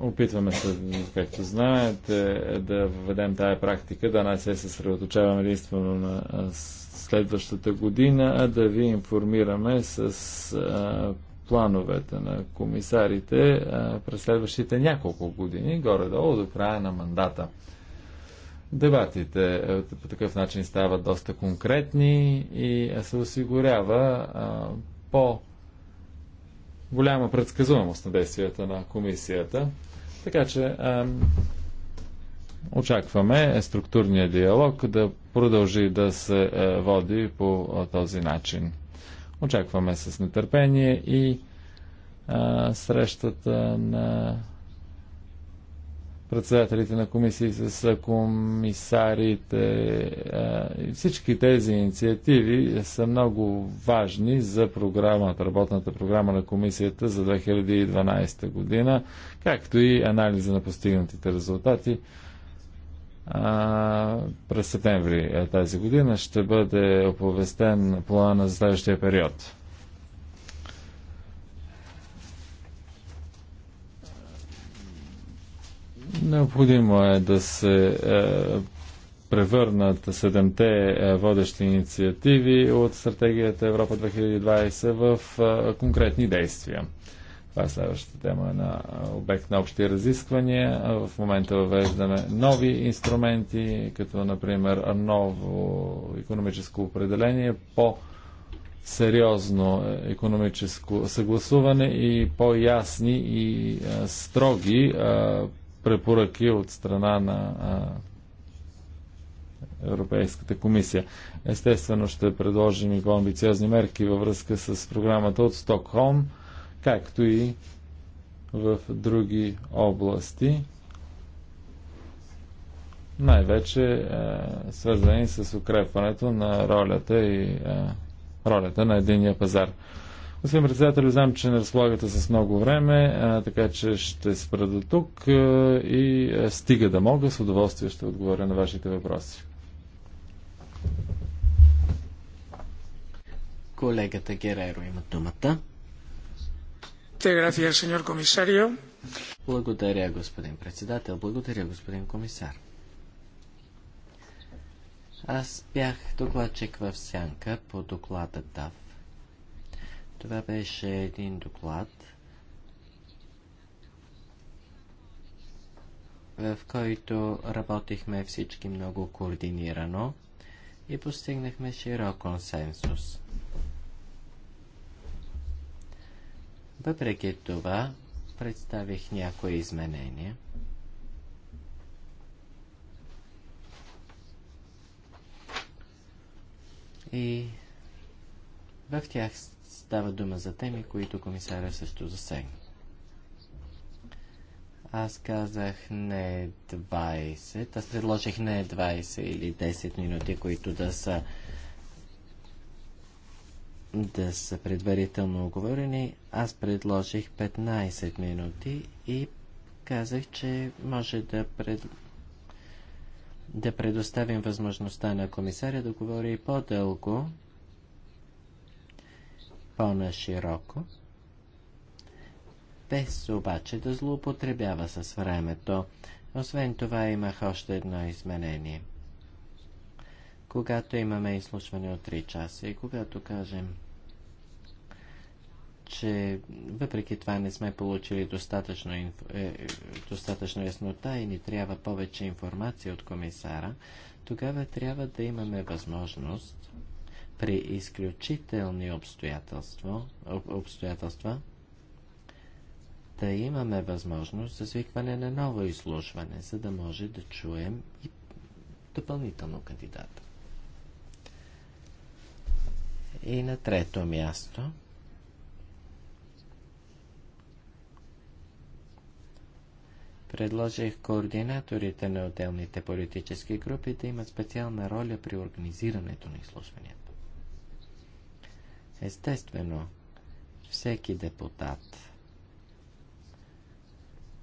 Опитваме се, както знаете, да введем тая практика, да не се съсредоточаваме единствено на следващата година, а да ви информираме с а, плановете на комисарите а, през следващите няколко години, горе-долу до края на мандата. Дебатите е, по такъв начин стават доста конкретни и се осигурява по голяма предсказуемост на действията на комисията. Така че очакваме структурния диалог да продължи да се е, води по този начин. Очакваме с нетърпение и а, срещата на председателите на комисии, с комисарите. Всички тези инициативи са много важни за програмата, работната програма на комисията за 2012 година, както и анализа на постигнатите резултати. А, през септември тази година ще бъде оповестен плана за следващия период. Необходимо е да се е, превърнат седемте е, водещи инициативи от стратегията Европа 2020 в е, конкретни действия. Това е следващата тема на обект на общи разисквания. В момента въвеждаме нови инструменти, като например ново економическо определение по сериозно економическо съгласуване и по-ясни и строги препоръки от страна на Европейската комисия. Естествено ще предложим и по-амбициозни мерки във връзка с програмата от Стокхолм, както и в други области, най-вече е, свързани с укрепването на ролята и е, ролята на единия пазар. Господин председател, знам, че не разполагате с много време, а, така че ще спра до тук а, и а, стига да мога, с удоволствие ще отговоря на вашите въпроси. Колегата Гереро има думата. комисарио. Благодаря, господин председател. Благодаря, господин комисар. Аз бях докладчик в Сянка по доклада ДАВ това беше един доклад, в който работихме всички много координирано и постигнахме широк консенсус. Въпреки това, представих някои изменения. И в тях Става дума за теми, които комисаря също засегна. Аз казах не 20, аз предложих не 20 или 10 минути, които да са да са предварително оговорени. Аз предложих 15 минути и казах, че може да, пред... да предоставим възможността на комисаря да говори по-дълго, по-нашироко, без обаче да злоупотребява с времето. Освен това имах още едно изменение. Когато имаме изслушване от 3 часа и когато кажем, че въпреки това не сме получили достатъчно, инф... е, достатъчно яснота и ни трябва повече информация от комисара, тогава трябва да имаме възможност при изключителни обстоятелства, обстоятелства да имаме възможност за свикване на ново изслушване, за да може да чуем и допълнително кандидата. И на трето място предложих координаторите на отделните политически групи да имат специална роля при организирането на изслушвания. Естествено, всеки депутат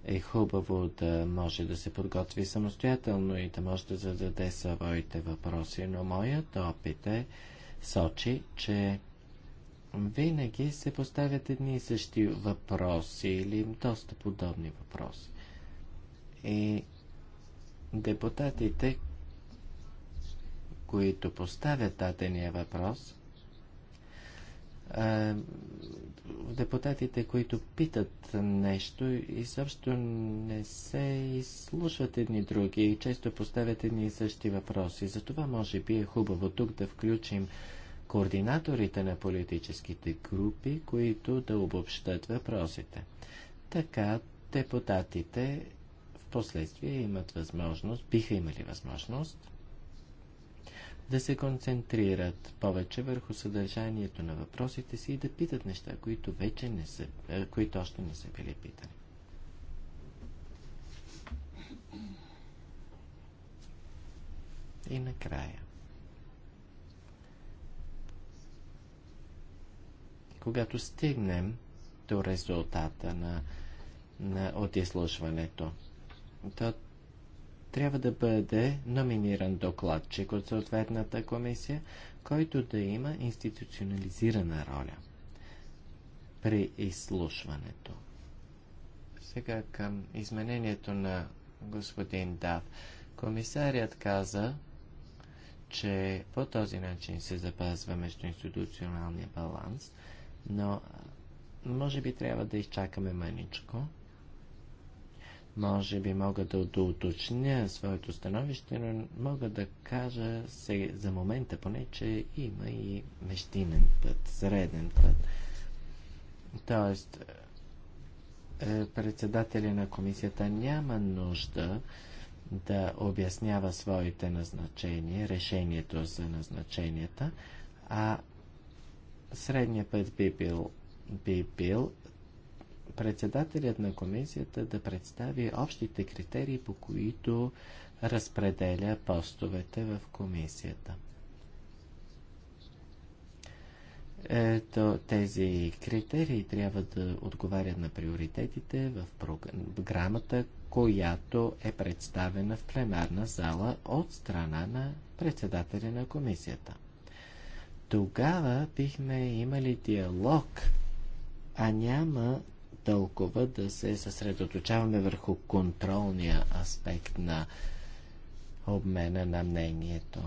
е хубаво да може да се подготви самостоятелно и да може да зададе своите въпроси, но моят опит е сочи, че винаги се поставят едни и същи въпроси или доста подобни въпроси. И депутатите, които поставят дадения въпрос, депутатите, които питат нещо, и също не се изслушват едни други и често поставят едни и същи въпроси. Затова може би е хубаво тук да включим координаторите на политическите групи, които да обобщат въпросите. Така депутатите в последствие имат възможност, биха имали възможност да се концентрират повече върху съдържанието на въпросите си и да питат неща, които вече не са, е, които още не са били питани. И накрая. Когато стигнем до резултата на, на, от изслушването, то трябва да бъде номиниран докладчик от съответната комисия, който да има институционализирана роля при изслушването. Сега към изменението на господин Дав. Комисарият каза, че по този начин се запазва междуинституционалния баланс, но може би трябва да изчакаме маничко, може би мога да доуточня своето становище, но мога да кажа се, за момента поне, че има и мещинен път, среден път. Тоест, е, председателя на комисията няма нужда да обяснява своите назначения, решението за назначенията, а средният път би бил, би бил председателят на комисията да представи общите критерии, по които разпределя постовете в комисията. Ето, тези критерии трябва да отговарят на приоритетите в програмата, която е представена в пленарна зала от страна на председателя на комисията. Тогава бихме имали диалог, а няма толкова да се съсредоточаваме върху контролния аспект на обмена на мнението.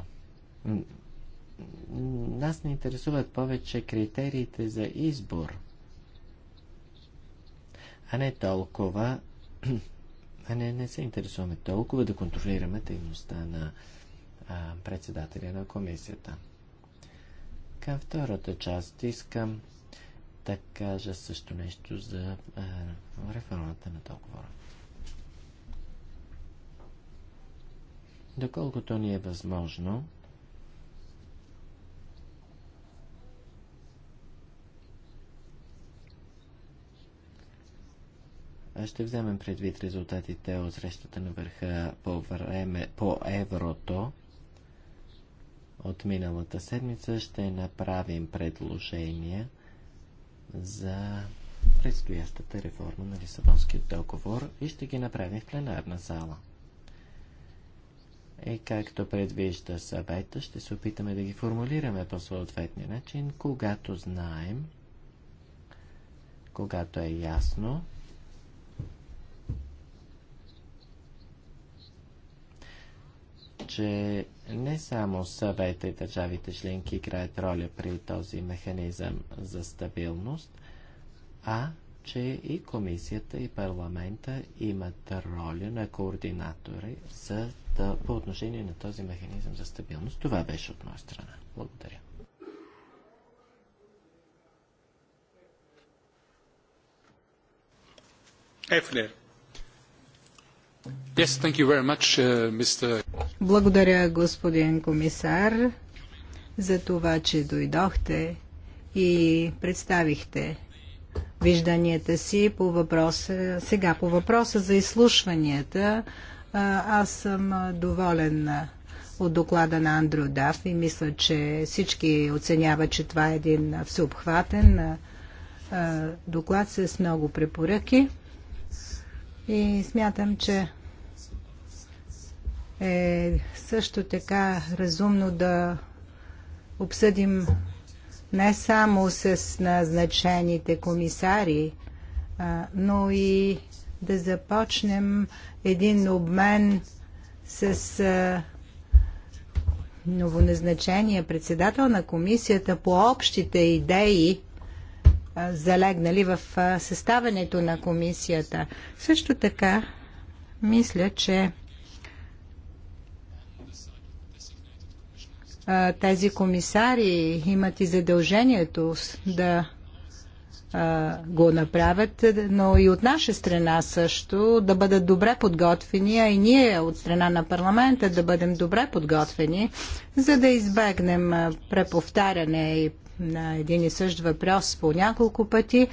Нас не интересуват повече критериите за избор, а не толкова, <clears throat> а не, не се интересуваме толкова да контролираме дейността на а, председателя на комисията. Към втората част искам да кажа също нещо за а, реформата на договора. Доколкото ни е възможно, ще вземем предвид резултатите от срещата на върха по, време, по еврото от миналата седмица. Ще направим предложения за предстоящата реформа на Лисабонския договор и ще ги направим в пленарна зала. И е, както предвижда съвета, ще се опитаме да ги формулираме по съответния начин, когато знаем, когато е ясно, че не само съвета и държавите членки играят роля при този механизъм за стабилност, а че и комисията и парламента имат роля на координатори за, да, по отношение на този механизъм за стабилност. Това беше от моя страна. Благодаря. Ефнер. Yes, much, uh, Благодаря, господин комисар, за това, че дойдохте и представихте вижданията си по въпроса, сега по въпроса за изслушванията. Аз съм доволен от доклада на Андрю Даф и мисля, че всички оценяват, че това е един всеобхватен доклад с много препоръки. И смятам, че е също така разумно да обсъдим не само с назначените комисари, но и да започнем един обмен с новоназначения председател на комисията по общите идеи, залегнали в съставането на комисията. Също така, мисля, че тези комисари имат и задължението да го направят, но и от наша страна също да бъдат добре подготвени, а и ние от страна на парламента да бъдем добре подготвени, за да избегнем преповтаряне на един и същ въпрос по няколко пъти.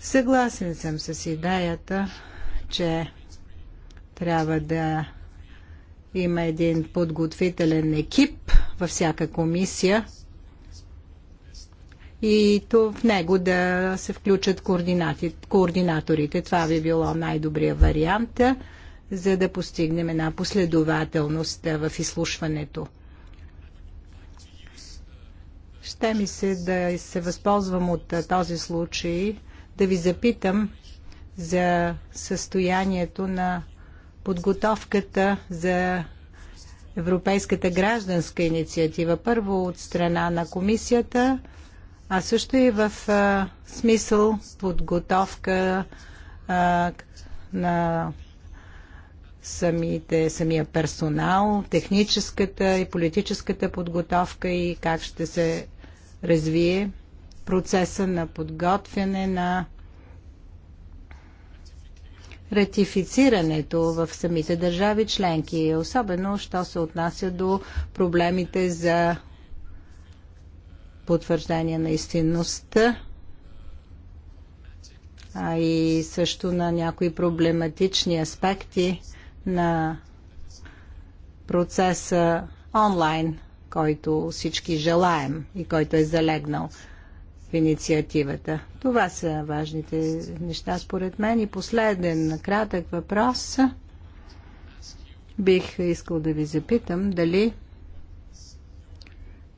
Съгласен съм с идеята, че трябва да има един подготвителен екип във всяка комисия и то в него да се включат координаторите. Това би било най-добрия вариант, за да постигнем една последователност в изслушването. Ще ми се да се възползвам от този случай да ви запитам за състоянието на подготовката за Европейската гражданска инициатива. Първо от страна на комисията, а също и в а, смисъл подготовка а, на самите, самия персонал, техническата и политическата подготовка и как ще се развие процеса на подготвяне на ратифицирането в самите държави членки, особено що се отнася до проблемите за потвърждение на истинността, а и също на някои проблематични аспекти на процеса онлайн, който всички желаем и който е залегнал – в инициативата. Това са важните неща според мен. И последен кратък въпрос. Бих искал да ви запитам дали,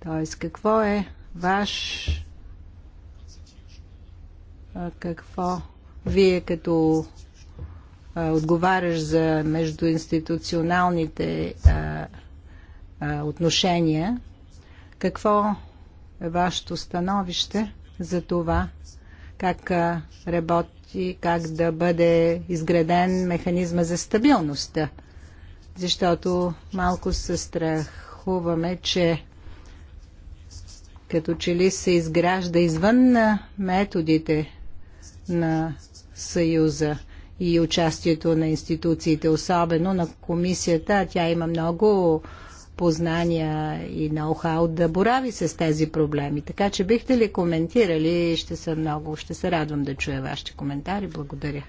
т.е. какво е ваш, какво вие като отговаряш за междуинституционалните отношения, какво е вашето становище за това как работи, как да бъде изграден механизма за стабилността. Защото малко се страхуваме, че като че ли се изгражда извън на методите на Съюза и участието на институциите, особено на комисията. Тя има много познания и ноу-хау да борави с тези проблеми. Така че бихте ли коментирали? Ще се много, ще се радвам да чуя вашите коментари. Благодаря.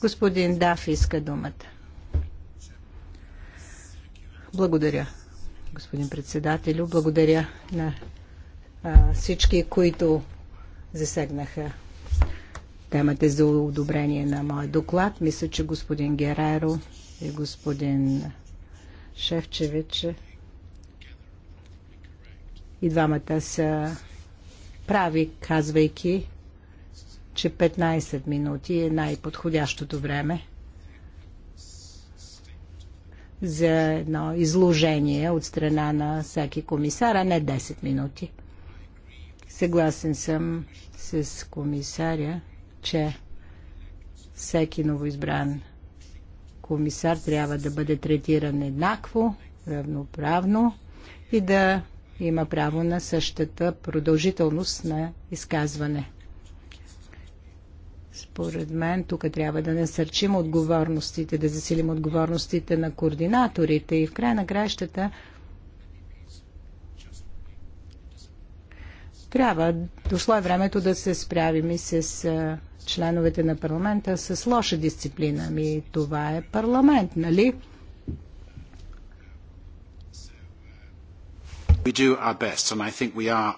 Господин Даф иска думата. Благодаря, господин председателю. Благодаря на а, всички, които засегнаха темата за одобрение на моя доклад. Мисля, че господин Гераро и господин Шефчевич. И двамата са прави, казвайки, че 15 минути е най-подходящото време за едно изложение от страна на всеки комисар, а не 10 минути. Съгласен съм с комисаря, че всеки новоизбран комисар трябва да бъде третиран еднакво, равноправно и да има право на същата продължителност на изказване. Според мен тук трябва да насърчим отговорностите, да засилим отговорностите на координаторите и в край на краищата. трябва, дошло е времето да се справим и с членовете на парламента с лоша дисциплина. Ами това е парламент, нали? We do our best and I think we are,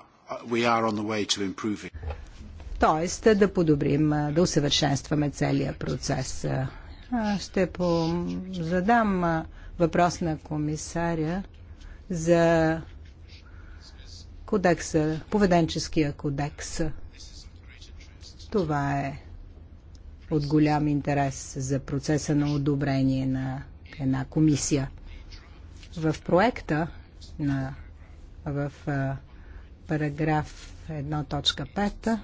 we are on the way to Тоест да подобрим, да усъвършенстваме целият процес. Ще по... задам въпрос на комисаря за кодекса, поведенческия кодекс. Това е от голям интерес за процеса на одобрение на една комисия. В проекта на, в а, параграф 1.5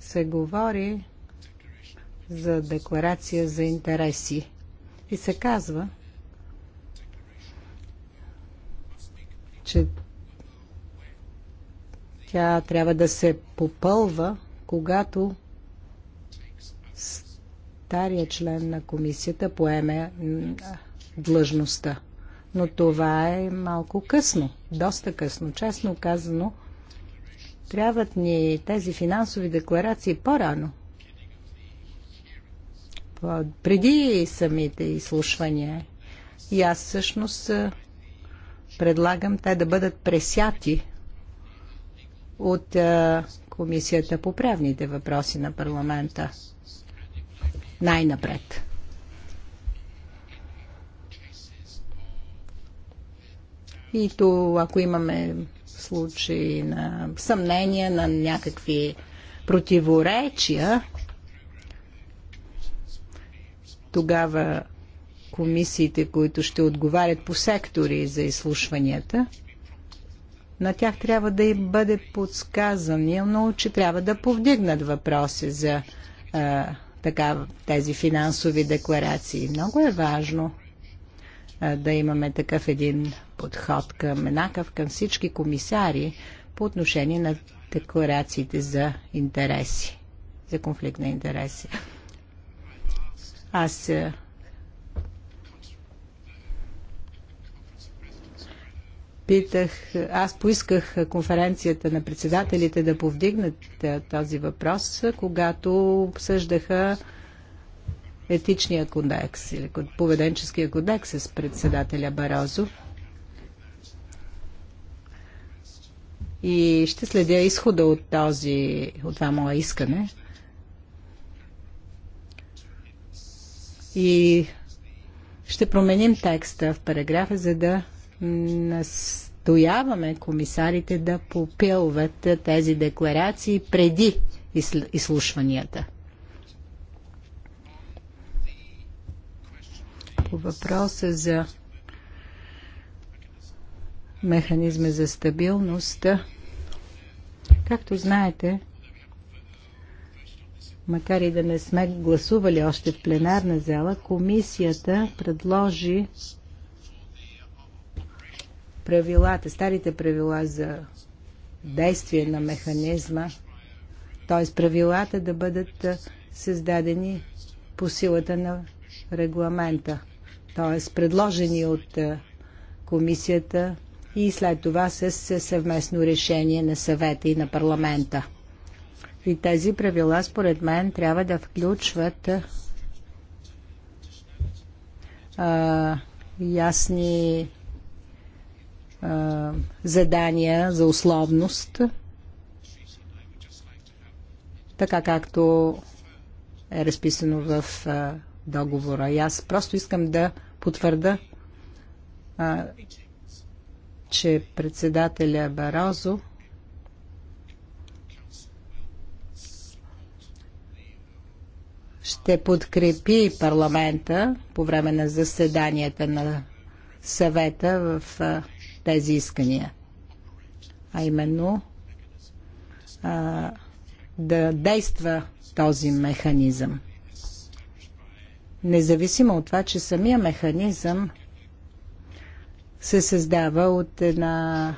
се говори за декларация за интереси и се казва, че тя трябва да се попълва когато стария член на комисията поеме длъжността. Но това е малко късно, доста късно. Честно казано, трябват ни тези финансови декларации по-рано. Преди самите изслушвания. И аз всъщност предлагам те да бъдат пресяти от Комисията по правните въпроси на парламента. Най-напред. И то, ако имаме случаи на съмнение, на някакви противоречия, тогава комисиите, които ще отговарят по сектори за изслушванията, на тях трябва да им бъде много, че трябва да повдигнат въпроси за а, е, така, тези финансови декларации. Много е важно а, е, да имаме такъв един подход към еднакъв към всички комисари по отношение на декларациите за интереси, за конфликт на интереси. Аз е, попитах, аз поисках конференцията на председателите да повдигнат е, този въпрос, когато обсъждаха етичния кодекс или поведенческия кодекс с председателя Барозо. И ще следя изхода от, този, от това мое искане. И ще променим текста в параграфа, за да настояваме комисарите да попилват тези декларации преди изслушванията. По въпроса за механизма за стабилност, както знаете, макар и да не сме гласували още в пленарна зала, комисията предложи правилата, старите правила за действие на механизма, т.е. правилата да бъдат създадени по силата на регламента, т.е. предложени от комисията и след това с съвместно решение на съвета и на парламента. И тези правила, според мен, трябва да включват а, ясни задания за условност, така както е разписано в договора. И аз просто искам да потвърда, че председателя Барозо ще подкрепи парламента по време на заседанията на съвета в тези искания. А именно а, да действа този механизъм. Независимо от това, че самия механизъм се създава от една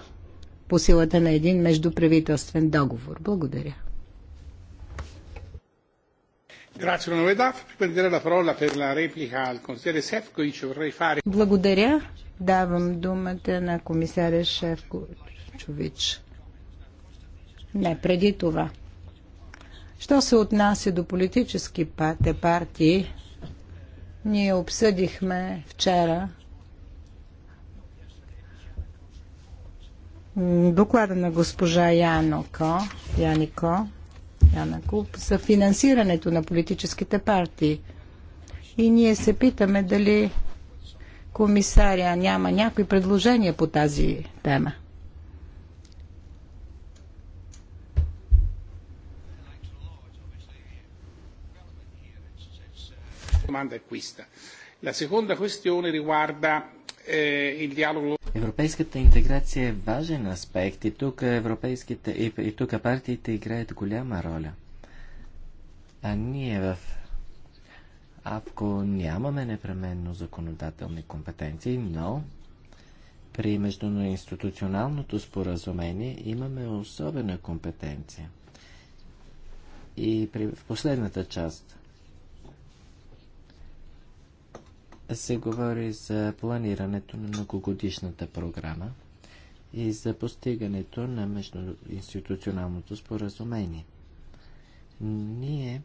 по силата на един междуправителствен договор. Благодаря. Благодаря. Давам думата на комисаря Шефчович. Не, преди това. Що се отнася до политически партии, ние обсъдихме вчера доклада на госпожа Яноко, Янико, Янако за финансирането на политическите партии. И ние се питаме дали комисаря няма някои предложения по тази тема? Eh, Европейската интеграция е важен аспект и тук, европейските, и, и тук партиите играят голяма роля. А ние в ако нямаме непременно законодателни компетенции, но при междуинституционалното споразумение имаме особена компетенция. И при, в последната част се говори за планирането на многогодишната програма и за постигането на междуинституционалното споразумение. Ние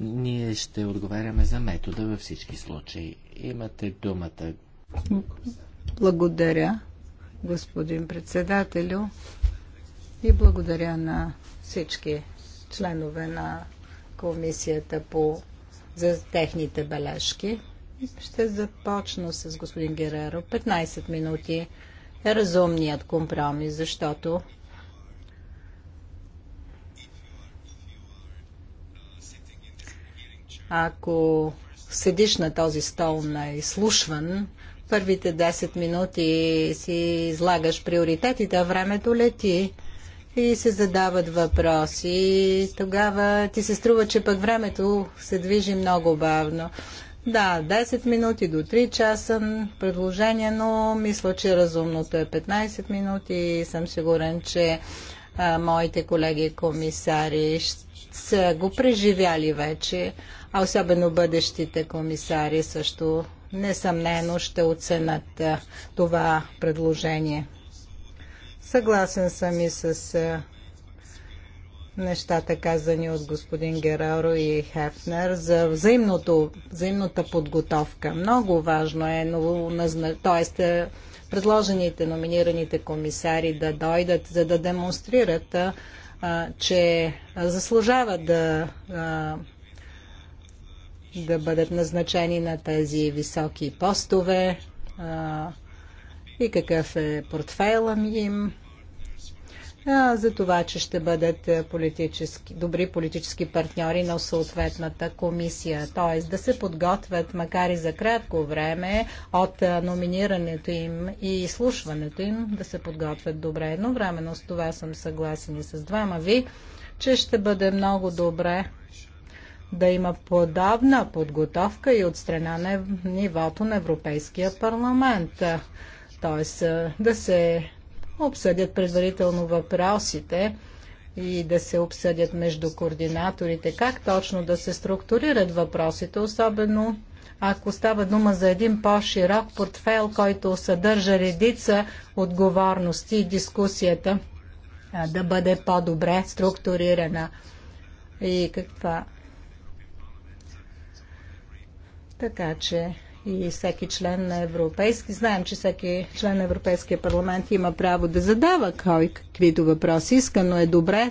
ние ще отговаряме за метода във всички случаи. Имате думата. Благодаря, господин председателю, и благодаря на всички членове на комисията по за техните бележки. Ще започна с господин Гереро. 15 минути е разумният компромис, защото Ако седиш на този стол на изслушван, първите 10 минути си излагаш приоритетите, а времето лети и се задават въпроси. Тогава ти се струва, че пък времето се движи много бавно. Да, 10 минути до 3 часа предложение, но мисля, че разумното е 15 минути и съм сигурен, че а, моите колеги комисари са го преживяли вече а особено бъдещите комисари също несъмнено ще оценят това предложение. Съгласен съм и с нещата казани от господин Гераро и Хефнер за взаимното, взаимната подготовка. Много важно е, но, т.е. предложените, номинираните комисари да дойдат, за да демонстрират, а, че заслужават да а, да бъдат назначени на тези високи постове а, и какъв е портфейла им а, за това, че ще бъдат политически, добри политически партньори на съответната комисия. Т.е. да се подготвят, макар и за кратко време, от номинирането им и изслушването им, да се подготвят добре. Едновременно с това съм съгласен и с двама ви, че ще бъде много добре да има подобна подготовка и от страна на нивото на Европейския парламент. Т.е. да се обсъдят предварително въпросите и да се обсъдят между координаторите как точно да се структурират въпросите, особено ако става дума за един по-широк портфел, който съдържа редица отговорности и дискусията да бъде по-добре структурирана. И каква така че и всеки член на Европейски. Знаем, че всеки член на Европейския парламент има право да задава кой каквито въпроси иска, но е добре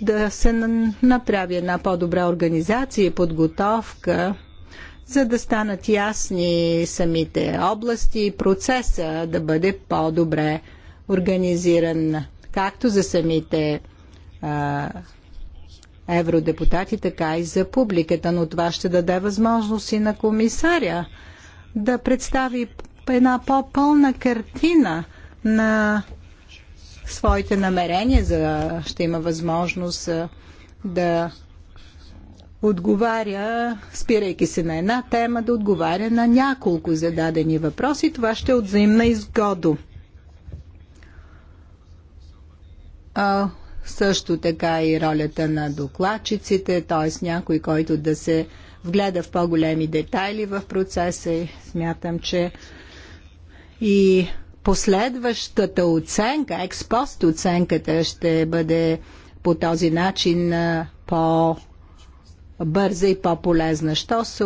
да се направи една по-добра организация и подготовка, за да станат ясни самите области и процеса да бъде по-добре организиран, както за самите а, евродепутати, така и за публиката, но това ще даде възможност и на комисаря да представи една по-пълна картина на своите намерения, за ще има възможност да отговаря, спирайки се на една тема, да отговаря на няколко зададени въпроси. Това ще е от взаимна изгода също така и ролята на докладчиците, т.е. някой, който да се вгледа в по-големи детайли в процеса. И Смятам, че и последващата оценка, експост оценката ще бъде по този начин по-бърза и по-полезна. Що се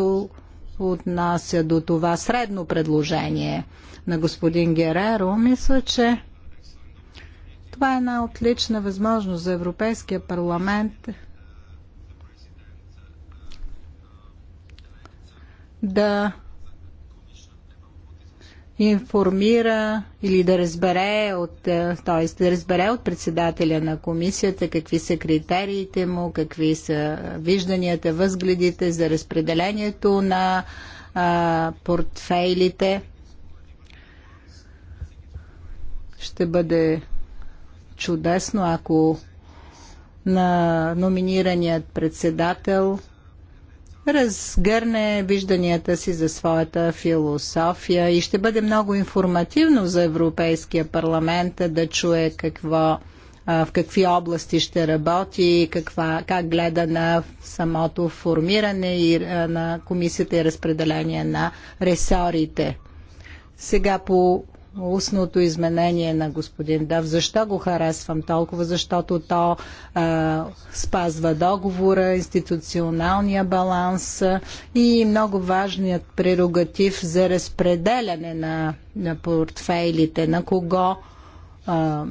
отнася до това средно предложение на господин Гереро, мисля, че това е една отлична възможност за Европейския парламент да информира или да разбере от, т.е. да разбере от председателя на комисията какви са критериите му, какви са вижданията, възгледите за разпределението на а, портфейлите. Ще бъде чудесно, ако на номинираният председател разгърне вижданията си за своята философия и ще бъде много информативно за Европейския парламент да чуе какво, в какви области ще работи, каква, как гледа на самото формиране и, на комисията и разпределение на ресорите. Сега по устното изменение на господин Дав. Защо го харесвам толкова? Защото то а, спазва договора, институционалния баланс и много важният прерогатив за разпределяне на, на портфейлите, на кого а,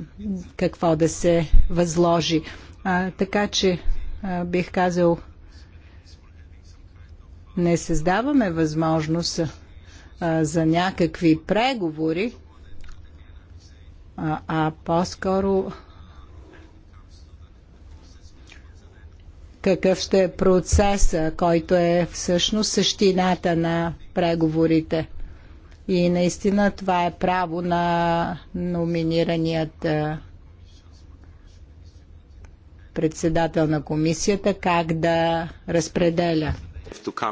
какво да се възложи. А, така че а, бих казал, не създаваме възможност за някакви преговори, а, по-скоро какъв ще е процеса, който е всъщност същината на преговорите. И наистина това е право на номинираният председател на комисията как да разпределя. Job,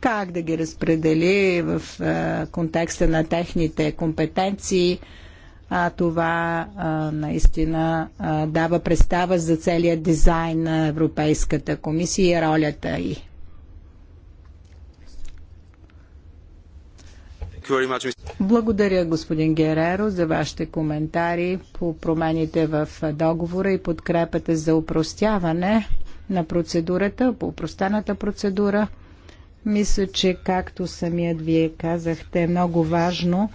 как да ги разпредели в контекста на техните компетенции. А това наистина дава представа за целия дизайн на Европейската комисия и ролята й. Благодаря, господин Гереро, за вашите коментари по промените в договора и подкрепата за упростяване на процедурата, по упростената процедура. Мисля, че както самият вие казахте, е много важно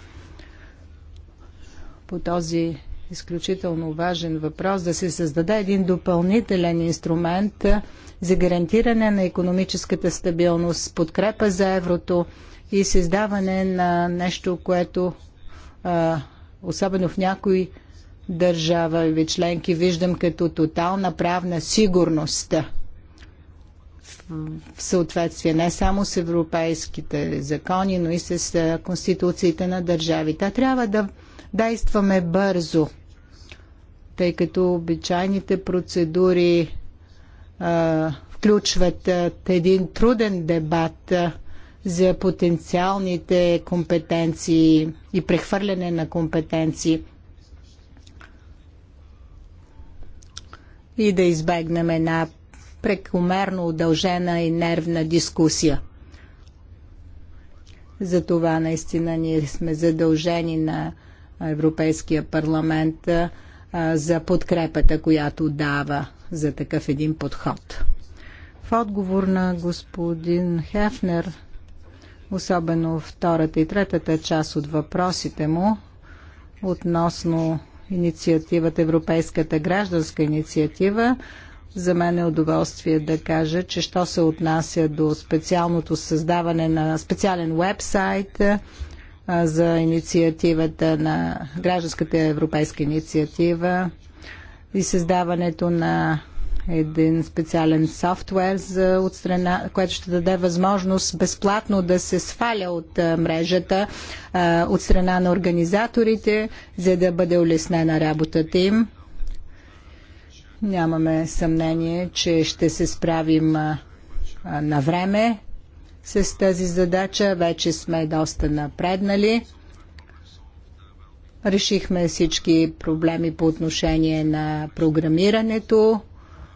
по този изключително важен въпрос да се създаде един допълнителен инструмент за гарантиране на економическата стабилност, подкрепа за еврото и създаване на нещо, което особено в някои държава или членки виждам като тотална правна сигурност – в съответствие не само с европейските закони, но и с конституциите на държавите. Трябва да действаме бързо, тъй като обичайните процедури а, включват а, един труден дебат а, за потенциалните компетенции и прехвърляне на компетенции. И да избегнем една прекомерно удължена и нервна дискусия. Затова наистина ние сме задължени на Европейския парламент а, за подкрепата, която дава за такъв един подход. В отговор на господин Хефнер, особено втората и третата част от въпросите му относно инициативата, Европейската гражданска инициатива, за мен е удоволствие да кажа, че що се отнася до специалното създаване на специален вебсайт за инициативата на гражданската европейска инициатива и създаването на един специален софтуер за от страна, което ще даде възможност безплатно да се сваля от мрежата от страна на организаторите, за да бъде улеснена работата им Нямаме съмнение, че ще се справим на време с тази задача. Вече сме доста напреднали. Решихме всички проблеми по отношение на програмирането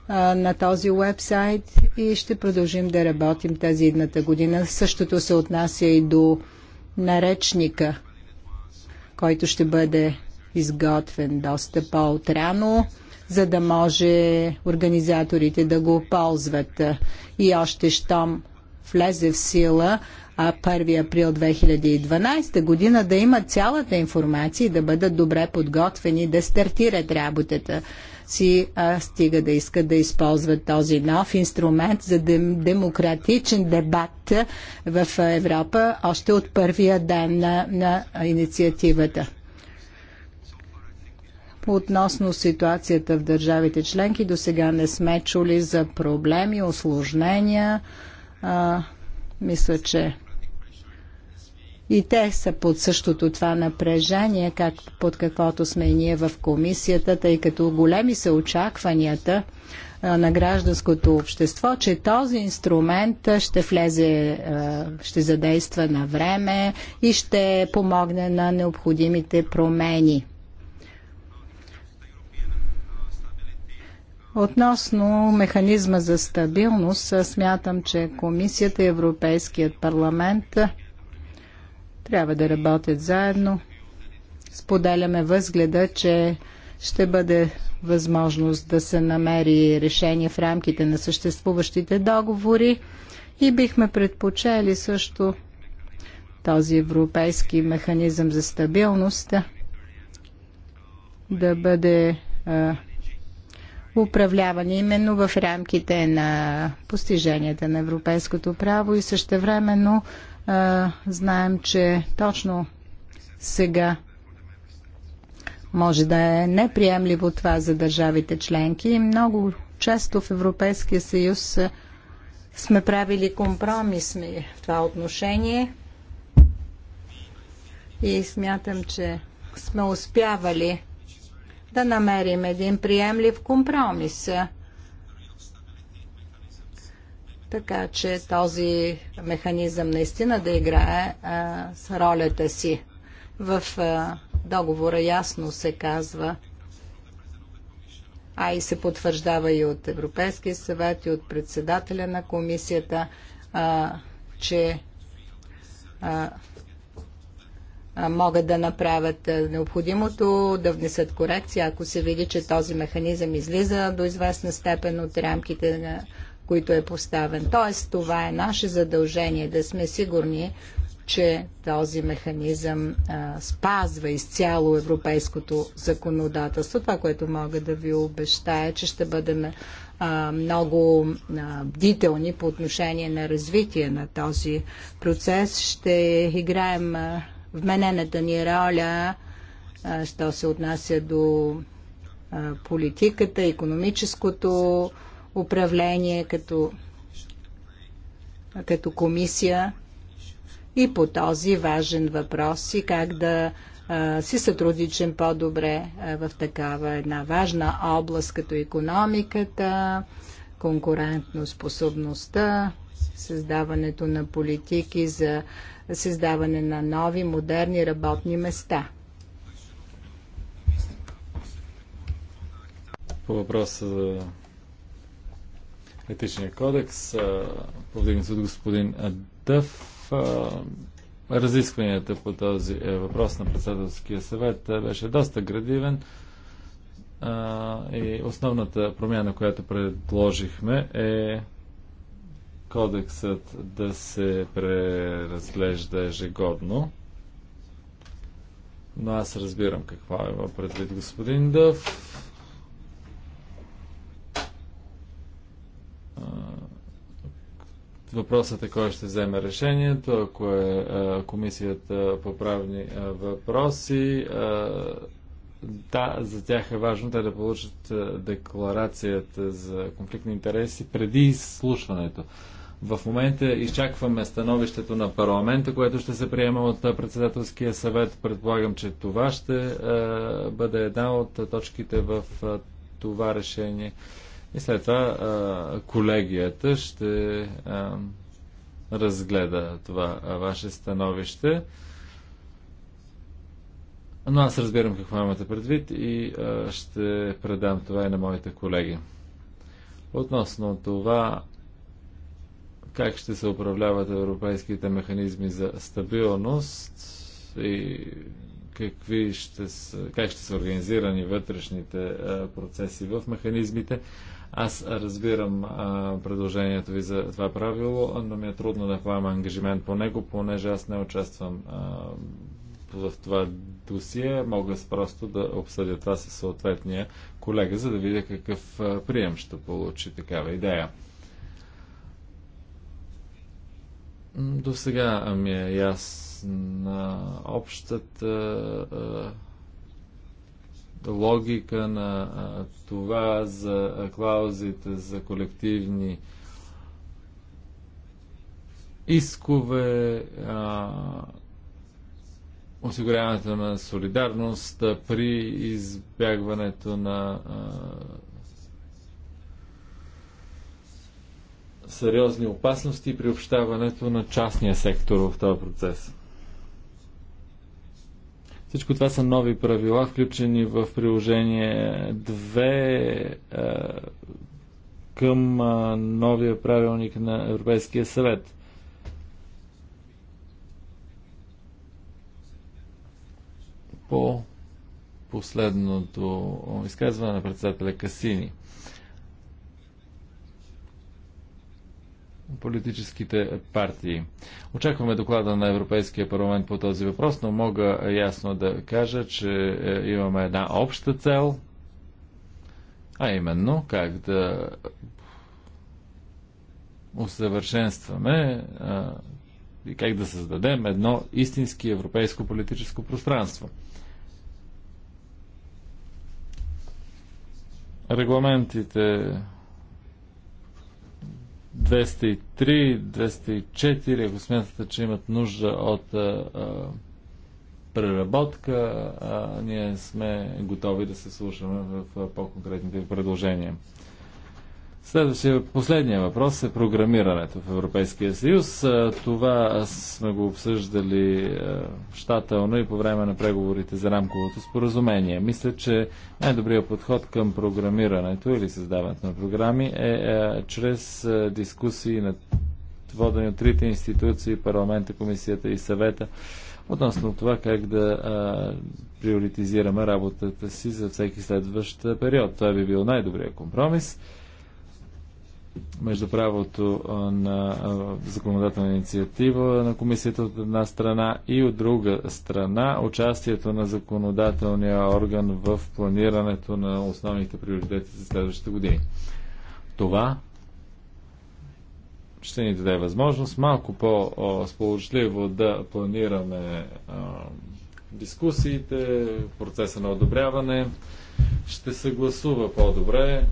на този уебсайт и ще продължим да работим тази едната година. Същото се отнася и до наречника, който ще бъде изготвен доста по-отрано за да може организаторите да го ползват. И още щом влезе в сила 1 април 2012 година да имат цялата информация и да бъдат добре подготвени да стартират работата си, а стига да искат да използват този нов инструмент за демократичен дебат в Европа още от първия ден на, на инициативата. Относно ситуацията в държавите членки, до сега не сме чули за проблеми, осложнения. А, мисля, че и те са под същото това напрежение, как, под каквото сме и ние в комисията, тъй като големи са очакванията на гражданското общество, че този инструмент ще влезе, ще задейства на време и ще помогне на необходимите промени Относно механизма за стабилност, смятам, че Комисията и Европейският парламент трябва да работят заедно. Споделяме възгледа, че ще бъде възможност да се намери решение в рамките на съществуващите договори и бихме предпочели също този европейски механизъм за стабилност да бъде управлявани именно в рамките на постиженията на европейското право и същевременно а, знаем, че точно сега може да е неприемливо това за държавите членки и много често в Европейския съюз сме правили компромисми в това отношение и смятам, че сме успявали да намерим един приемлив компромис. Така че този механизъм наистина да играе а, с ролята си. В а, договора ясно се казва, а и се потвърждава и от Европейския съвет, и от председателя на комисията, а, че могат да направят необходимото, да внесат корекция, ако се види, че този механизъм излиза до известна степен от рамките, на които е поставен. Тоест, това е наше задължение да сме сигурни, че този механизъм а, спазва изцяло европейското законодателство. Това, което мога да ви обещая, е, че ще бъдем а, много а, бдителни по отношение на развитие на този процес. Ще играем. А, вменената ни роля, що се отнася до политиката, економическото управление като, като комисия и по този важен въпрос и как да си сътрудничим по-добре в такава една важна област като економиката, конкурентно способността, създаването на политики за създаване на нови, модерни работни места. По въпроса за етичния кодекс, повдигнат от господин Дъв, разискванията по този е, въпрос на председателския съвет беше доста градивен и основната промяна, която предложихме е кодексът да се преразглежда ежегодно. Но аз разбирам какво е предвид господин Дъв. Въпросът е кой ще вземе решението, ако е комисията по правни въпроси. Да, за тях е важно те да получат декларацията за конфликтни интереси преди изслушването. В момента изчакваме становището на парламента, което ще се приема от председателския съвет. Предполагам, че това ще е, бъде една от точките в е, това решение. И след това е, колегията ще разгледа това ваше становище. Но аз разбирам какво имате предвид и ще предам това и на моите колеги. Относно това, как ще се управляват европейските механизми за стабилност и какви ще са, как ще са организирани вътрешните процеси в механизмите. Аз разбирам а, предложението ви за това правило, но ми е трудно да поема ангажимент по него, понеже аз не участвам а, в това досие. Мога просто да обсъдя това със съответния колега, за да видя какъв прием ще получи такава идея. До сега ми е ясна общата логика на това за клаузите за колективни искове, осигуряването на солидарност при избягването на сериозни опасности при общаването на частния сектор в този процес. Всичко това са нови правила, включени в приложение 2 е, към е, новия правилник на Европейския съвет. По последното изказване на председателя Касини. политическите партии. Очакваме доклада на Европейския парламент по този въпрос, но мога ясно да кажа, че е, имаме една обща цел, а именно как да усъвършенстваме и как да създадем едно истински европейско политическо пространство. Регламентите 203, 204, ако смятате, че имат нужда от преработка, ние сме готови да се слушаме в по-конкретните предложения. Следващия, последния въпрос е програмирането в Европейския съюз. Това сме го обсъждали щателно и по време на преговорите за рамковото споразумение. Мисля, че най-добрият подход към програмирането или създаването на програми е, чрез дискусии на водени от трите институции, парламента, комисията и съвета, относно това как да а, приоритизираме работата си за всеки следващ период. Това би бил най-добрият компромис между правото на законодателна инициатива на комисията от една страна и от друга страна участието на законодателния орган в планирането на основните приоритети за следващите години. Това ще ни даде възможност малко по-сполучливо да планираме дискусиите, процеса на одобряване, ще се гласува по-добре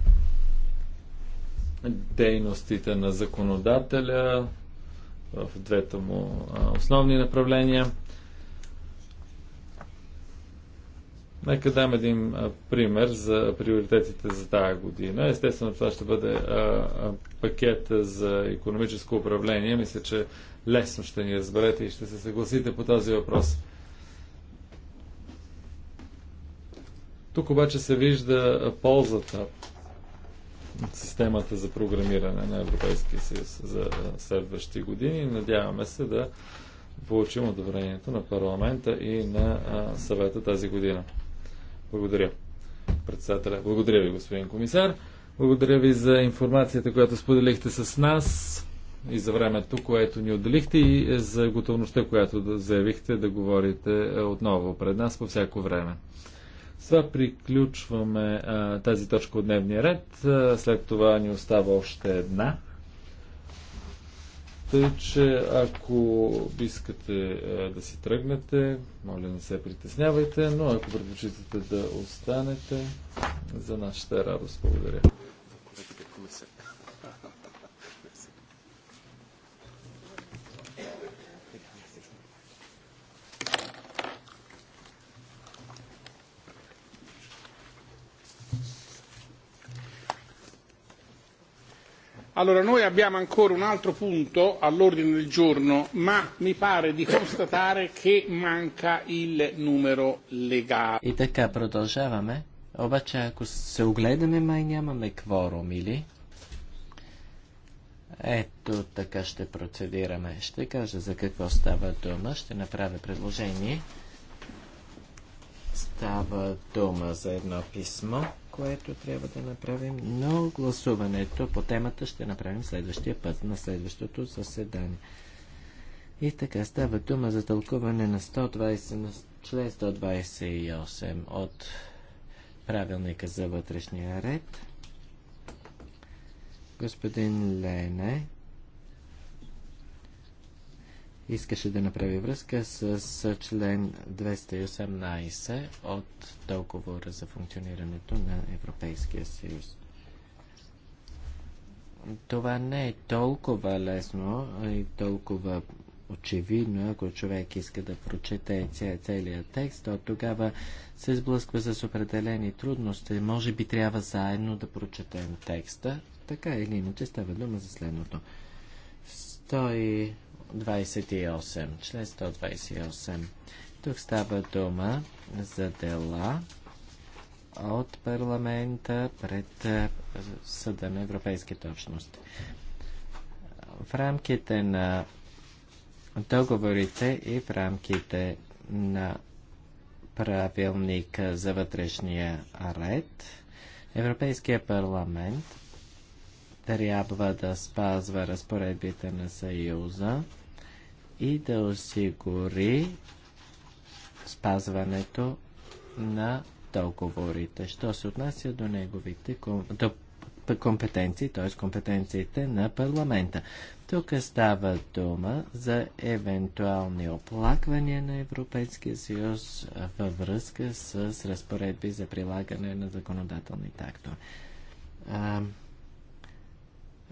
дейностите на законодателя в двете му основни направления. Нека дам един пример за приоритетите за тази година. Естествено, това ще бъде пакет за економическо управление. Мисля, че лесно ще ни разберете и ще се съгласите по този въпрос. Тук обаче се вижда ползата системата за програмиране на Европейския съюз за следващи години. Надяваме се да получим одобрението на парламента и на съвета тази година. Благодаря. Председателя. Благодаря ви, господин комисар. Благодаря ви за информацията, която споделихте с нас и за времето, което ни отделихте и за готовността, която заявихте да говорите е, отново пред нас по всяко време. Сега това приключваме а, тази точка от дневния ред. А, след това ни остава още една. Тъй, че ако искате а, да си тръгнете, моля не се притеснявайте, но ако предпочитате да останете, за нашата радост благодаря. Allora, noi abbiamo ancora un altro punto all'ordine del giorno, ma mi pare di constatare che manca il numero legale. И така продължаваме. Обаче, ако се огледаме, май нямаме кворум, или? Ето така ще процедираме. Ще кажа за какво става дума. Ще направя предложение. Става дума за едно писмо което трябва да направим, но гласуването по темата ще направим следващия път, на следващото заседание. И така става дума за тълкуване на 120 на член 128 от правилника за вътрешния ред. Господин Лене искаше да направи връзка с, член 218 от договора за функционирането на Европейския съюз. Това не е толкова лесно и толкова очевидно, ако човек иска да прочете целият текст, то тогава се сблъсква с определени трудности. Може би трябва заедно да прочетем текста. Така или иначе става дума за следното. 28, член 128. Тук става дума за дела от парламента пред Съда на Европейските общности. В рамките на договорите и в рамките на правилника за вътрешния ред, Европейския парламент трябва да спазва разпоредбите на Съюза и да осигури спазването на договорите. Що се отнася до неговите до компетенции, т.е. компетенциите на парламента. Тук става дума за евентуални оплаквания на Европейския съюз във връзка с разпоредби за прилагане на законодателните актове. А,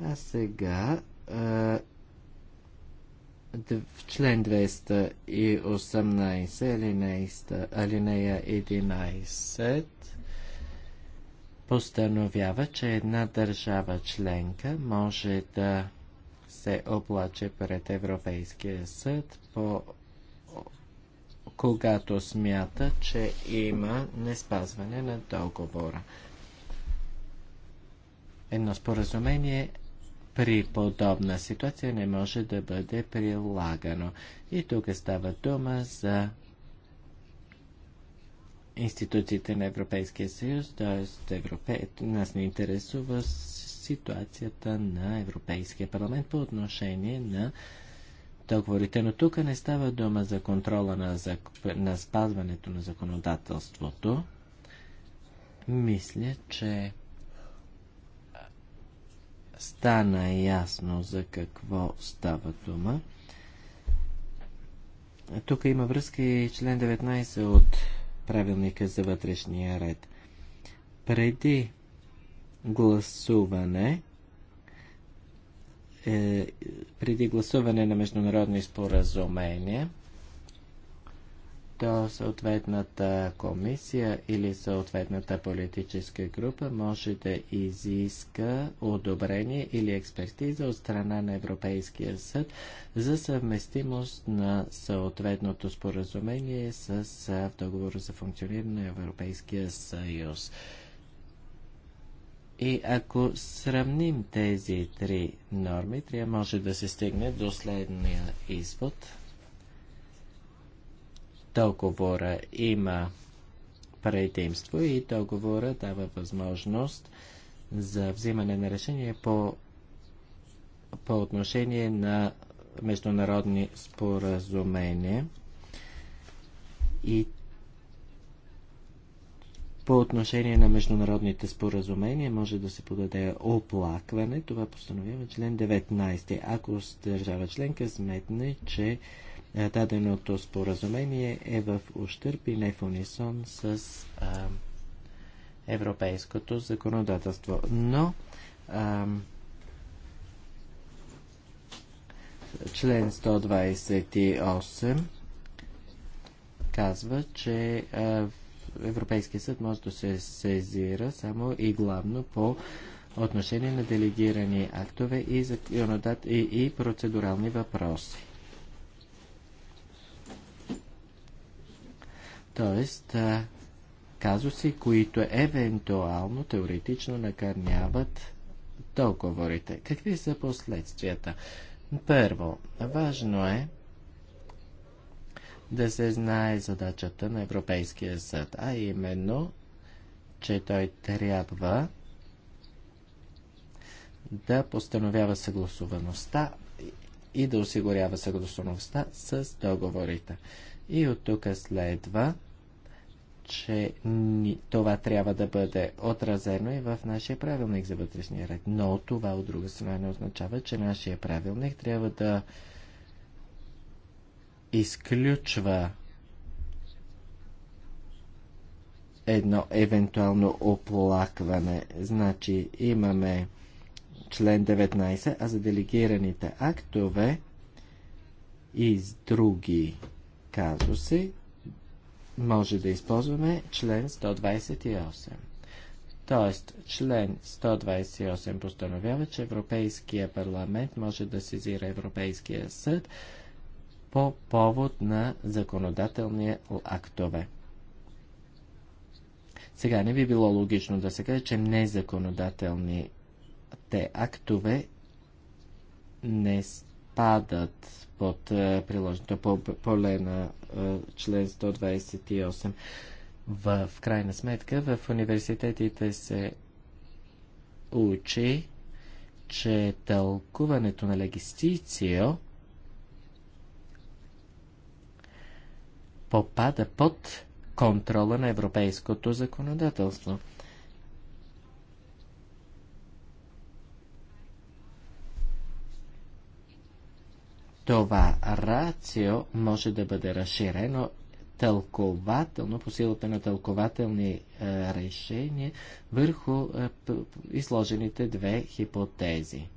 а сега а, в член 218, алинея 11, постановява, че една държава членка може да се оплаче пред Европейския съд по когато смята, че има неспазване на договора. Едно споразумение при подобна ситуация не може да бъде прилагано. И тук става дума за институциите на Европейския съюз, т.е. Европе... нас не интересува ситуацията на Европейския парламент по отношение на договорите. Но тук не става дума за контрола на, зак... на спазването на законодателството. Мисля, че стана ясно за какво става дума. Тук има връзка и член 19 от правилника за вътрешния ред. Преди гласуване, е, преди гласуване на международни споразумения, то съответната комисия или съответната политическа група може да изиска одобрение или експертиза от страна на Европейския съд за съвместимост на съответното споразумение с договора за функциониране на Европейския съюз. И ако сравним тези три норми, трябва може да се стигне до следния извод – договора има предимство и договора дава възможност за взимане на решение по, по отношение на международни споразумения и по отношение на международните споразумения може да се подаде оплакване. Това постановява член 19. Ако държава членка сметне, че е, даденото споразумение е в ущърп и не в унисон с а, европейското законодателство. Но а, член 128 казва, че а, Европейския съд може да се сезира само и главно по отношение на делегирани актове и, и, и процедурални въпроси. Тоест, казуси, които евентуално теоретично накърняват договорите. Какви са последствията? Първо, важно е да се знае задачата на Европейския съд, а именно, че той трябва да постановява съгласуваността и да осигурява съгласуваността с договорите. И от тук следва, че ни, това трябва да бъде отразено и в нашия правилник за вътрешния ред. Но това от друга страна не означава, че нашия правилник трябва да изключва едно евентуално оплакване. Значи имаме член 19, а за делегираните актове и с други казуси може да използваме член 128. Тоест, член 128 постановява, че Европейския парламент може да сезира Европейския съд по повод на законодателния актове. Сега не би било логично да се каже, че незаконодателните актове не спадат под е, приложното поле на е, член 128. В, в крайна сметка в университетите се учи, че тълкуването на легистицио попада под контрола на европейското законодателство. Това рацио може да бъде разширено тълкователно, по силата на тълкователни е, решения върху е, изложените две хипотези.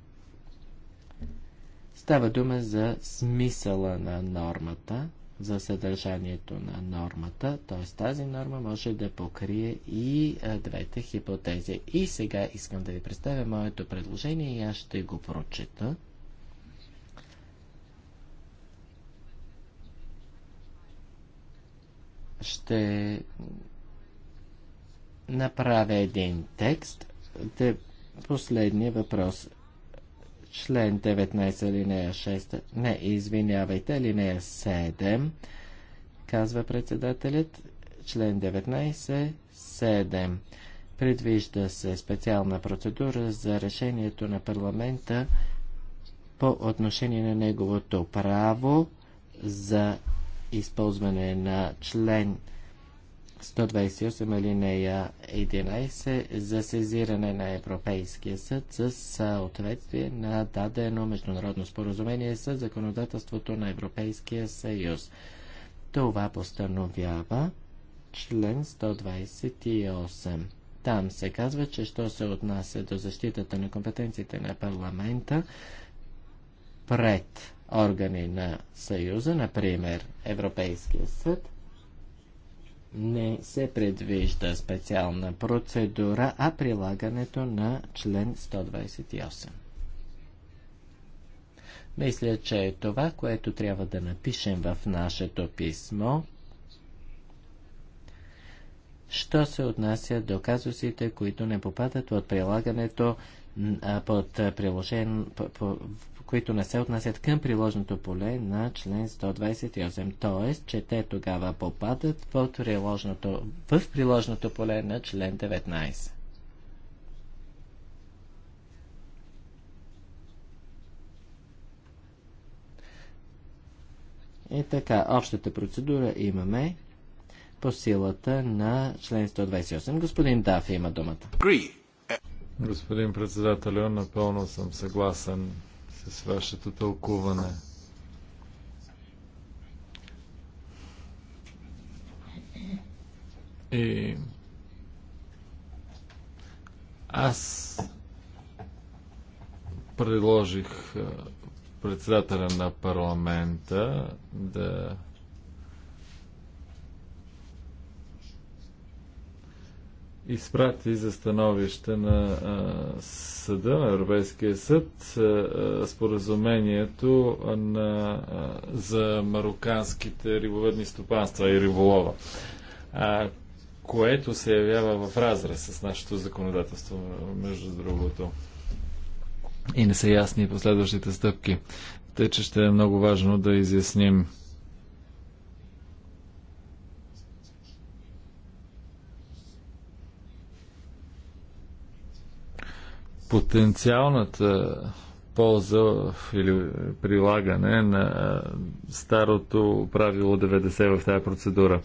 Става дума за смисъла на нормата, за съдържанието на нормата, т.е. тази норма може да покрие и е, двете хипотези. И сега искам да ви представя моето предложение и аз ще го прочета. ще направя един текст. Де последния въпрос. Член 19, алинея 6. Не, извинявайте, алинея 7. Казва председателят. Член 19, 7. Предвижда се специална процедура за решението на парламента по отношение на неговото право за използване на член 128 алинея 11 за сезиране на Европейския съд с съответствие на дадено международно споразумение с законодателството на Европейския съюз. Това постановява член 128. Там се казва, че що се отнася до защитата на компетенциите на парламента пред органи на Съюза, например Европейския съд, не се предвижда специална процедура, а прилагането на член 128. Мисля, че е това, което трябва да напишем в нашето писмо, що се отнася до казусите, които не попадат от прилагането под приложен, които не се отнасят към приложното поле на член 128, т.е. че те тогава попадат в приложното, в приложното поле на член 19. И така, общата процедура имаме по силата на член 128. Господин Даф има думата. Господин председател, напълно съм съгласен с вашето тълкуване. И аз предложих председателя на парламента да изпрати за становище на съда, на Европейския съд, споразумението на, за мароканските рибовъдни стопанства и риболова, което се явява в разрез с нашето законодателство, между другото. И не са ясни последващите стъпки. Тъй, че ще е много важно да изясним потенциалната полза или прилагане на старото правило 90 в тази процедура.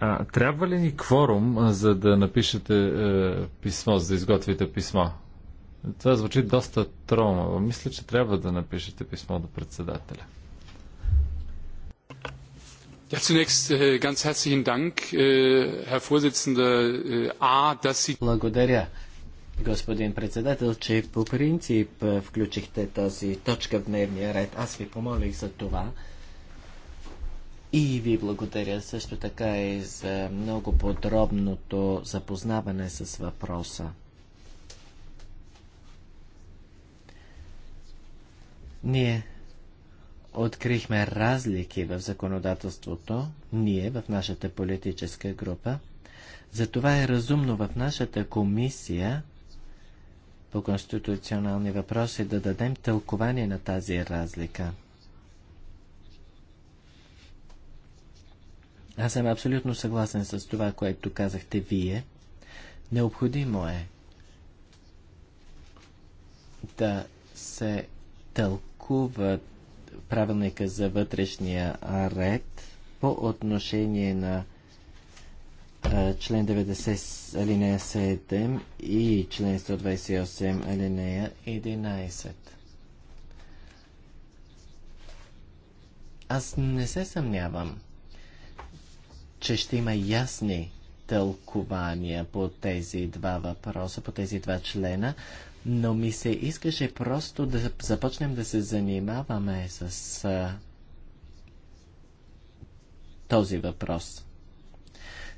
А, трябва ли ни кворум, за да напишете е, писмо, за да изготвите писмо? Това звучи доста тромаво. Мисля, че трябва да напишете писмо до председателя. Ja, zunächst äh, ganz herzlichen Dank, äh, Herr Vorsitzender äh, A, dass Sie... Благодаря господин председател, че по принцип е, включихте тази точка в дневния ред. Аз ви помолих за това. И ви благодаря също така и за много подробното запознаване с въпроса. Ние открихме разлики в законодателството, ние в нашата политическа група. Затова е разумно в нашата комисия по конституционални въпроси да дадем тълкование на тази разлика. Аз съм абсолютно съгласен с това, което казахте вие. Необходимо е да се тълкува правилника за вътрешния ред по отношение на член 90 алинея 7 и член 128 алинея 11. Аз не се съмнявам, че ще има ясни тълкования по тези два въпроса, по тези два члена, но ми се искаше просто да започнем да се занимаваме с а, този въпрос.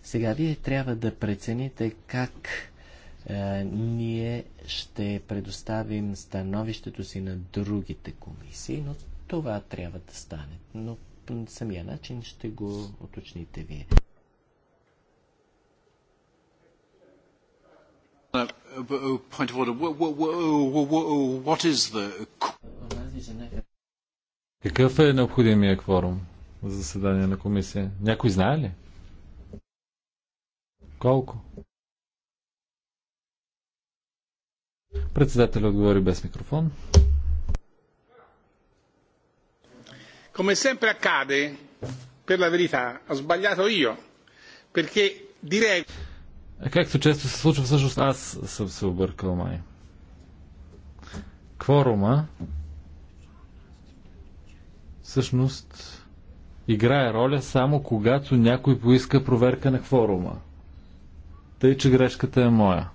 Сега вие трябва да прецените как е, ние ще предоставим становището си на другите комисии, но това трябва да стане. Но по самия начин ще го уточните вие. Uh, Какъв е необходимия кворум за заседание на комисия? Някой знае ли? Колко? Председателя отговори без микрофон. Come sempre accade, per la verità, ho sbagliato io, perché direi... Е, както често се случва, всъщност аз съм се объркал май. Кворума всъщност играе роля само когато някой поиска проверка на кворума. Тъй, че грешката е моя.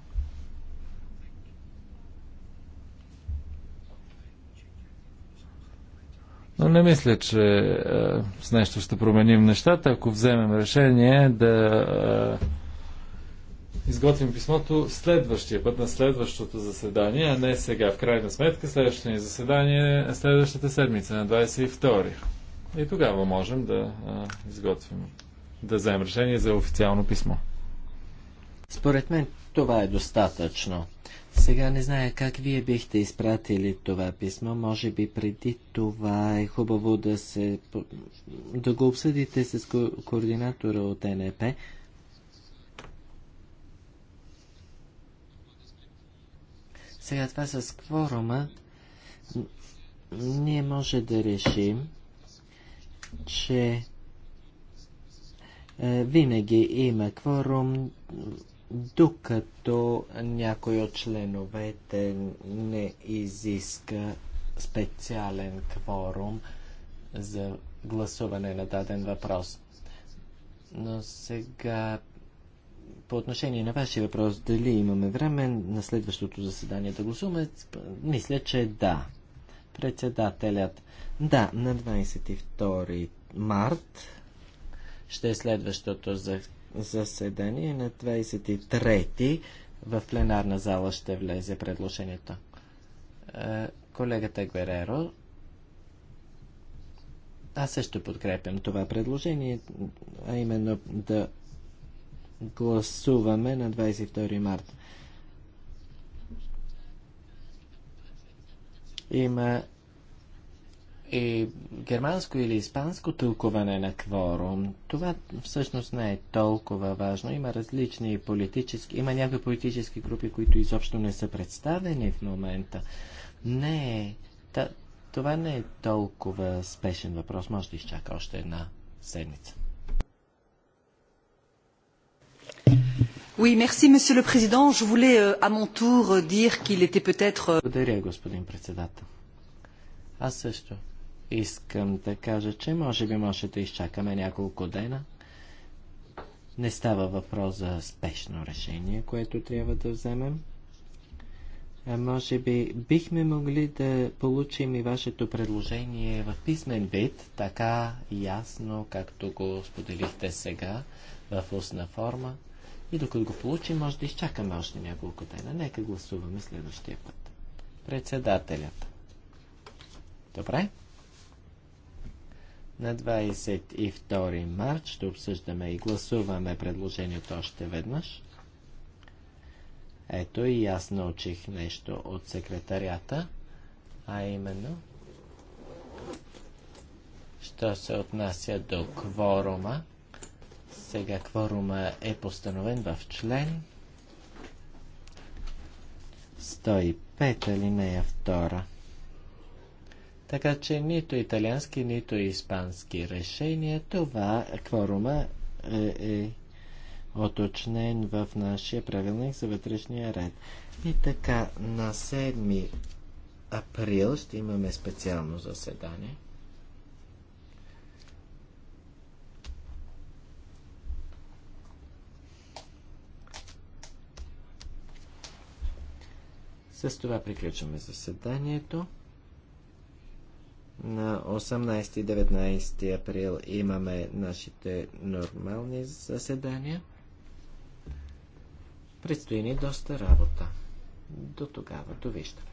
Но не мисля, че е, с нещо ще променим нещата, ако вземем решение да е, изготвим писмото следващия път на следващото заседание, а не сега. В крайна сметка, следващото ни заседание е следващата седмица на 22. И тогава можем да е, изготвим, да вземем решение за официално писмо. Според мен това е достатъчно. Сега не зная как вие бихте изпратили това писмо. Може би преди това е хубаво да, се, да го обсъдите с ко- координатора от НЕП. Сега това с кворума ние може да решим, че е, винаги има кворум докато някой от членовете не изиска специален кворум за гласуване на даден въпрос. Но сега по отношение на вашия въпрос, дали имаме време на следващото заседание да гласуваме, мисля, че да. Председателят, да, на 22 март ще е следващото заседание заседание на 23-ти в пленарна зала ще влезе предложението. Е, колегата Гвереро, аз също подкрепям това предложение, а именно да гласуваме на 22 марта. Има и германско или испанско тълкуване на кворум, това всъщност не е толкова важно. Има различни политически, има някои политически групи, които изобщо не са представени в момента. Не, е, та, това не е толкова спешен въпрос. Може да изчака още една седмица. Oui, merci, Monsieur le Président. Je voulais euh, à mon tour euh, dire qu'il était peut-être. Euh, Благодаря, господин председател. Аз също Искам да кажа, че може би може да изчакаме няколко дена. Не става въпрос за спешно решение, което трябва да вземем. А може би бихме могли да получим и вашето предложение в писмен вид, така ясно, както го споделихте сега, в устна форма. И докато го получим, може да изчакаме още няколко дена. Нека гласуваме следващия път. Председателят. Добре? На 22 март ще обсъждаме и гласуваме предложението още веднъж. Ето и аз научих нещо от секретарята, а именно, що се отнася до кворума. Сега кворума е постановен в член 105 алинея 2. Така че нито италиански, нито испански решения, това кворума е, е оточнен в нашия правилник за вътрешния ред. И така, на 7 април ще имаме специално заседание. С това приключваме заседанието. На 18 и 19 април имаме нашите нормални заседания. Предстои ни доста работа. До тогава довиждаме.